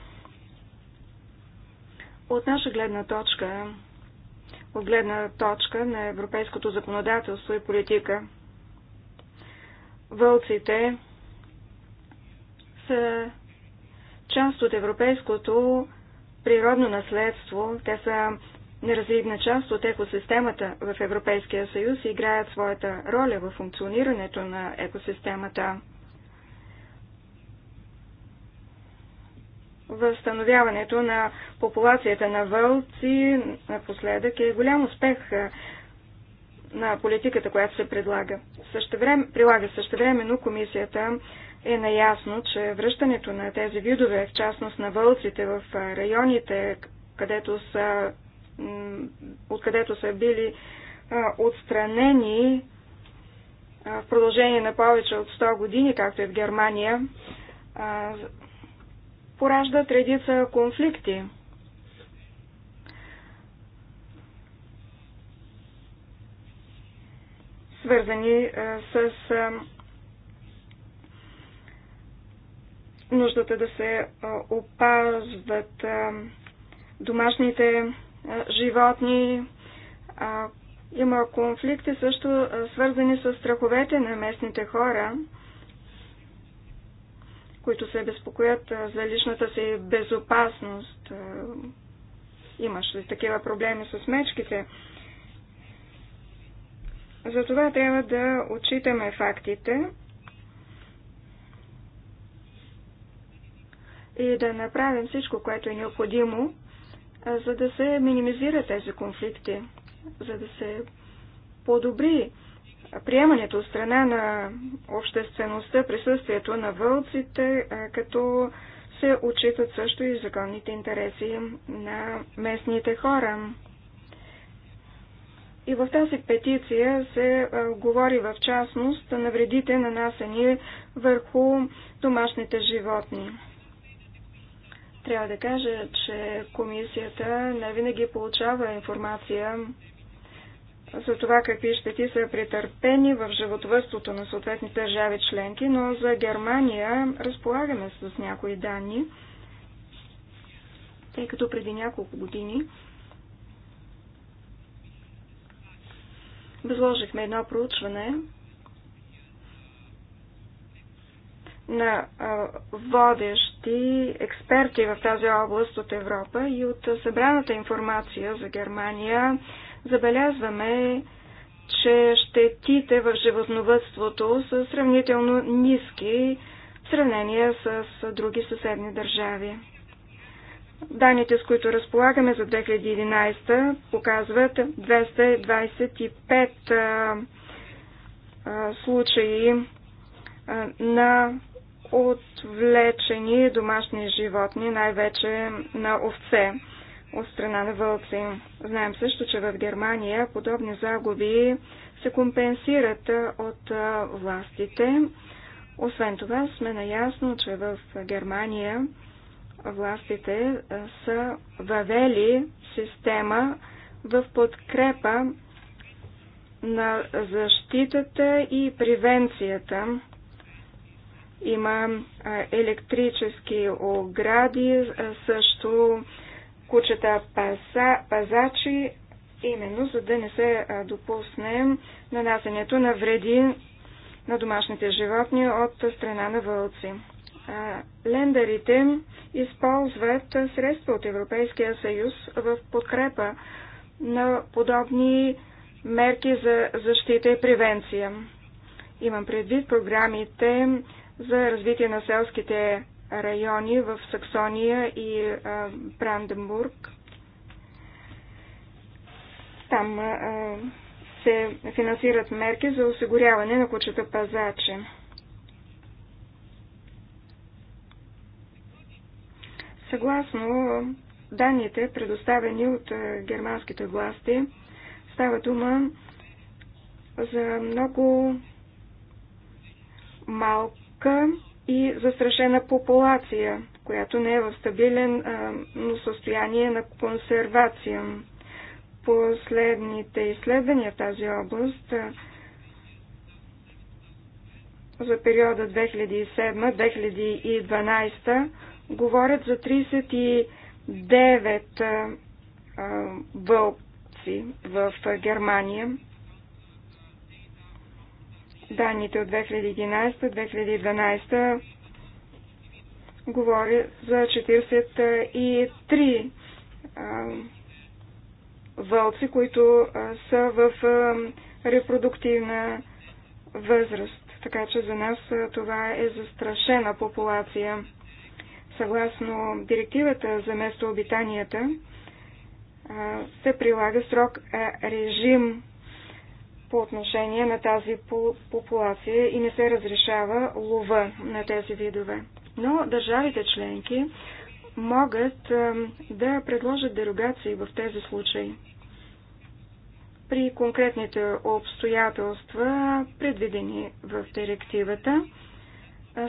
От наша гледна точка, от гледна точка на европейското законодателство и политика, вълците са част от европейското природно наследство. Те са неразривна част от екосистемата в Европейския съюз и играят своята роля в функционирането на екосистемата. Възстановяването на популацията на вълци напоследък е голям успех на политиката, която се предлага. Време, прилага същевременно комисията е наясно, че връщането на тези видове, в частност на вълците в районите, където са откъдето са били отстранени в продължение на повече от 100 години, както е в Германия, пораждат редица конфликти. свързани с нуждата да се опазват домашните животни. Има конфликти също свързани с страховете на местните хора, които се безпокоят за личната си безопасност. ли такива проблеми с мечките. Затова трябва да отчитаме фактите и да направим всичко, което е необходимо, за да се минимизират тези конфликти, за да се подобри приемането от страна на обществеността, присъствието на вълците, като се отчитат също и законните интереси на местните хора. И в тази петиция се а, говори в частност на вредите нанасени върху домашните животни. Трябва да кажа, че комисията не винаги получава информация за това какви щети са претърпени в животовърството на съответните държави членки, но за Германия разполагаме с някои данни, тъй като преди няколко години възложихме едно проучване на водещи експерти в тази област от Европа и от събраната информация за Германия забелязваме, че щетите в животновътството са сравнително ниски в сравнение с други съседни държави. Даните, с които разполагаме за 2011, показват 225 случаи на отвлечени домашни животни, най-вече на овце от страна на вълци. Знаем също, че в Германия подобни загуби се компенсират от властите. Освен това сме наясно, че в Германия властите са въвели система в подкрепа на защитата и превенцията има електрически огради, също кучета паса, пазачи, именно за да не се допусне нанасенето на вреди на домашните животни от страна на вълци. Лендарите използват средства от Европейския съюз в подкрепа на подобни мерки за защита и превенция. Имам предвид програмите за развитие на селските райони в Саксония и Бранденбург. Там се финансират мерки за осигуряване на кучета пазачи. Съгласно данните, предоставени от германските власти, става дума за много малко малка и застрашена популация, която не е в стабилен но състояние на консервация. Последните изследвания в тази област за периода 2007-2012 говорят за 39 вълци в Германия. Данните от 2011-2012 говори за 43 вълци, които са в репродуктивна възраст. Така че за нас това е застрашена популация. Съгласно директивата за местообитанията се прилага срок режим по отношение на тази популация и не се разрешава лова на тези видове. Но държавите членки могат да предложат дерогации в тези случаи. При конкретните обстоятелства, предвидени в директивата,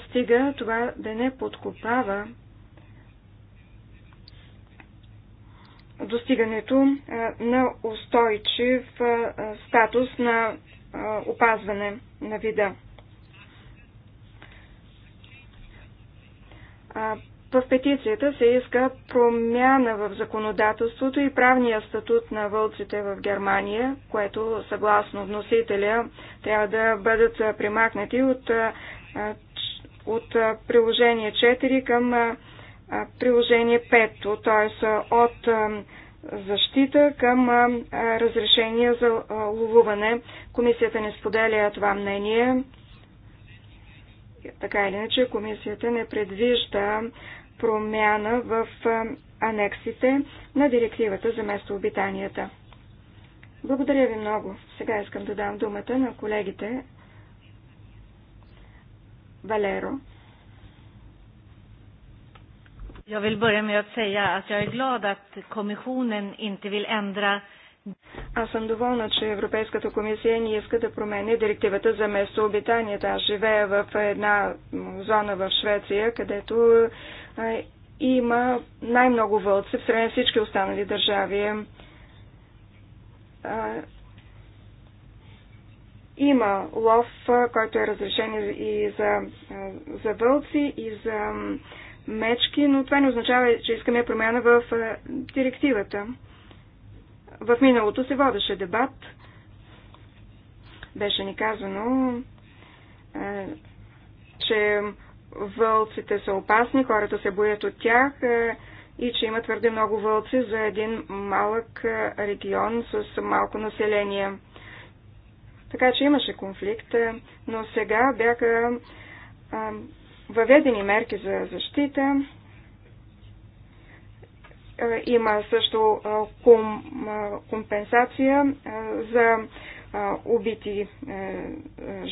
стига това да не подкопава достигането на устойчив статус на опазване на вида. В петицията се иска промяна в законодателството и правния статут на вълците в Германия, което съгласно вносителя трябва да бъдат примахнати от, от приложение 4 към приложение 5, т.е. от защита към разрешение за ловуване. Комисията не споделя това мнение. Така или иначе, комисията не предвижда промяна в анексите на директивата за местообитанията. Благодаря ви много. Сега искам да дам думата на колегите Валеро. Jag vill börja med att säga att jag är glad att kommissionen inte vill ändra аз съм доволна, че Европейската комисия не иска да промени директивата за местообитанията. Аз живея в една зона в Швеция, където има най-много вълци в сравнение всички останали държави. Има лов, който е разрешен и за, за вълци, и за мечки, но това не означава, че искаме промяна в директивата. В миналото се водеше дебат. Беше ни казано, че вълците са опасни, хората се боят от тях и че има твърде много вълци за един малък регион с малко население. Така че имаше конфликт, но сега бяха въведени мерки за защита. Е, има също е, е, компенсация за убити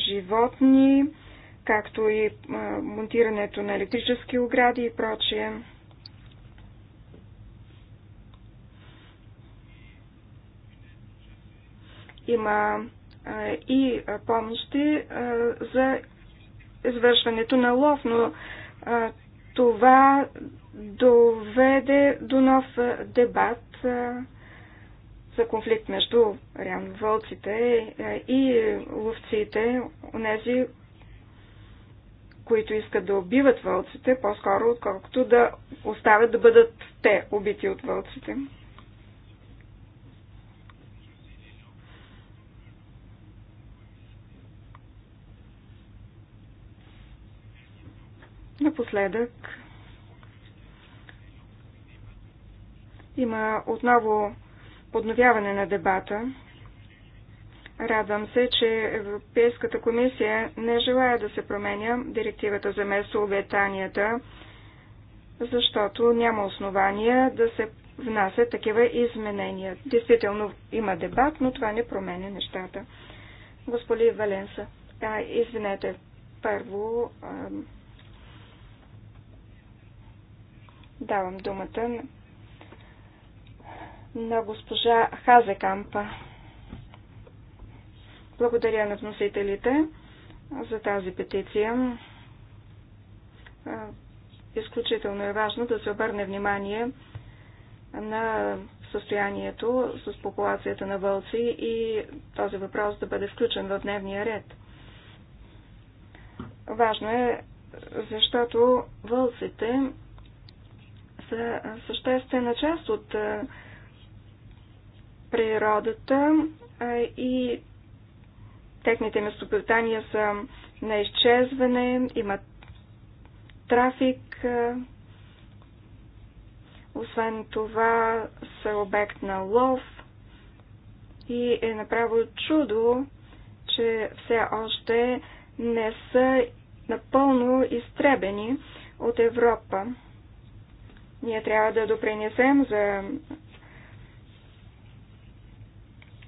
животни, както и монтирането на електрически огради и прочие. Има и помощи за извършването на лов, но а, това доведе до нов дебат а, за конфликт между реално вълците и ловците, онези, които искат да убиват вълците, по-скоро, отколкото да оставят да бъдат те убити от вълците. Напоследък има отново подновяване на дебата. Радвам се, че Европейската комисия не желая да се променя директивата за месообетанията, защото няма основания да се внасят такива изменения. Действително има дебат, но това не променя нещата. Господин Валенса, а, извинете, първо Давам думата на госпожа Хазекампа. Благодаря на вносителите за тази петиция. Изключително е важно да се обърне внимание на състоянието с популацията на вълци и този въпрос да бъде включен в дневния ред. Важно е, защото вълците са съществена част от природата и техните местопитания са на изчезване, имат трафик, освен това са обект на лов и е направо чудо, че все още не са напълно изтребени от Европа. Ние трябва да допринесем за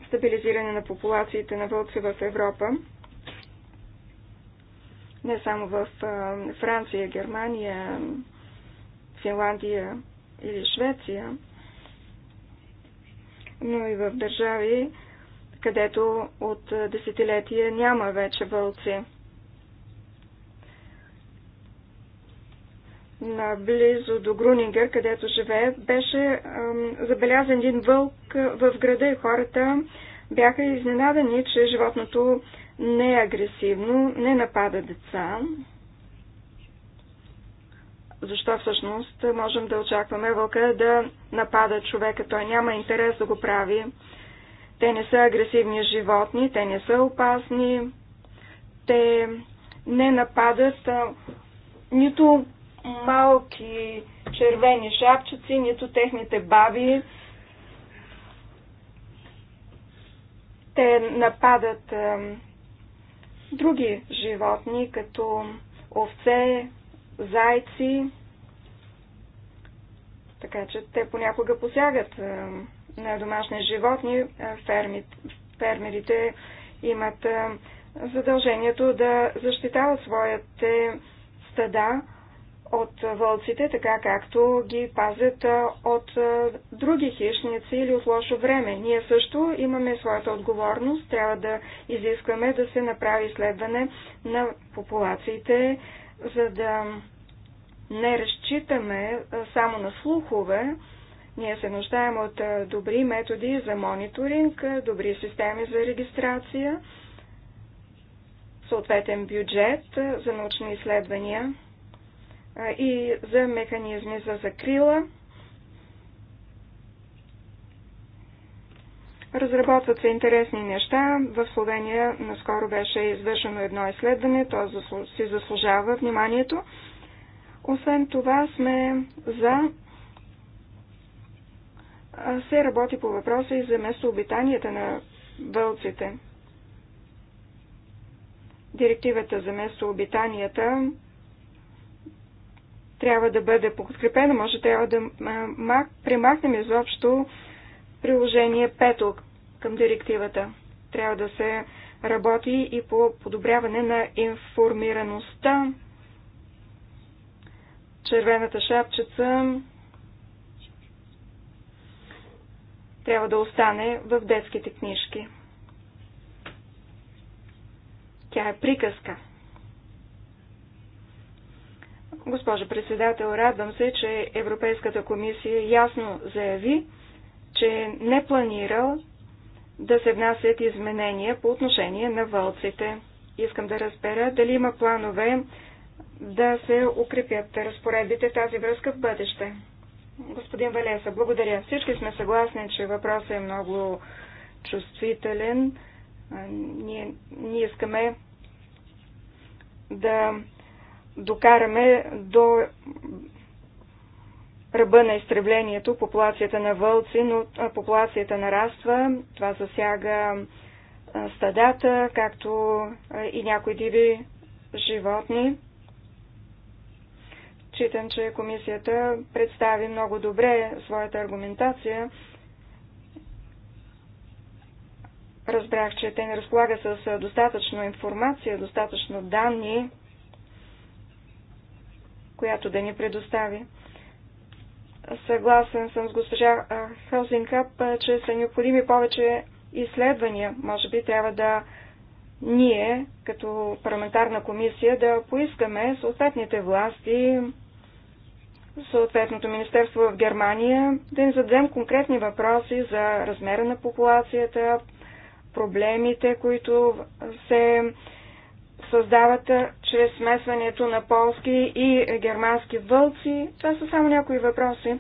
стабилизиране на популациите на вълци в Европа, не само в Франция, Германия, Финландия или Швеция, но и в държави, където от десетилетия няма вече вълци. наблизо до Грунингер, където живее, беше ам, забелязан един вълк в града и хората бяха изненадани, че животното не е агресивно, не напада деца. Защо всъщност можем да очакваме вълка да напада човека? Той няма интерес да го прави. Те не са агресивни животни, те не са опасни, те не нападат нито малки червени шапчици, нито техните баби. Те нападат е, други животни, като овце, зайци. Така че те понякога посягат е, на домашни животни. Е, ферми, фермерите имат е, задължението да защитават своите стада от вълците, така както ги пазят от други хищници или от лошо време. Ние също имаме своята отговорност, трябва да изискваме да се направи изследване на популациите, за да не разчитаме само на слухове. Ние се нуждаем от добри методи за мониторинг, добри системи за регистрация, съответен бюджет за научни изследвания и за механизми за закрила. Разработват се интересни неща. В Словения наскоро беше извършено едно изследване, то си заслужава вниманието. Освен това сме за се работи по въпроса и за местообитанията на вълците. Директивата за местообитанията трябва да бъде подкрепено, може трябва да премахнем изобщо приложение 5 към директивата. Трябва да се работи и по подобряване на информираността. Червената шапчеца трябва да остане в детските книжки. Тя е приказка. Госпожо председател, радвам се, че Европейската комисия ясно заяви, че не планира да се внасят изменения по отношение на вълците. Искам да разбера дали има планове да се укрепят разпоредбите тази връзка в бъдеще. Господин Валеса, благодаря. Всички сме съгласни, че въпросът е много чувствителен. Ние, ние искаме да докараме до ръба на изтреблението популацията на вълци, но популацията нараства. Това засяга стадата, както и някои диви животни. Читам, че комисията представи много добре своята аргументация. Разбрах, че те не разполага с достатъчно информация, достатъчно данни, която да ни предостави. Съгласен съм с госпожа Хелзинкъп, че са необходими повече изследвания. Може би трябва да ние, като парламентарна комисия, да поискаме съответните власти, съответното министерство в Германия, да им зададем конкретни въпроси за размера на популацията, проблемите, които се създават чрез смесването на полски и германски вълци. Това са само някои въпроси.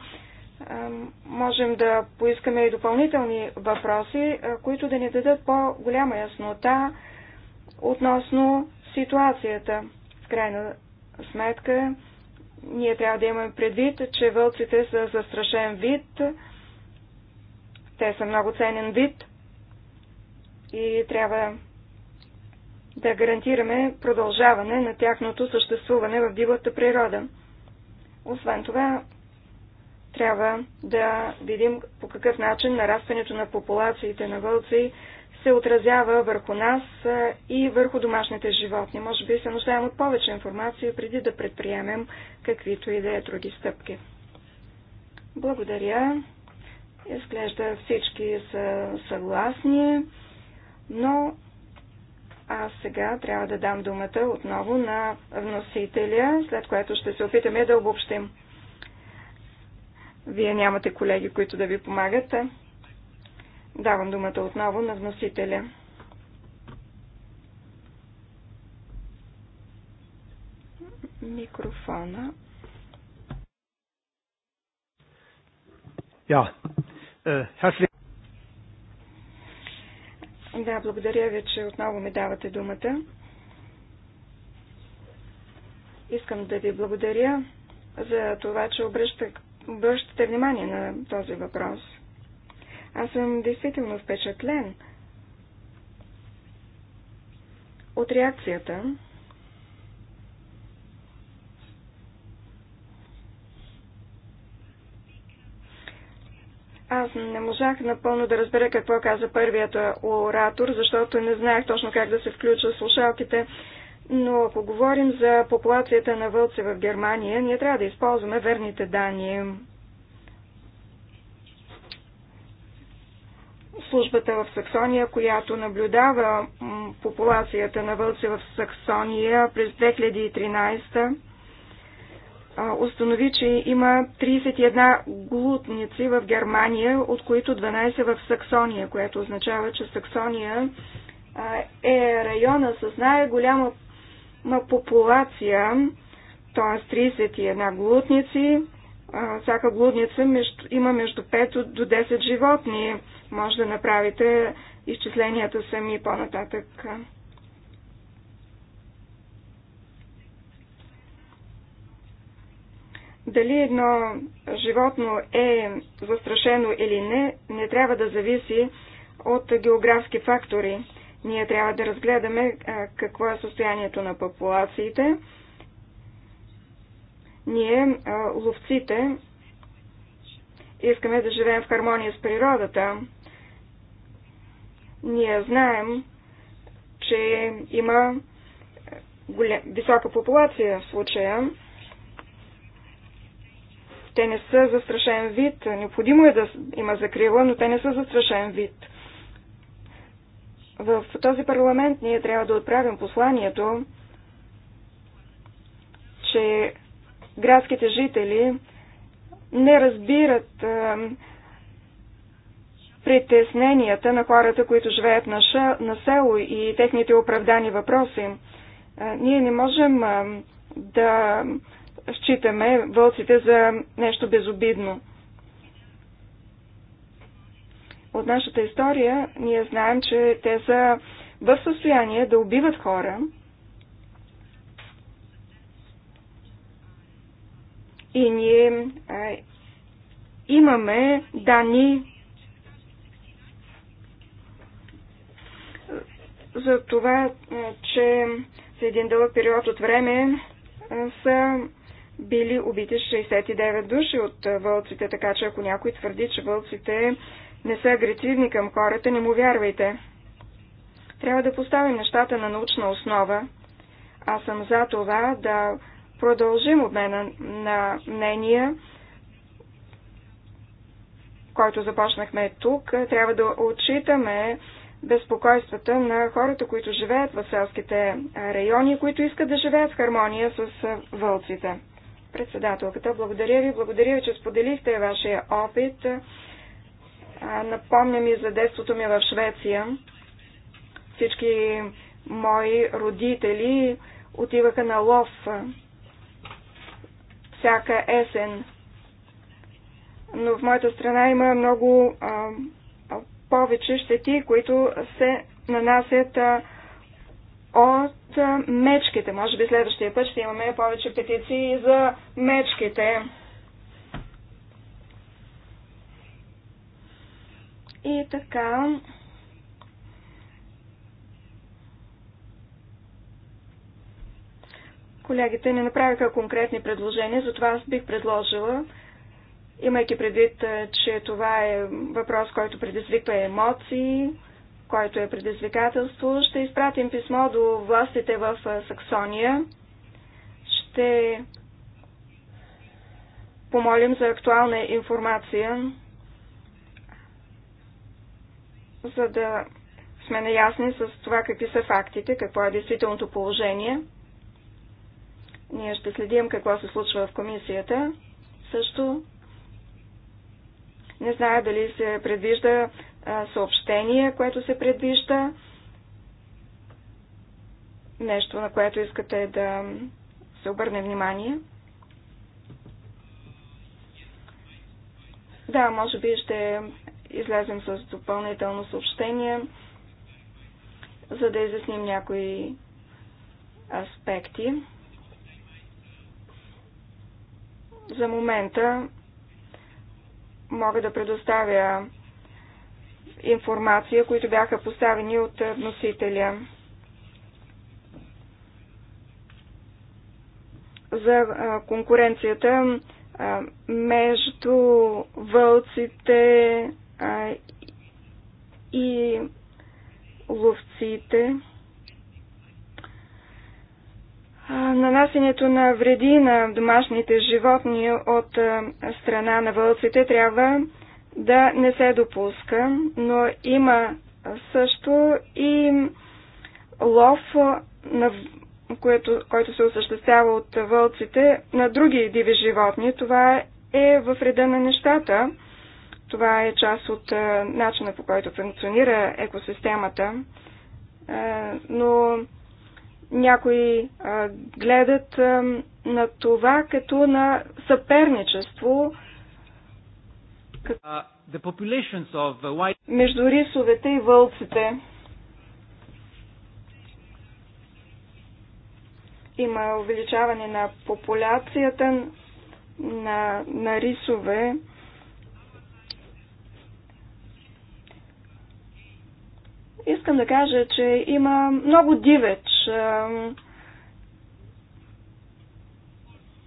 Можем да поискаме и допълнителни въпроси, които да ни дадат по-голяма яснота относно ситуацията. В крайна сметка, ние трябва да имаме предвид, че вълците са застрашен вид. Те са много ценен вид и трябва да гарантираме продължаване на тяхното съществуване в дивата природа. Освен това, трябва да видим по какъв начин нарастването на популациите на вълци се отразява върху нас и върху домашните животни. Може би се нуждаем от повече информация преди да предприемем каквито и да е други стъпки. Благодаря. Изглежда всички са съгласни, но аз сега трябва да дам думата отново на вносителя, след което ще се опитаме да обобщим. Вие нямате колеги, които да ви помагат. Давам думата отново на вносителя. Микрофона. Ja, äh, herzlich. Да, благодаря ви, че отново ми давате думата. Искам да ви благодаря за това, че обръщате, внимание на този въпрос. Аз съм действително впечатлен от реакцията Аз не можах напълно да разбера какво каза първият оратор, защото не знаех точно как да се включа слушалките. Но ако говорим за популацията на вълци в Германия, ние трябва да използваме верните данни. Службата в Саксония, която наблюдава популацията на вълци в Саксония през 2013 установи, че има 31 глутници в Германия, от които 12 в Саксония, което означава, че Саксония е района с най-голяма популация, т.е. 31 глутници. Всяка глутница има между 5 до 10 животни. Може да направите изчисленията сами по-нататък. Дали едно животно е застрашено или не, не трябва да зависи от географски фактори. Ние трябва да разгледаме какво е състоянието на популациите. Ние, ловците, искаме да живеем в хармония с природата. Ние знаем, че има висока популация в случая те не са застрашен вид. Необходимо е да има закрила, но те не са застрашен вид. В този парламент ние трябва да отправим посланието, че градските жители не разбират а, е, притесненията на хората, които живеят на, ша, на село и техните оправдани въпроси. А, е, ние не можем а, е, да считаме вълците за нещо безобидно. От нашата история ние знаем, че те са в състояние да убиват хора и ние а, имаме данни за това, че за един дълъг период от време са били убити 69 души от вълците, така че ако някой твърди, че вълците не са агресивни към хората, не му вярвайте. Трябва да поставим нещата на научна основа. Аз съм за това да продължим обмена на мнения, който започнахме тук. Трябва да отчитаме безпокойствата на хората, които живеят в селските райони, които искат да живеят в хармония с вълците. Председателката, благодаря ви, благодаря ви, че споделихте вашия опит. Напомня ми за детството ми в Швеция. Всички мои родители отиваха на лов всяка есен. Но в моята страна има много а, повече щети, които се нанасят а, от мечките. Може би следващия път ще имаме повече петиции за мечките. И така. Колегите не направиха конкретни предложения, затова аз бих предложила, имайки предвид, че това е въпрос, който предизвиква емоции, който е предизвикателство. Ще изпратим писмо до властите в Саксония. Ще помолим за актуална информация, за да сме наясни с това какви са фактите, какво е действителното положение. Ние ще следим какво се случва в комисията. Също не зная дали се предвижда съобщение, което се предвижда, нещо, на което искате да се обърне внимание. Да, може би ще излезем с допълнително съобщение, за да изясним някои аспекти. За момента мога да предоставя информация, които бяха поставени от вносителя. За конкуренцията между вълците и ловците. Нанасенето на вреди на домашните животни от страна на вълците трябва да не се допуска, но има също и лов, на, което, който се осъществява от вълците на други диви животни. Това е в реда на нещата. Това е част от е, начина по който функционира екосистемата. Е, но някои е, гледат на това като на съперничество Uh, uh, Между рисовете и вълците има увеличаване на популяцията на, на рисове. Искам да кажа, че има много дивеч.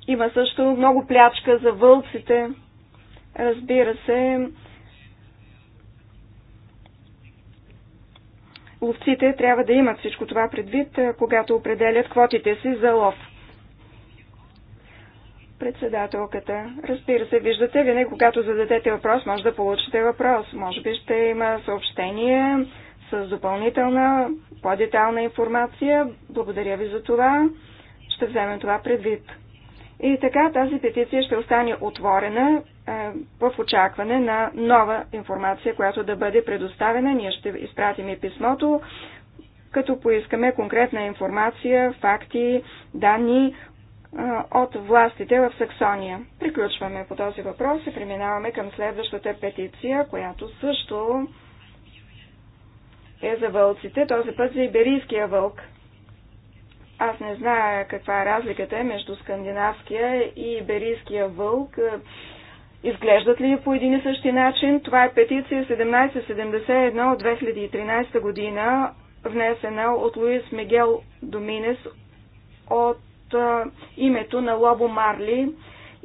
Има също много плячка за вълците. Разбира се, ловците трябва да имат всичко това предвид, когато определят квотите си за лов. Председателката. Разбира се, виждате, винаги когато зададете въпрос, може да получите въпрос. Може би ще има съобщение с допълнителна, по-детална информация. Благодаря ви за това. Ще вземем това предвид. И така тази петиция ще остане отворена. Е, в очакване на нова информация, която да бъде предоставена. Ние ще изпратим и писмото, като поискаме конкретна информация, факти, данни е, от властите в Саксония. Приключваме по този въпрос и преминаваме към следващата петиция, която също е за вълците, този път за иберийския вълк. Аз не зная каква е разликата между скандинавския и иберийския вълк. Изглеждат ли по един и същи начин? Това е петиция 1771 от 2013 година, внесена от Луис Мигел Доминес от а, името на Лобо Марли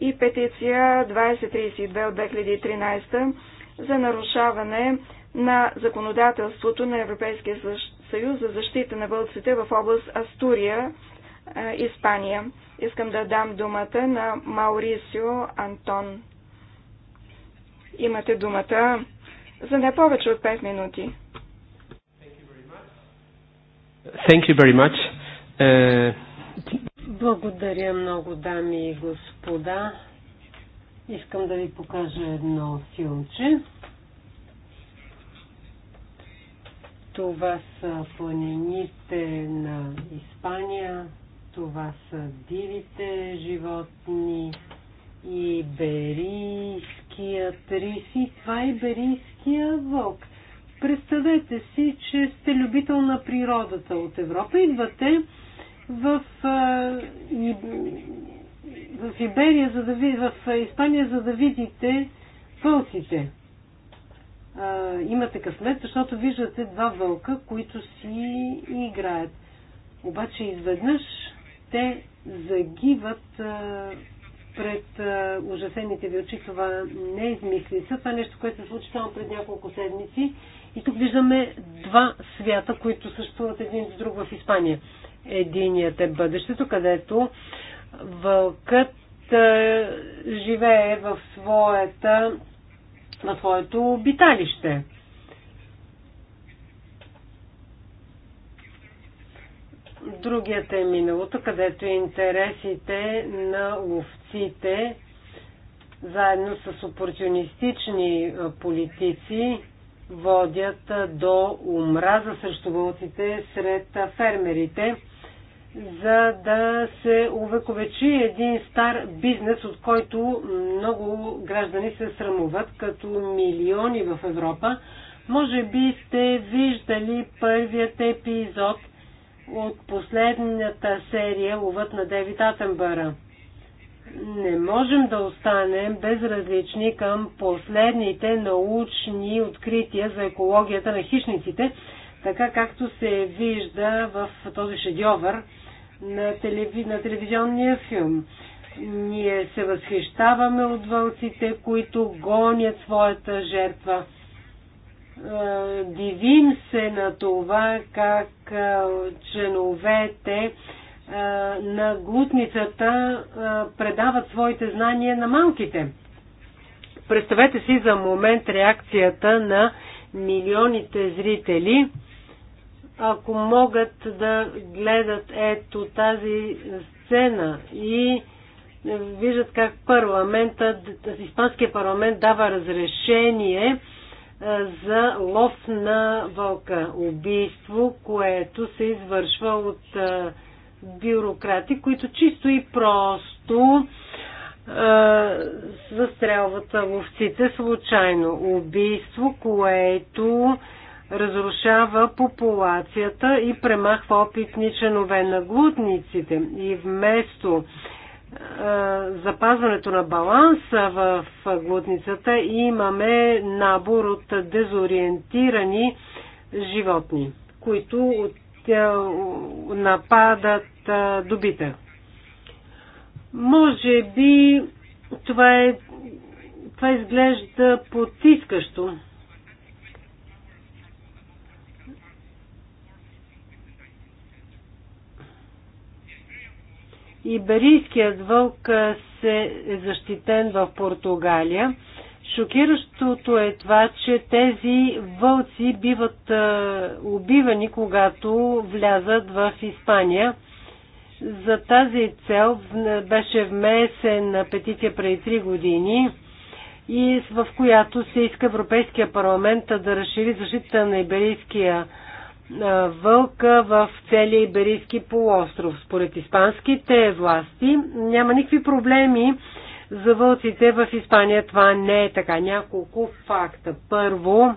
и петиция 2032 от 2013 за нарушаване на законодателството на Европейския съюз за защита на вълците в област Астурия, Испания. Искам да дам думата на Маурисио Антон. Имате думата за не повече от 5 минути. Thank you very much. Uh... Благодаря много, дами и господа. Искам да ви покажа едно филмче. Това са планините на Испания. Това са дивите животни. Иберийският рис и това е Иберийския вълк. Представете си, че сте любител на природата от Европа. Идвате в, в Иберия, за да ви, в Испания, за да видите вълците. А, имате късмет, защото виждате два вълка, които си играят. Обаче изведнъж те загиват а, пред ужасените ви очи това не е измислица. Това е нещо, което се случи само пред няколко седмици. И тук виждаме два свята, които съществуват един за друг в Испания. Единият е бъдещето, където вълкът живее в своята, на своето обиталище. Другият е миналото, където интересите на ловците заедно с опортунистични политици водят до омраза срещу вълците сред фермерите, за да се увековечи един стар бизнес, от който много граждани се срамуват, като милиони в Европа. Може би сте виждали първият епизод – от последната серия Ловът на Девит Атенбъра. Не можем да останем безразлични към последните научни открития за екологията на хищниците, така както се вижда в този шедьовър на, телеви... на телевизионния филм. Ние се възхищаваме от вълците, които гонят своята жертва – дивим се на това как членовете на глутницата предават своите знания на малките. Представете си за момент реакцията на милионите зрители, ако могат да гледат ето тази сцена и виждат как парламентът, Испанския парламент дава разрешение за лов на вълка. Убийство, което се извършва от бюрократи, които чисто и просто застрелват ловците случайно. Убийство, което разрушава популацията и премахва опитни членове на глутниците. И вместо запазването на баланса в глутницата и имаме набор от дезориентирани животни, които нападат добита. Може би това, е, това изглежда потискащо. Иберийският вълк се е защитен в Португалия. Шокиращото е това, че тези вълци биват убивани, когато влязат в Испания. За тази цел беше вмесен петиция преди 3 години и в която се иска Европейския парламент да разшири защита на Иберийския вълка в целия Иберийски полуостров. Според испанските власти няма никакви проблеми за вълците в Испания. Това не е така. Няколко факта. Първо,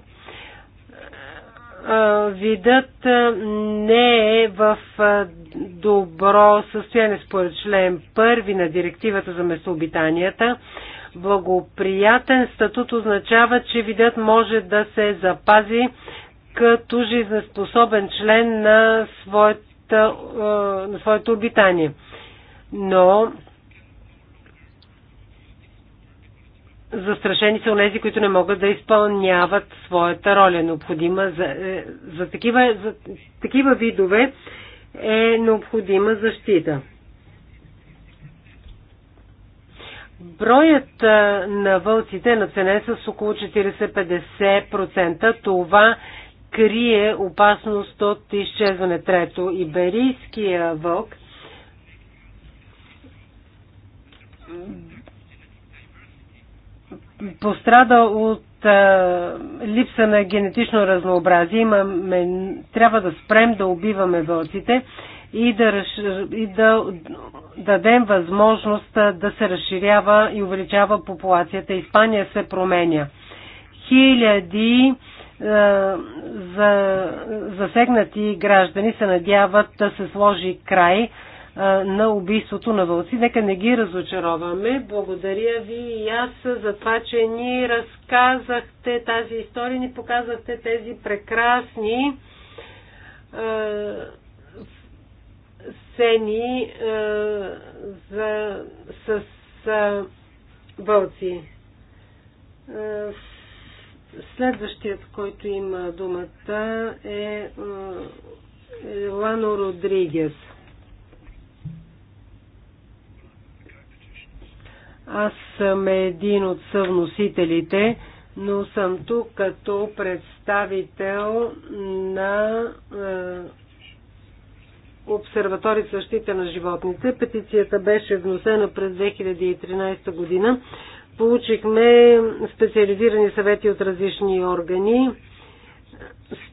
видът не е в добро състояние според член първи на директивата за местообитанията. Благоприятен статут означава, че видът може да се запази като жизнеспособен член на, своята, е, на своето обитание. Но застрашени са онези, които не могат да изпълняват своята роля, необходима за, е, за, такива, за такива видове е необходима защита. Броят е, на вълците е наценен с около 40-50%. Това крие опасност от изчезване. Трето, иберийския вълк пострада от а, липса на генетично разнообразие. Имаме, трябва да спрем да убиваме вълците и да, и да дадем възможност да се разширява и увеличава популацията. Испания се променя. Хиляди е, за засегнати граждани се надяват да се сложи край е, на убийството на вълци. Нека не ги разочароваме. Благодаря ви и аз за това, че ни разказахте тази история, ни показахте тези прекрасни е, сцени за, с, с вълци. Следващият, който има думата е, е, е Лано Родригес. Аз съм един от съвносителите, но съм тук като представител на е, обсерватория защита на животните. Петицията беше вносена през 2013 година Получихме специализирани съвети от различни органи.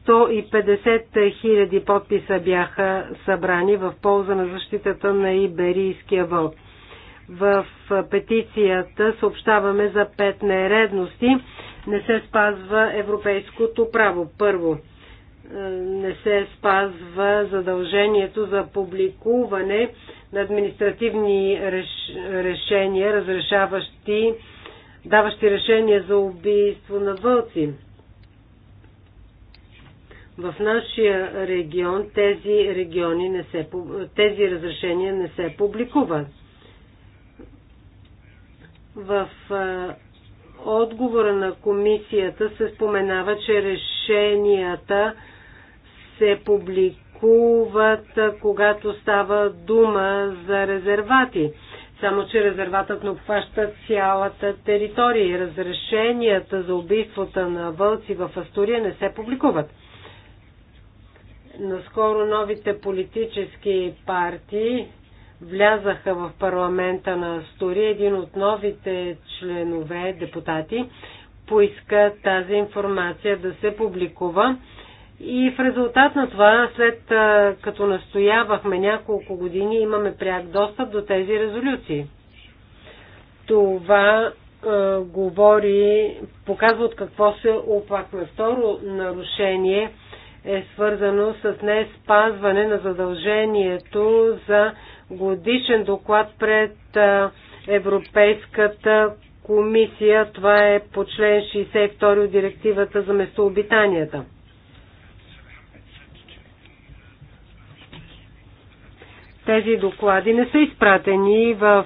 150 хиляди подписа бяха събрани в полза на защитата на иберийския вълк. В петицията съобщаваме за пет нередности. Не се спазва европейското право. Първо, не се спазва задължението за публикуване на административни решения, разрешаващи, даващи решения за убийство на вълци. В нашия регион тези региони не се, тези разрешения не се публикуват. В отговора на комисията се споменава, че решенията се публикуват, когато става дума за резервати. Само, че резерватът не обхваща цялата територия и разрешенията за убийствата на вълци в Астурия не се публикуват. Наскоро новите политически партии влязаха в парламента на Астурия. Един от новите членове, депутати, поиска тази информация да се публикува и в резултат на това, след като настоявахме няколко години, имаме пряк достъп до тези резолюции. Това е, говори, показва от какво се оплакваме. Второ нарушение е свързано с не спазване на задължението за годишен доклад пред Европейската комисия. Това е по член 62 от директивата за местообитанията. Тези доклади не са изпратени в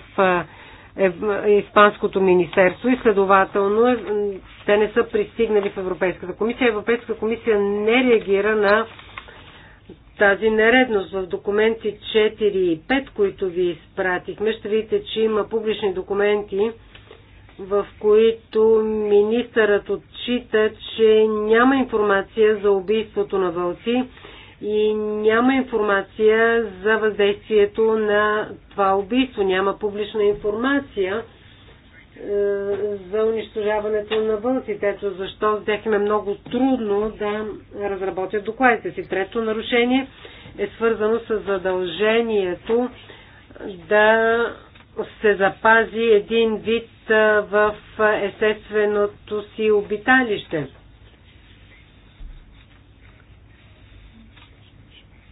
е, Испанското министерство и следователно е, те не са пристигнали в Европейската комисия. Европейската комисия не реагира на тази нередност в документи 4 и 5, които ви изпратихме. Ще видите, че има публични документи, в които министърът отчита, че няма информация за убийството на вълци и няма информация за въздействието на това убийство. Няма публична информация е, за унищожаването на вълците. Ето защо тях им е много трудно да разработят докладите си. Трето нарушение е свързано с задължението да се запази един вид е, в естественото си обиталище.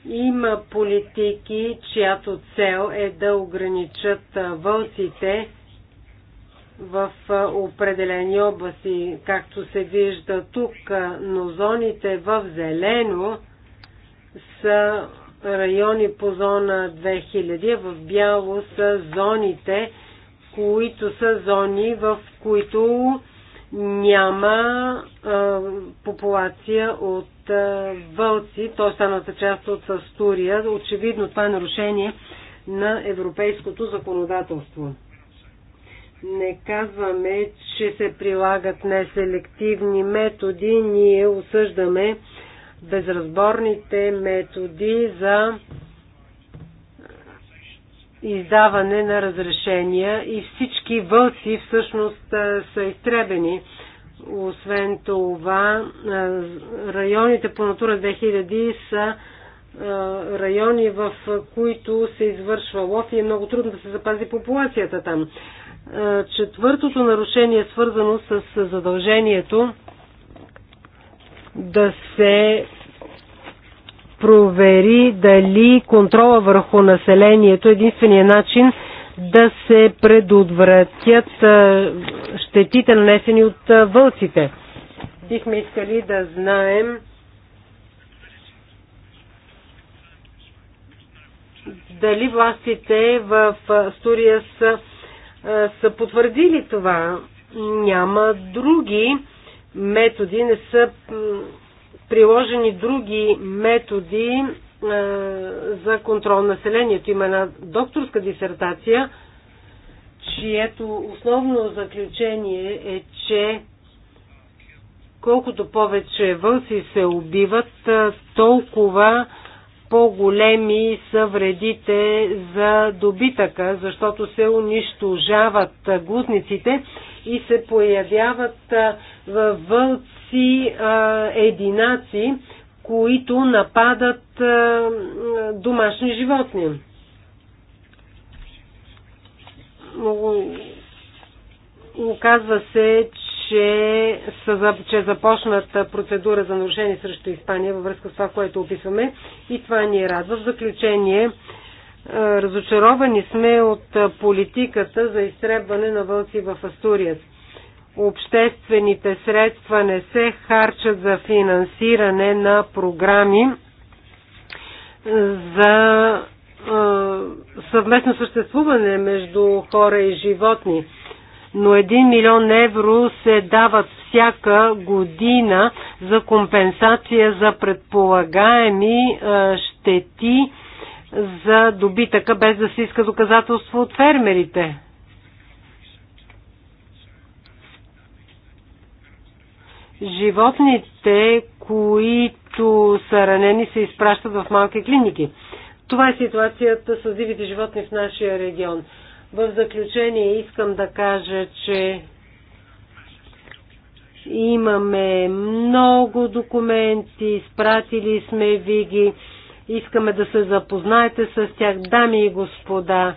Има политики, чиято цел е да ограничат вълците в определени области, както се вижда тук, но зоните в зелено са райони по зона 2000, в бяло са зоните, които са зони, в които няма а, популация от вълци, т.е. станата част от Астурия. Очевидно това е нарушение на европейското законодателство. Не казваме, че се прилагат неселективни методи, ние осъждаме безразборните методи за издаване на разрешения и всички вълци всъщност са изтребени. Освен това, районите по Натура 2000 са райони, в които се извършва лов и е много трудно да се запази популацията там. Четвъртото нарушение е свързано с задължението да се провери дали контрола върху населението е единствения начин да се предотвратят щетите нанесени от вълците. Бихме искали да знаем дали властите в Стурия са, са потвърдили това. Няма други методи, не са приложени други методи е, за контрол на населението. Има една докторска дисертация, чието основно заключение е, че колкото повече вълци се убиват, е, толкова по-големи са вредите за добитъка, защото се унищожават глутниците и се появяват е, вълци единаци, които нападат е, домашни животни. Оказва се, че, че започната процедура за нарушение срещу Испания във връзка с това, което описваме и това ни е радва. В заключение, е, разочаровани сме от политиката за изтребване на вълци в Астурият обществените средства не се харчат за финансиране на програми за съвместно съществуване между хора и животни. Но 1 милион евро се дават всяка година за компенсация за предполагаеми щети за добитъка, без да се иска доказателство от фермерите. Животните, които са ранени, се изпращат в малки клиники. Това е ситуацията с дивите животни в нашия регион. В заключение искам да кажа, че имаме много документи, спратили сме ви ги, искаме да се запознаете с тях, дами и господа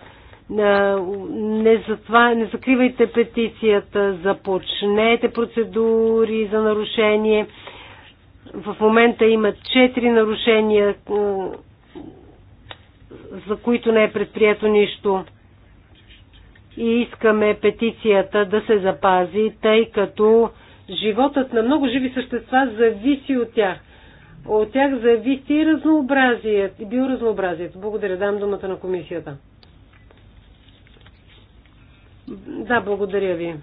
не, затова, не закривайте петицията, започнете процедури за нарушение. В момента има четири нарушения, за които не е предприето нищо. И искаме петицията да се запази, тъй като животът на много живи същества зависи от тях. От тях зависи и разнообразието, биоразнообразието. Благодаря, дам думата на комисията. Да, благодаря ви.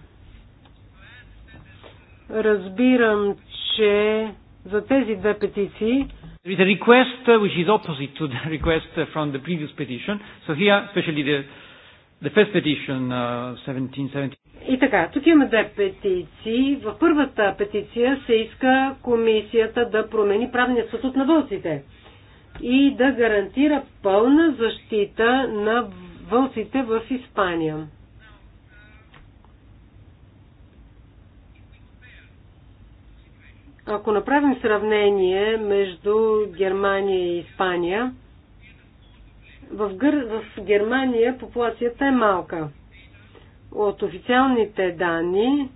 Разбирам, че за тези две петиции There is a request uh, which is opposite to the [laughs] request uh, from the previous petition. So here, especially the, the first petition, uh, 1770. И така, тук имаме две петиции. В първата петиция се иска комисията да промени правния статут на вълците и да гарантира пълна защита на вълците в Испания. Ако направим сравнение между Германия и Испания, в, Гър... в Германия популацията е малка. От официалните данни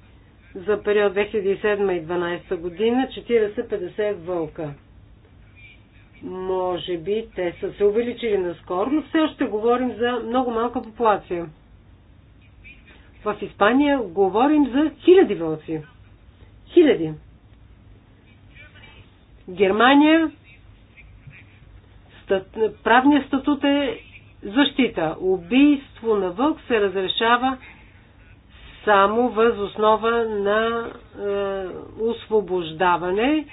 за период 2007 и 2012 година 40-50 е вълка. Може би те са се увеличили наскоро, но все още говорим за много малка популация. В Испания говорим за хиляди вълци. Хиляди. Германия стат, правният статут е защита. Убийство на вълк се разрешава само въз основа на е, освобождаване,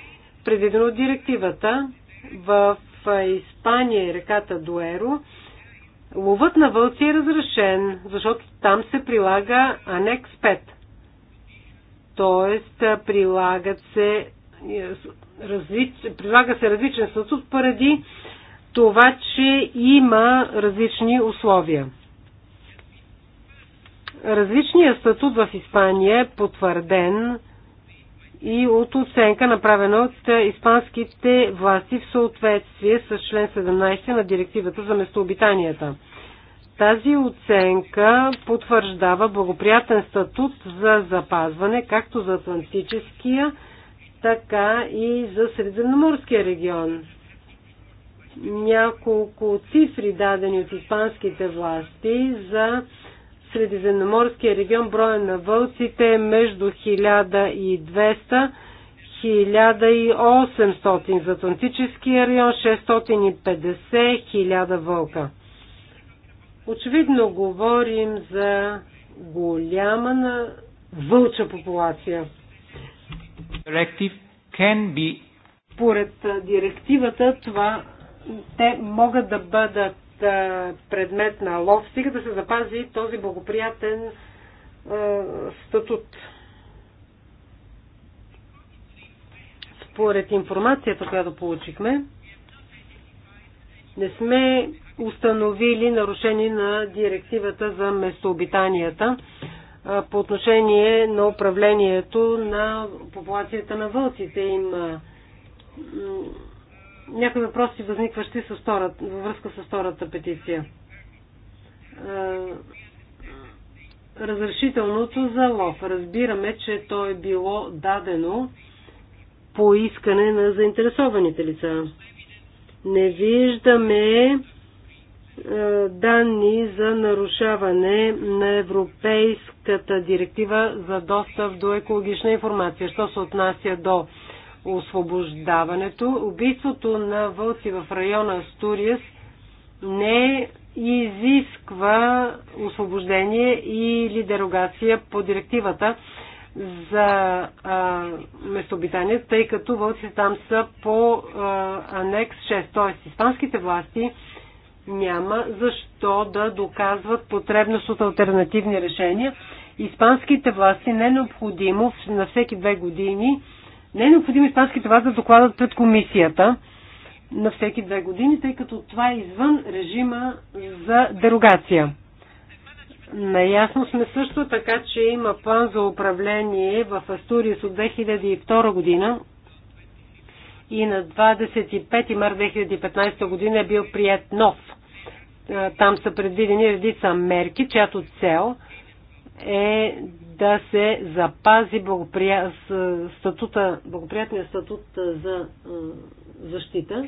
предвидено директивата в е, Испания и е реката Дуеро. Ловът на вълци е разрешен, защото там се прилага анекс 5. Тоест, е, прилагат се различ... прилага се различен статут поради това, че има различни условия. Различният статут в Испания е потвърден и от оценка, направена от испанските власти в съответствие с член 17 на директивата за местообитанията. Тази оценка потвърждава благоприятен статут за запазване, както за Атлантическия, така и за Средиземноморския регион. Няколко цифри, дадени от испанските власти за Средиземноморския регион, броя на вълците е между 1200 1800 за Атлантическия район, 650 1000 вълка. Очевидно говорим за голяма на вълча популация be... Според директивата това те могат да бъдат предмет на лов, стига да се запази този благоприятен е, статут. Според информацията, която получихме, не сме установили нарушени на директивата за местообитанията по отношение на управлението на популацията на вълците. Има някои въпроси възникващи с втората, във връзка с втората петиция. Разрешителното за лов. Разбираме, че то е било дадено по искане на заинтересованите лица. Не виждаме е, данни за нарушаване на Европейската директива за достъп до екологична информация. Що се отнася до освобождаването, убийството на вълци в района Стуриес не изисква освобождение или дерогация по директивата за а, местобитание, тъй като вълци там са по а, анекс 6. Т.е. испанските власти няма защо да доказват потребност от альтернативни решения. Испанските власти не е необходимо на всеки две години, не е необходимо испанските власти да докладат пред комисията на всеки две години, тъй като това е извън режима за дерогация. Наясно сме също така, че има план за управление в Астурия от 2002 година, и на 25 март 2015 година е бил прият нов. Там са предвидени редица мерки, чиято цел е да се запази благоприят... статута, благоприятния статут за защита.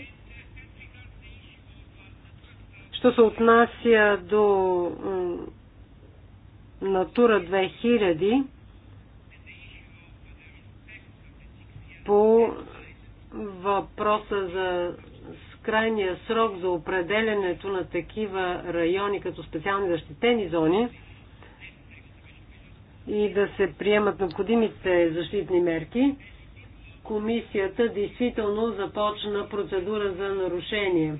Що се отнася до Натура 2000 по въпроса за крайния срок за определенето на такива райони като специални защитени зони и да се приемат необходимите защитни мерки, комисията действително започна процедура за нарушение.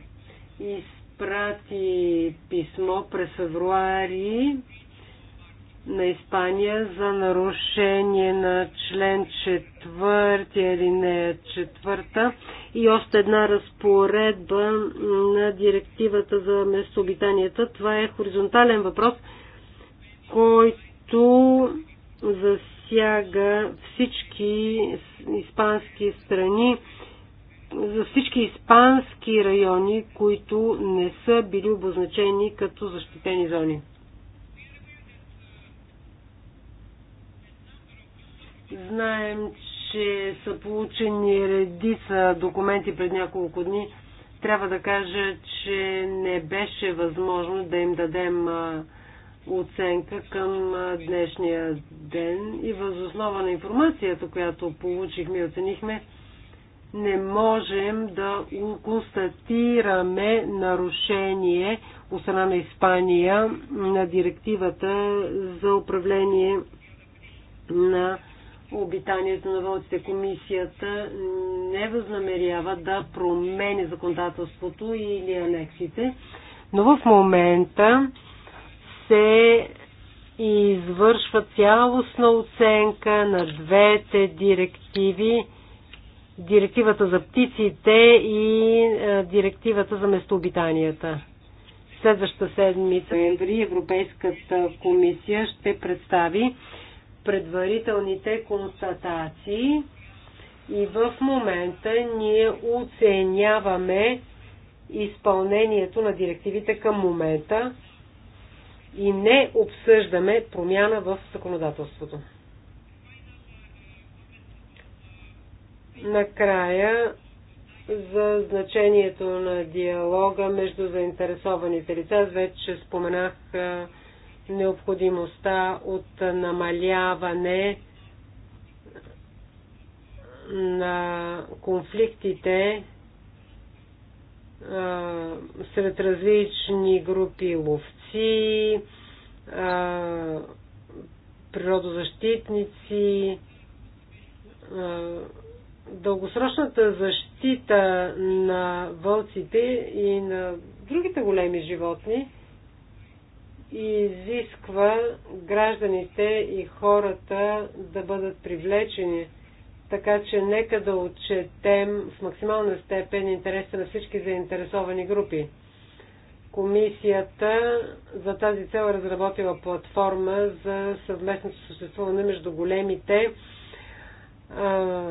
Изпрати писмо през февруари на Испания за нарушение на член 4, алинея 4 и още една разпоредба на директивата за местообитанията. Това е хоризонтален въпрос, който засяга всички испански страни, за всички испански райони, които не са били обозначени като защитени зони. Знаем, че са получени редица документи пред няколко дни. Трябва да кажа, че не беше възможно да им дадем оценка към днешния ден и възоснова на информацията, която получихме и оценихме, не можем да констатираме нарушение от страна на Испания на директивата за управление на обитанието на вълците. Комисията не възнамерява да промени законодателството или анексите, но в момента се извършва цялостна оценка на двете директиви директивата за птиците и е, директивата за местообитанията. Следващата седмица ноември Европейската комисия ще представи предварителните констатации и в момента ние оценяваме изпълнението на директивите към момента и не обсъждаме промяна в законодателството. Накрая за значението на диалога между заинтересованите лица. вече споменах необходимостта от намаляване на конфликтите сред различни групи ловци, природозащитници, дългосрочната защита на вълците и на другите големи животни и изисква гражданите и хората да бъдат привлечени. Така че нека да отчетем в максимална степен интереса на всички заинтересовани групи. Комисията за тази цел е разработила платформа за съвместно съществуване между големите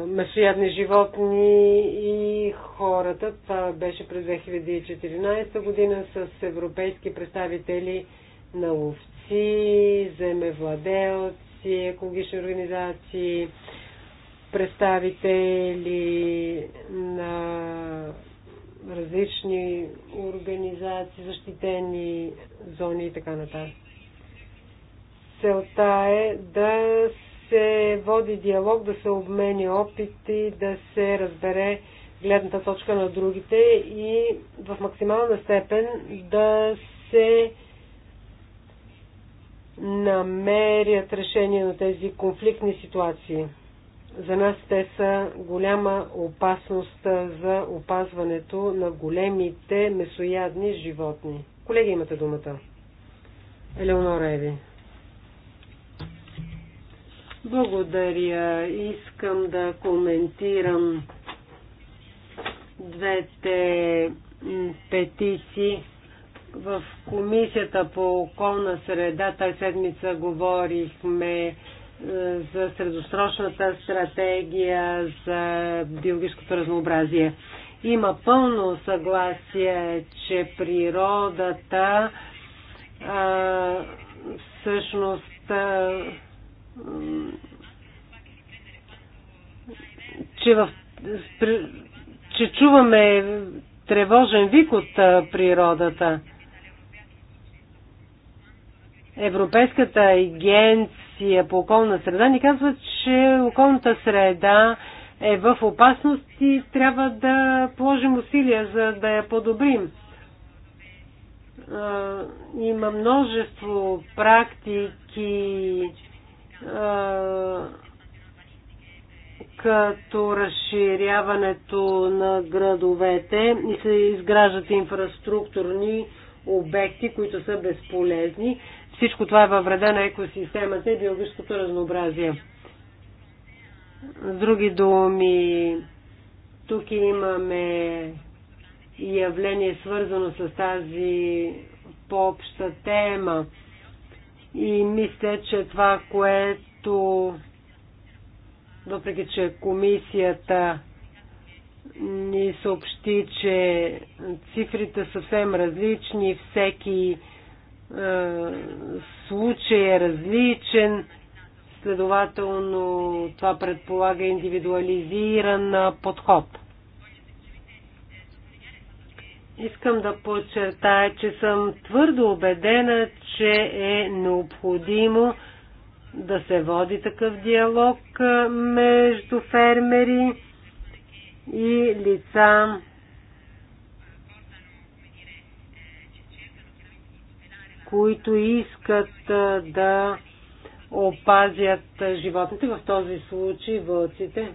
месоядни животни и хората. Това беше през 2014 година с европейски представители на ловци, земевладелци, екологични организации, представители на различни организации, защитени зони и така нататък. Целта е да се води диалог, да се обмени опити, да се разбере гледната точка на другите и в максимална степен да се намерят решение на тези конфликтни ситуации. За нас те са голяма опасност за опазването на големите месоядни животни. Колеги, имате думата. Елеонора Еви. Благодаря. Искам да коментирам двете петиции в Комисията по околна среда тази седмица говорихме е, за средосрочната стратегия за биологическото разнообразие. Има пълно съгласие, че природата а, е, всъщност а, е, че, в, че чуваме тревожен вик от природата. Европейската агенция по околна среда ни казва, че околната среда е в опасност и трябва да положим усилия, за да я подобрим. Има множество практики, като разширяването на градовете и се изграждат инфраструктурни обекти, които са безполезни. Всичко това е във вреда на екосистемата и биологическото разнообразие. С други думи, тук имаме явление свързано с тази по-обща тема. И мисля, че това, което, въпреки че комисията ни съобщи, че цифрите са съвсем различни, всеки е, случай е различен, следователно това предполага индивидуализиран подход. Искам да подчертая, че съм твърдо убедена, че е необходимо да се води такъв диалог между фермери и лица, които искат да опазят животните, в този случай вълците.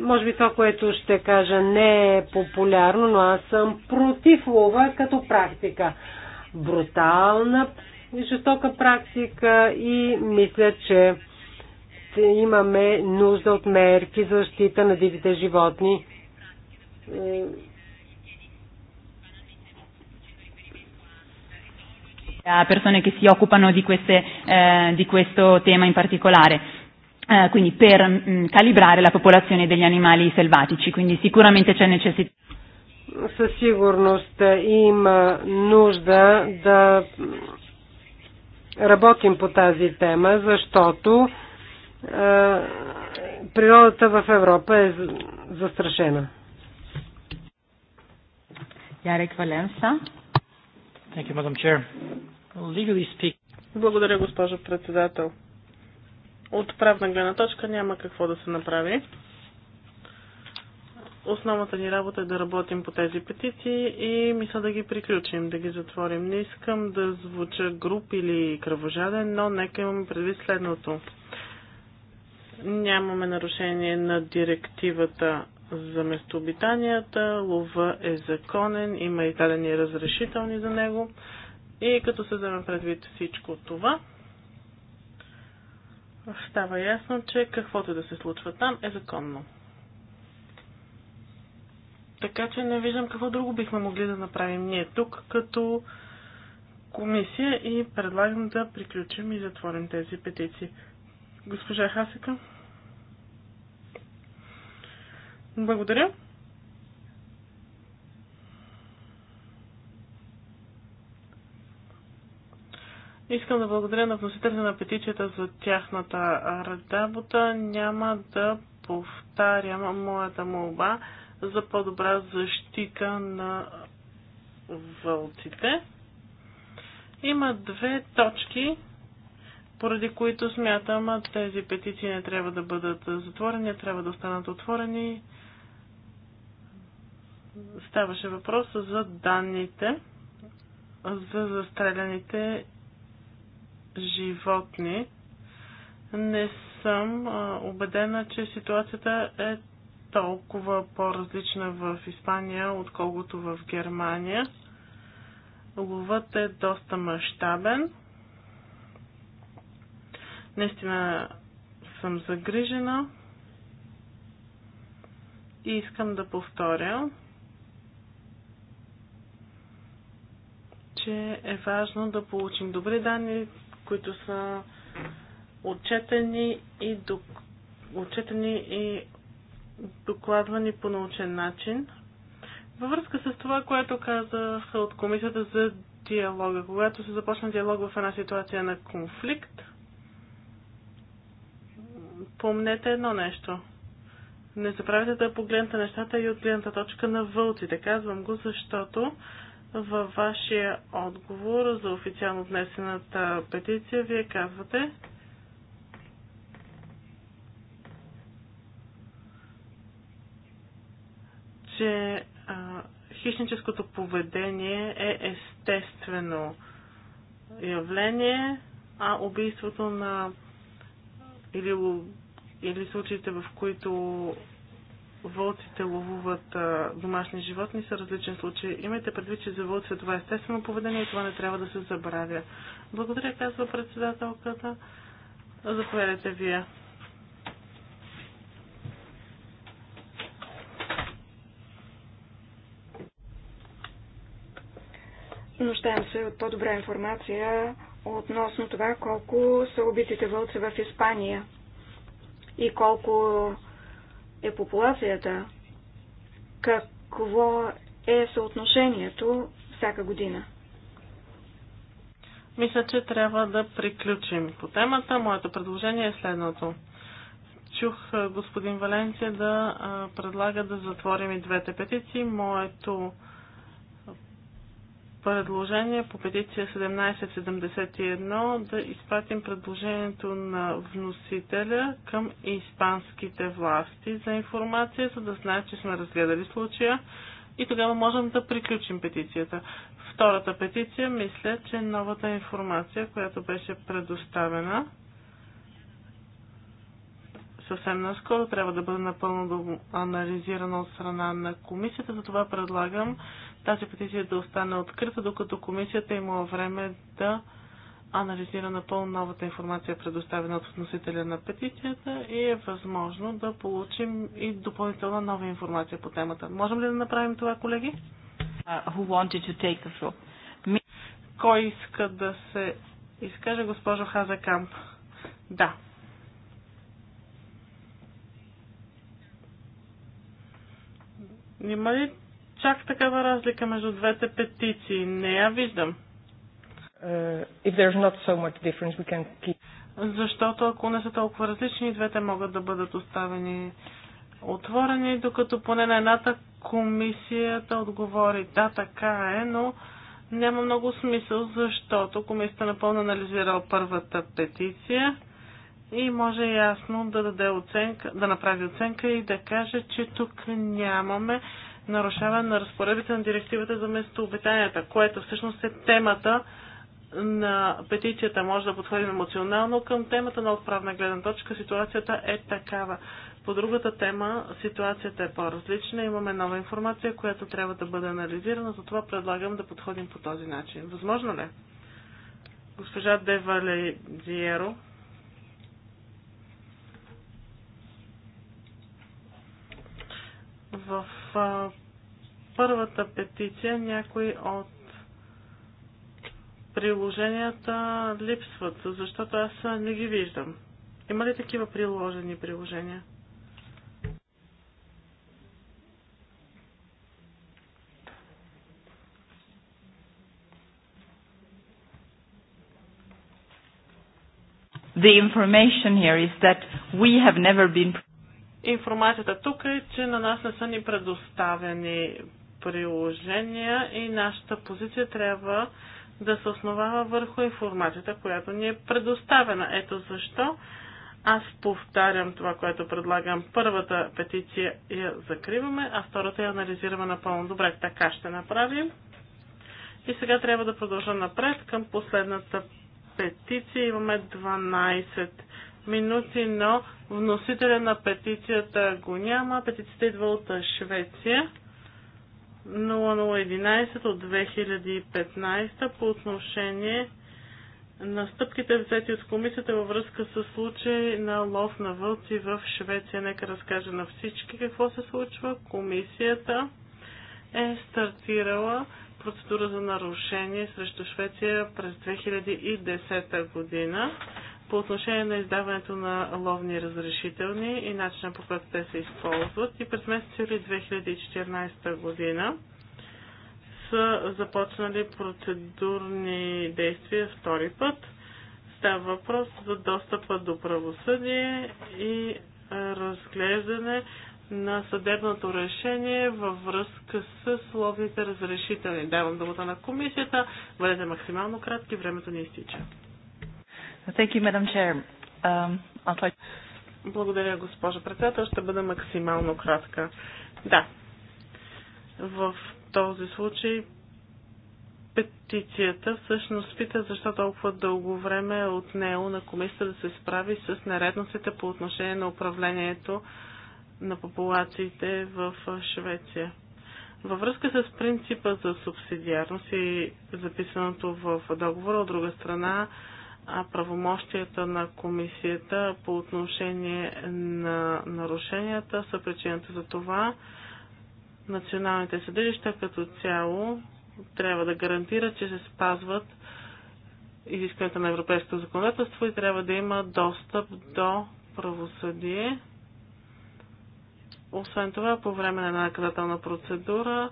Може би това, което ще кажа, не е популярно, но аз съм против лова като практика. Брутална и жестока практика и мисля, че имаме нужда от мерки за защита на дивите животни a persone che si occupano di, queste, eh, di questo tema in particolare. Eh, quindi per mh, calibrare la popolazione degli animali selvatici, quindi sicuramente c'è necessità. Със сигурност има нужда да работим по тази тема, защото е, природата в Европа е застрашена. Ярек Валенса. Благодаря, госпожо председател. От правна гледна точка няма какво да се направи. Основната ни работа е да работим по тези петиции и мисля да ги приключим, да ги затворим. Не искам да звуча груп или кръвожаден, но нека имаме предвид следното нямаме нарушение на директивата за местообитанията, лова е законен, има и дадени разрешителни за него. И като се вземе предвид всичко това, става ясно, че каквото да се случва там е законно. Така че не виждам какво друго бихме могли да направим ние тук, като комисия и предлагам да приключим и затворим тези петиции. Госпожа Хасека? Благодаря. Искам да благодаря на вносителите на петицията за тяхната работа. Няма да повтарям моята молба за по-добра защита на вълците. Има две точки, поради които смятам, тези петиции не трябва да бъдат затворени, трябва да останат отворени ставаше въпрос за данните за застреляните животни. Не съм убедена, че ситуацията е толкова по-различна в Испания, отколкото в Германия. Ловът е доста мащабен. Наистина съм загрижена и искам да повторя, че е важно да получим добри данни, които са отчетени и, док... отчетени и докладвани по научен начин. Във връзка с това, което казаха от комисията за диалога, когато се започна диалог в една ситуация на конфликт, помнете едно нещо. Не забравяйте да погледнете нещата и от гледната точка на вълците. Казвам го, защото във вашия отговор за официално внесената петиция вие казвате, че а, хищническото поведение е естествено явление, а убийството на или, или случаите, в които вълците ловуват а, домашни животни са различен случай. Имайте предвид, че за вълци това е естествено поведение и това не трябва да се забравя. Благодаря, казва председателката. Заповядайте вие. Нуждаем се от по-добра информация относно това колко са убитите вълци в Испания и колко е популацията, какво е съотношението всяка година? Мисля, че трябва да приключим по темата. Моето предложение е следното. Чух господин Валенция да предлага да затворим и двете петиции. Моето предложение по петиция 1771 да изпратим предложението на вносителя към испанските власти за информация, за да знаят, че сме разгледали случая и тогава можем да приключим петицията. Втората петиция, мисля, че новата информация, която беше предоставена съвсем наскоро, трябва да бъде напълно анализирана от страна на комисията, затова предлагам тази петиция да остане открита, докато комисията има време да анализира напълно новата информация, предоставена от вносителя на петицията и е възможно да получим и допълнителна нова информация по темата. Можем ли да направим това, колеги? Uh, Кой иска да се изкаже, госпожо Хазакамп? Да. Има ли чак такава разлика между двете петиции. Не я виждам. Uh, if there's not so much difference, we can keep... Защото ако не са толкова различни, двете могат да бъдат оставени отворени, докато поне на едната комисията отговори да, така е, но няма много смисъл, защото комисията напълно анализира първата петиция и може ясно да даде оценка, да направи оценка и да каже, че тук нямаме нарушаване на разпоредбите на директивата за местообитанията, което всъщност е темата на петицията. Може да подходим емоционално към темата, но от правна гледна точка ситуацията е такава. По другата тема ситуацията е по-различна. Имаме нова информация, която трябва да бъде анализирана, затова предлагам да подходим по този начин. Възможно ли? Е? Госпожа Девале Диеро. В а, първата петиция някои от приложенията липсват, защото аз не ги виждам. Има ли такива приложени приложения? The information here is that we have never been Информацията тук е, че на нас не са ни предоставени приложения и нашата позиция трябва да се основава върху информацията, която ни е предоставена. Ето защо аз повтарям това, което предлагам. Първата петиция я закриваме, а втората я анализираме напълно. Добре, така ще направим. И сега трябва да продължа напред към последната петиция. Имаме 12 минути, но вносителя на петицията го няма. Петицията идва от Швеция. 0011 от 2015 по отношение на стъпките взети от комисията във връзка с случай на лов на вълци в Швеция. Нека разкажа на всички какво се случва. Комисията е стартирала процедура за нарушение срещу Швеция през 2010 година по отношение на издаването на ловни разрешителни и начина по който те се използват. И през месец юли 2014 година са започнали процедурни действия втори път. Става въпрос за достъпа до правосъдие и разглеждане на съдебното решение във връзка с ловните разрешителни. Давам думата на комисията. Бъдете максимално кратки, времето ни изтича. Thank you, Madam Chair. Um, I'll try... Благодаря, госпожо председател. Ще бъда максимално кратка. Да. В този случай петицията всъщност пита защо толкова дълго време е от нея на комисията да се справи с нередностите по отношение на управлението на популациите в Швеция. Във връзка с принципа за субсидиарност и записаното в договора, от друга страна, а правомощията на комисията по отношение на нарушенията са причината за това. Националните съдилища като цяло трябва да гарантират, че се спазват изискванията на европейското законодателство и трябва да има достъп до правосъдие. Освен това, по време на наказателна процедура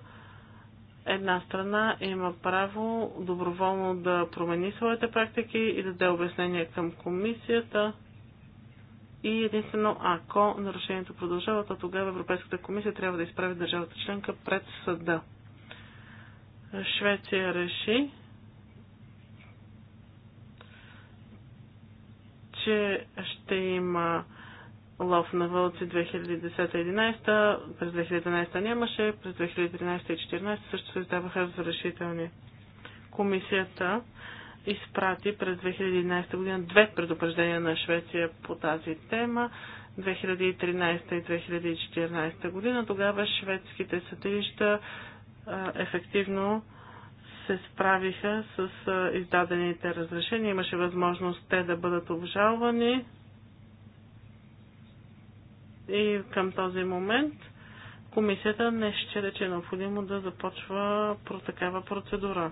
една страна има право доброволно да промени своите практики и да даде обяснение към комисията и единствено ако нарушението продължава, то тогава Европейската комисия трябва да изправи държавата членка пред съда. Швеция реши, че ще има лов на вълци 2010-2011, през 2011 нямаше, през 2013 и 2014 също се издаваха разрешителни. Комисията изпрати през 2011 година две предупреждения на Швеция по тази тема. 2013 и 2014 година. Тогава шведските съдилища ефективно се справиха с издадените разрешения. Имаше възможност те да бъдат обжалвани и към този момент комисията не ще рече необходимо да започва про такава процедура.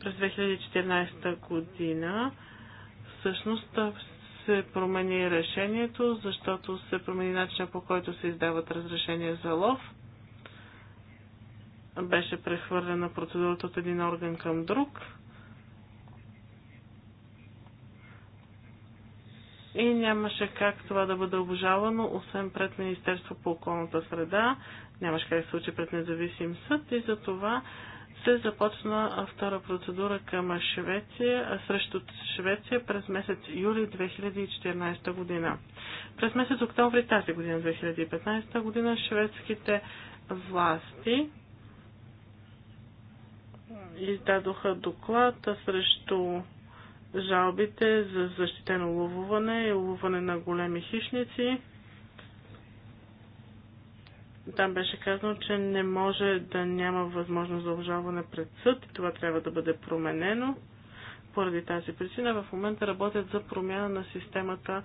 През 2014 година всъщност се промени решението, защото се промени начина по който се издават разрешения за лов. Беше прехвърлена процедурата от един орган към друг – и нямаше как това да бъде обжалвано, освен пред Министерство по околната среда, нямаше как да се случи пред независим съд и за това се започна втора процедура към Швеция, срещу Швеция през месец юли 2014 година. През месец октомври тази година, 2015 година, шведските власти издадоха доклад срещу жалбите за защитено ловуване и ловуване на големи хищници. Там беше казано, че не може да няма възможност за обжалване пред съд и това трябва да бъде променено. Поради тази причина в момента работят за промяна на системата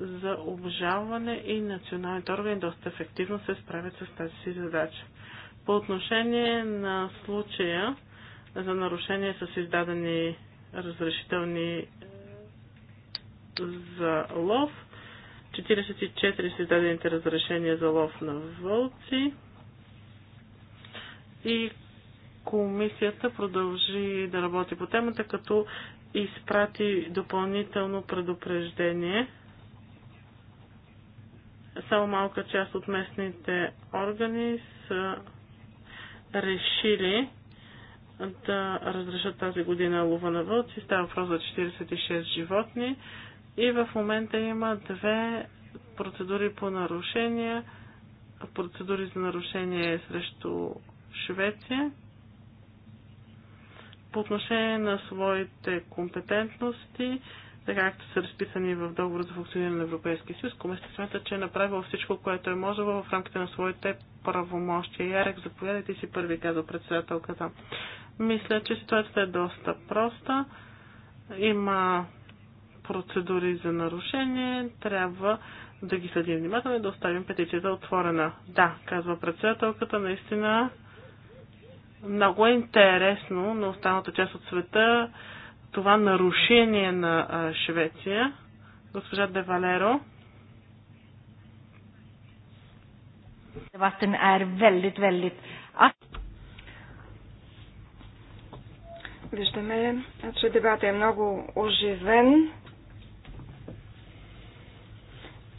за обжалване и националните органи доста ефективно се справят с тази си задача. По отношение на случая за нарушение с издадени разрешителни е, за лов. 44 са издадените разрешения за лов на вълци. И комисията продължи да работи по темата, като изпрати допълнително предупреждение. Само малка част от местните органи са решили да разрешат тази година лова на вълци. Става въпрос за 46 животни и в момента има две процедури по нарушения. Процедури за нарушение срещу Швеция по отношение на своите компетентности, така както са разписани в договор за функциониране на Европейския съюз, комисията смята, че е направила всичко, което е можело в рамките на своите правомощия. Ярек, заповядайте си първи, казва председателката. Мисля, че ситуацията е доста проста. Има процедури за нарушение. Трябва да ги следим внимателно и да оставим петицията отворена. Да, казва председателката, наистина много е интересно на останалата част от света това нарушение на Швеция. Госпожа Де Валеро. Debatten е er väldigt, väldigt Виждаме, че дебатът е много оживен.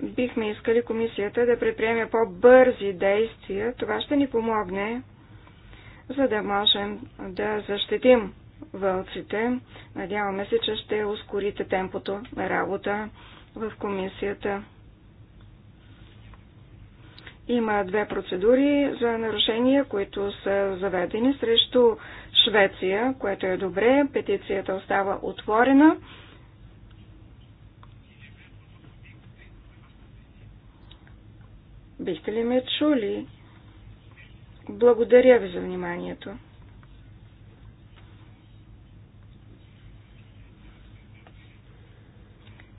Бихме искали комисията да предприеме по-бързи действия. Това ще ни помогне, за да можем да защитим вълците. Надяваме се, че ще ускорите темпото на работа в комисията. Има две процедури за нарушения, които са заведени срещу Швеция, което е добре. Петицията остава отворена. Бихте ли ме чули? Благодаря ви за вниманието.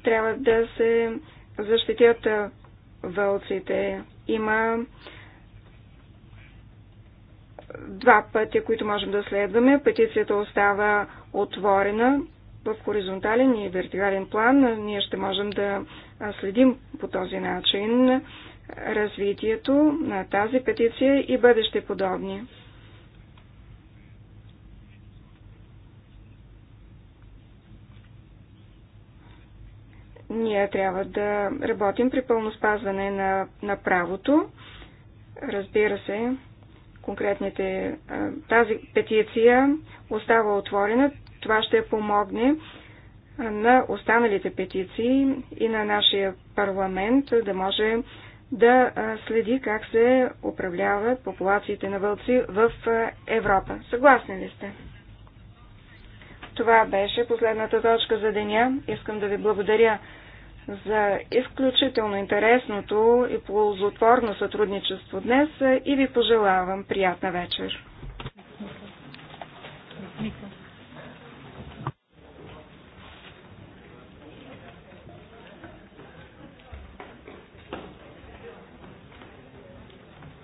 Трябва да се защитят вълците. Има два пътя, които можем да следваме. Петицията остава отворена в хоризонтален и вертикален план. Ние ще можем да следим по този начин развитието на тази петиция и бъдеще подобни. Ние трябва да работим при пълно спазване на, на правото. Разбира се, конкретните. Тази петиция остава отворена. Това ще помогне на останалите петиции и на нашия парламент да може да следи как се управляват популациите на вълци в Европа. Съгласни ли сте? Това беше последната точка за деня. Искам да ви благодаря за изключително интересното и ползотворно сътрудничество днес и ви пожелавам приятна вечер.